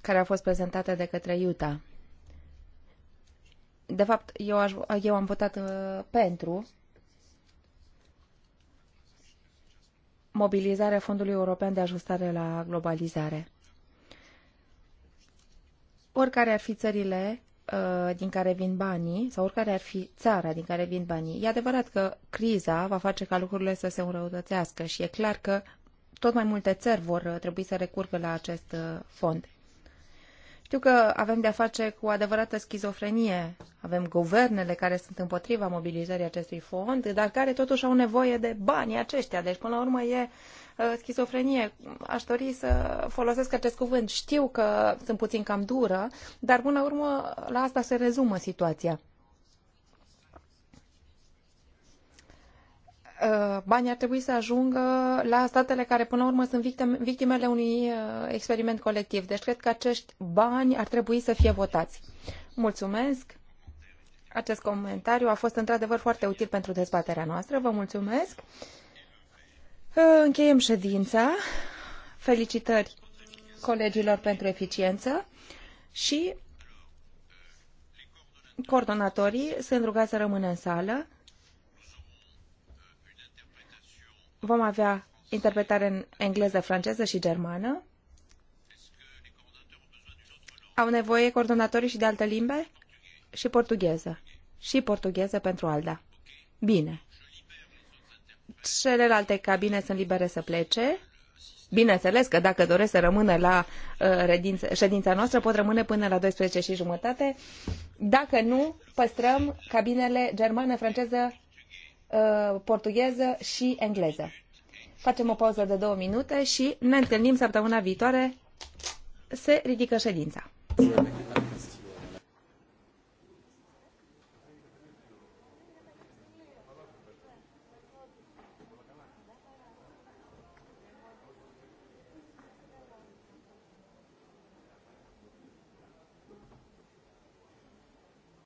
Speaker 1: care au fost prezentate de către Iuta. De fapt, eu, aș, eu am votat uh, pentru mobilizarea Fondului European de Ajustare la Globalizare. Oricare ar fi țările Uh, din care vin banii sau oricare ar fi țara din care vin banii. E adevărat că criza va face ca lucrurile să se înrăutățească și e clar că tot mai multe țări vor uh, trebui să recurgă la acest uh, fond. Știu că avem de-a face cu adevărată schizofrenie. Avem guvernele care sunt împotriva mobilizării acestui fond, dar care totuși au nevoie de banii aceștia. Deci, până la urmă, e Uh, schizofrenie. Aș dori să folosesc acest cuvânt. Știu că sunt puțin cam dură, dar până la urmă la asta se rezumă situația. Uh, banii ar trebui să ajungă la statele care până la urmă sunt victimele unui uh, experiment colectiv. Deci cred că acești bani ar trebui să fie votați. Mulțumesc! Acest comentariu a fost într-adevăr foarte util pentru dezbaterea noastră. Vă mulțumesc! Ă, încheiem ședința. Felicitări colegilor pentru eficiență și coordonatorii sunt rugați să rămână în sală. Vom avea interpretare în engleză, franceză și germană. Au nevoie coordonatorii și de alte limbe? Și portugheză. Și portugheză pentru Alda. Bine. Celelalte cabine sunt libere să plece. Bineînțeles că dacă doresc să rămână la uh, ședința noastră, pot rămâne până la 12 și jumătate. Dacă nu, păstrăm cabinele germană, franceză, uh, portugheză și engleză. Facem o pauză de două minute și ne întâlnim săptămâna viitoare. Se ridică ședința.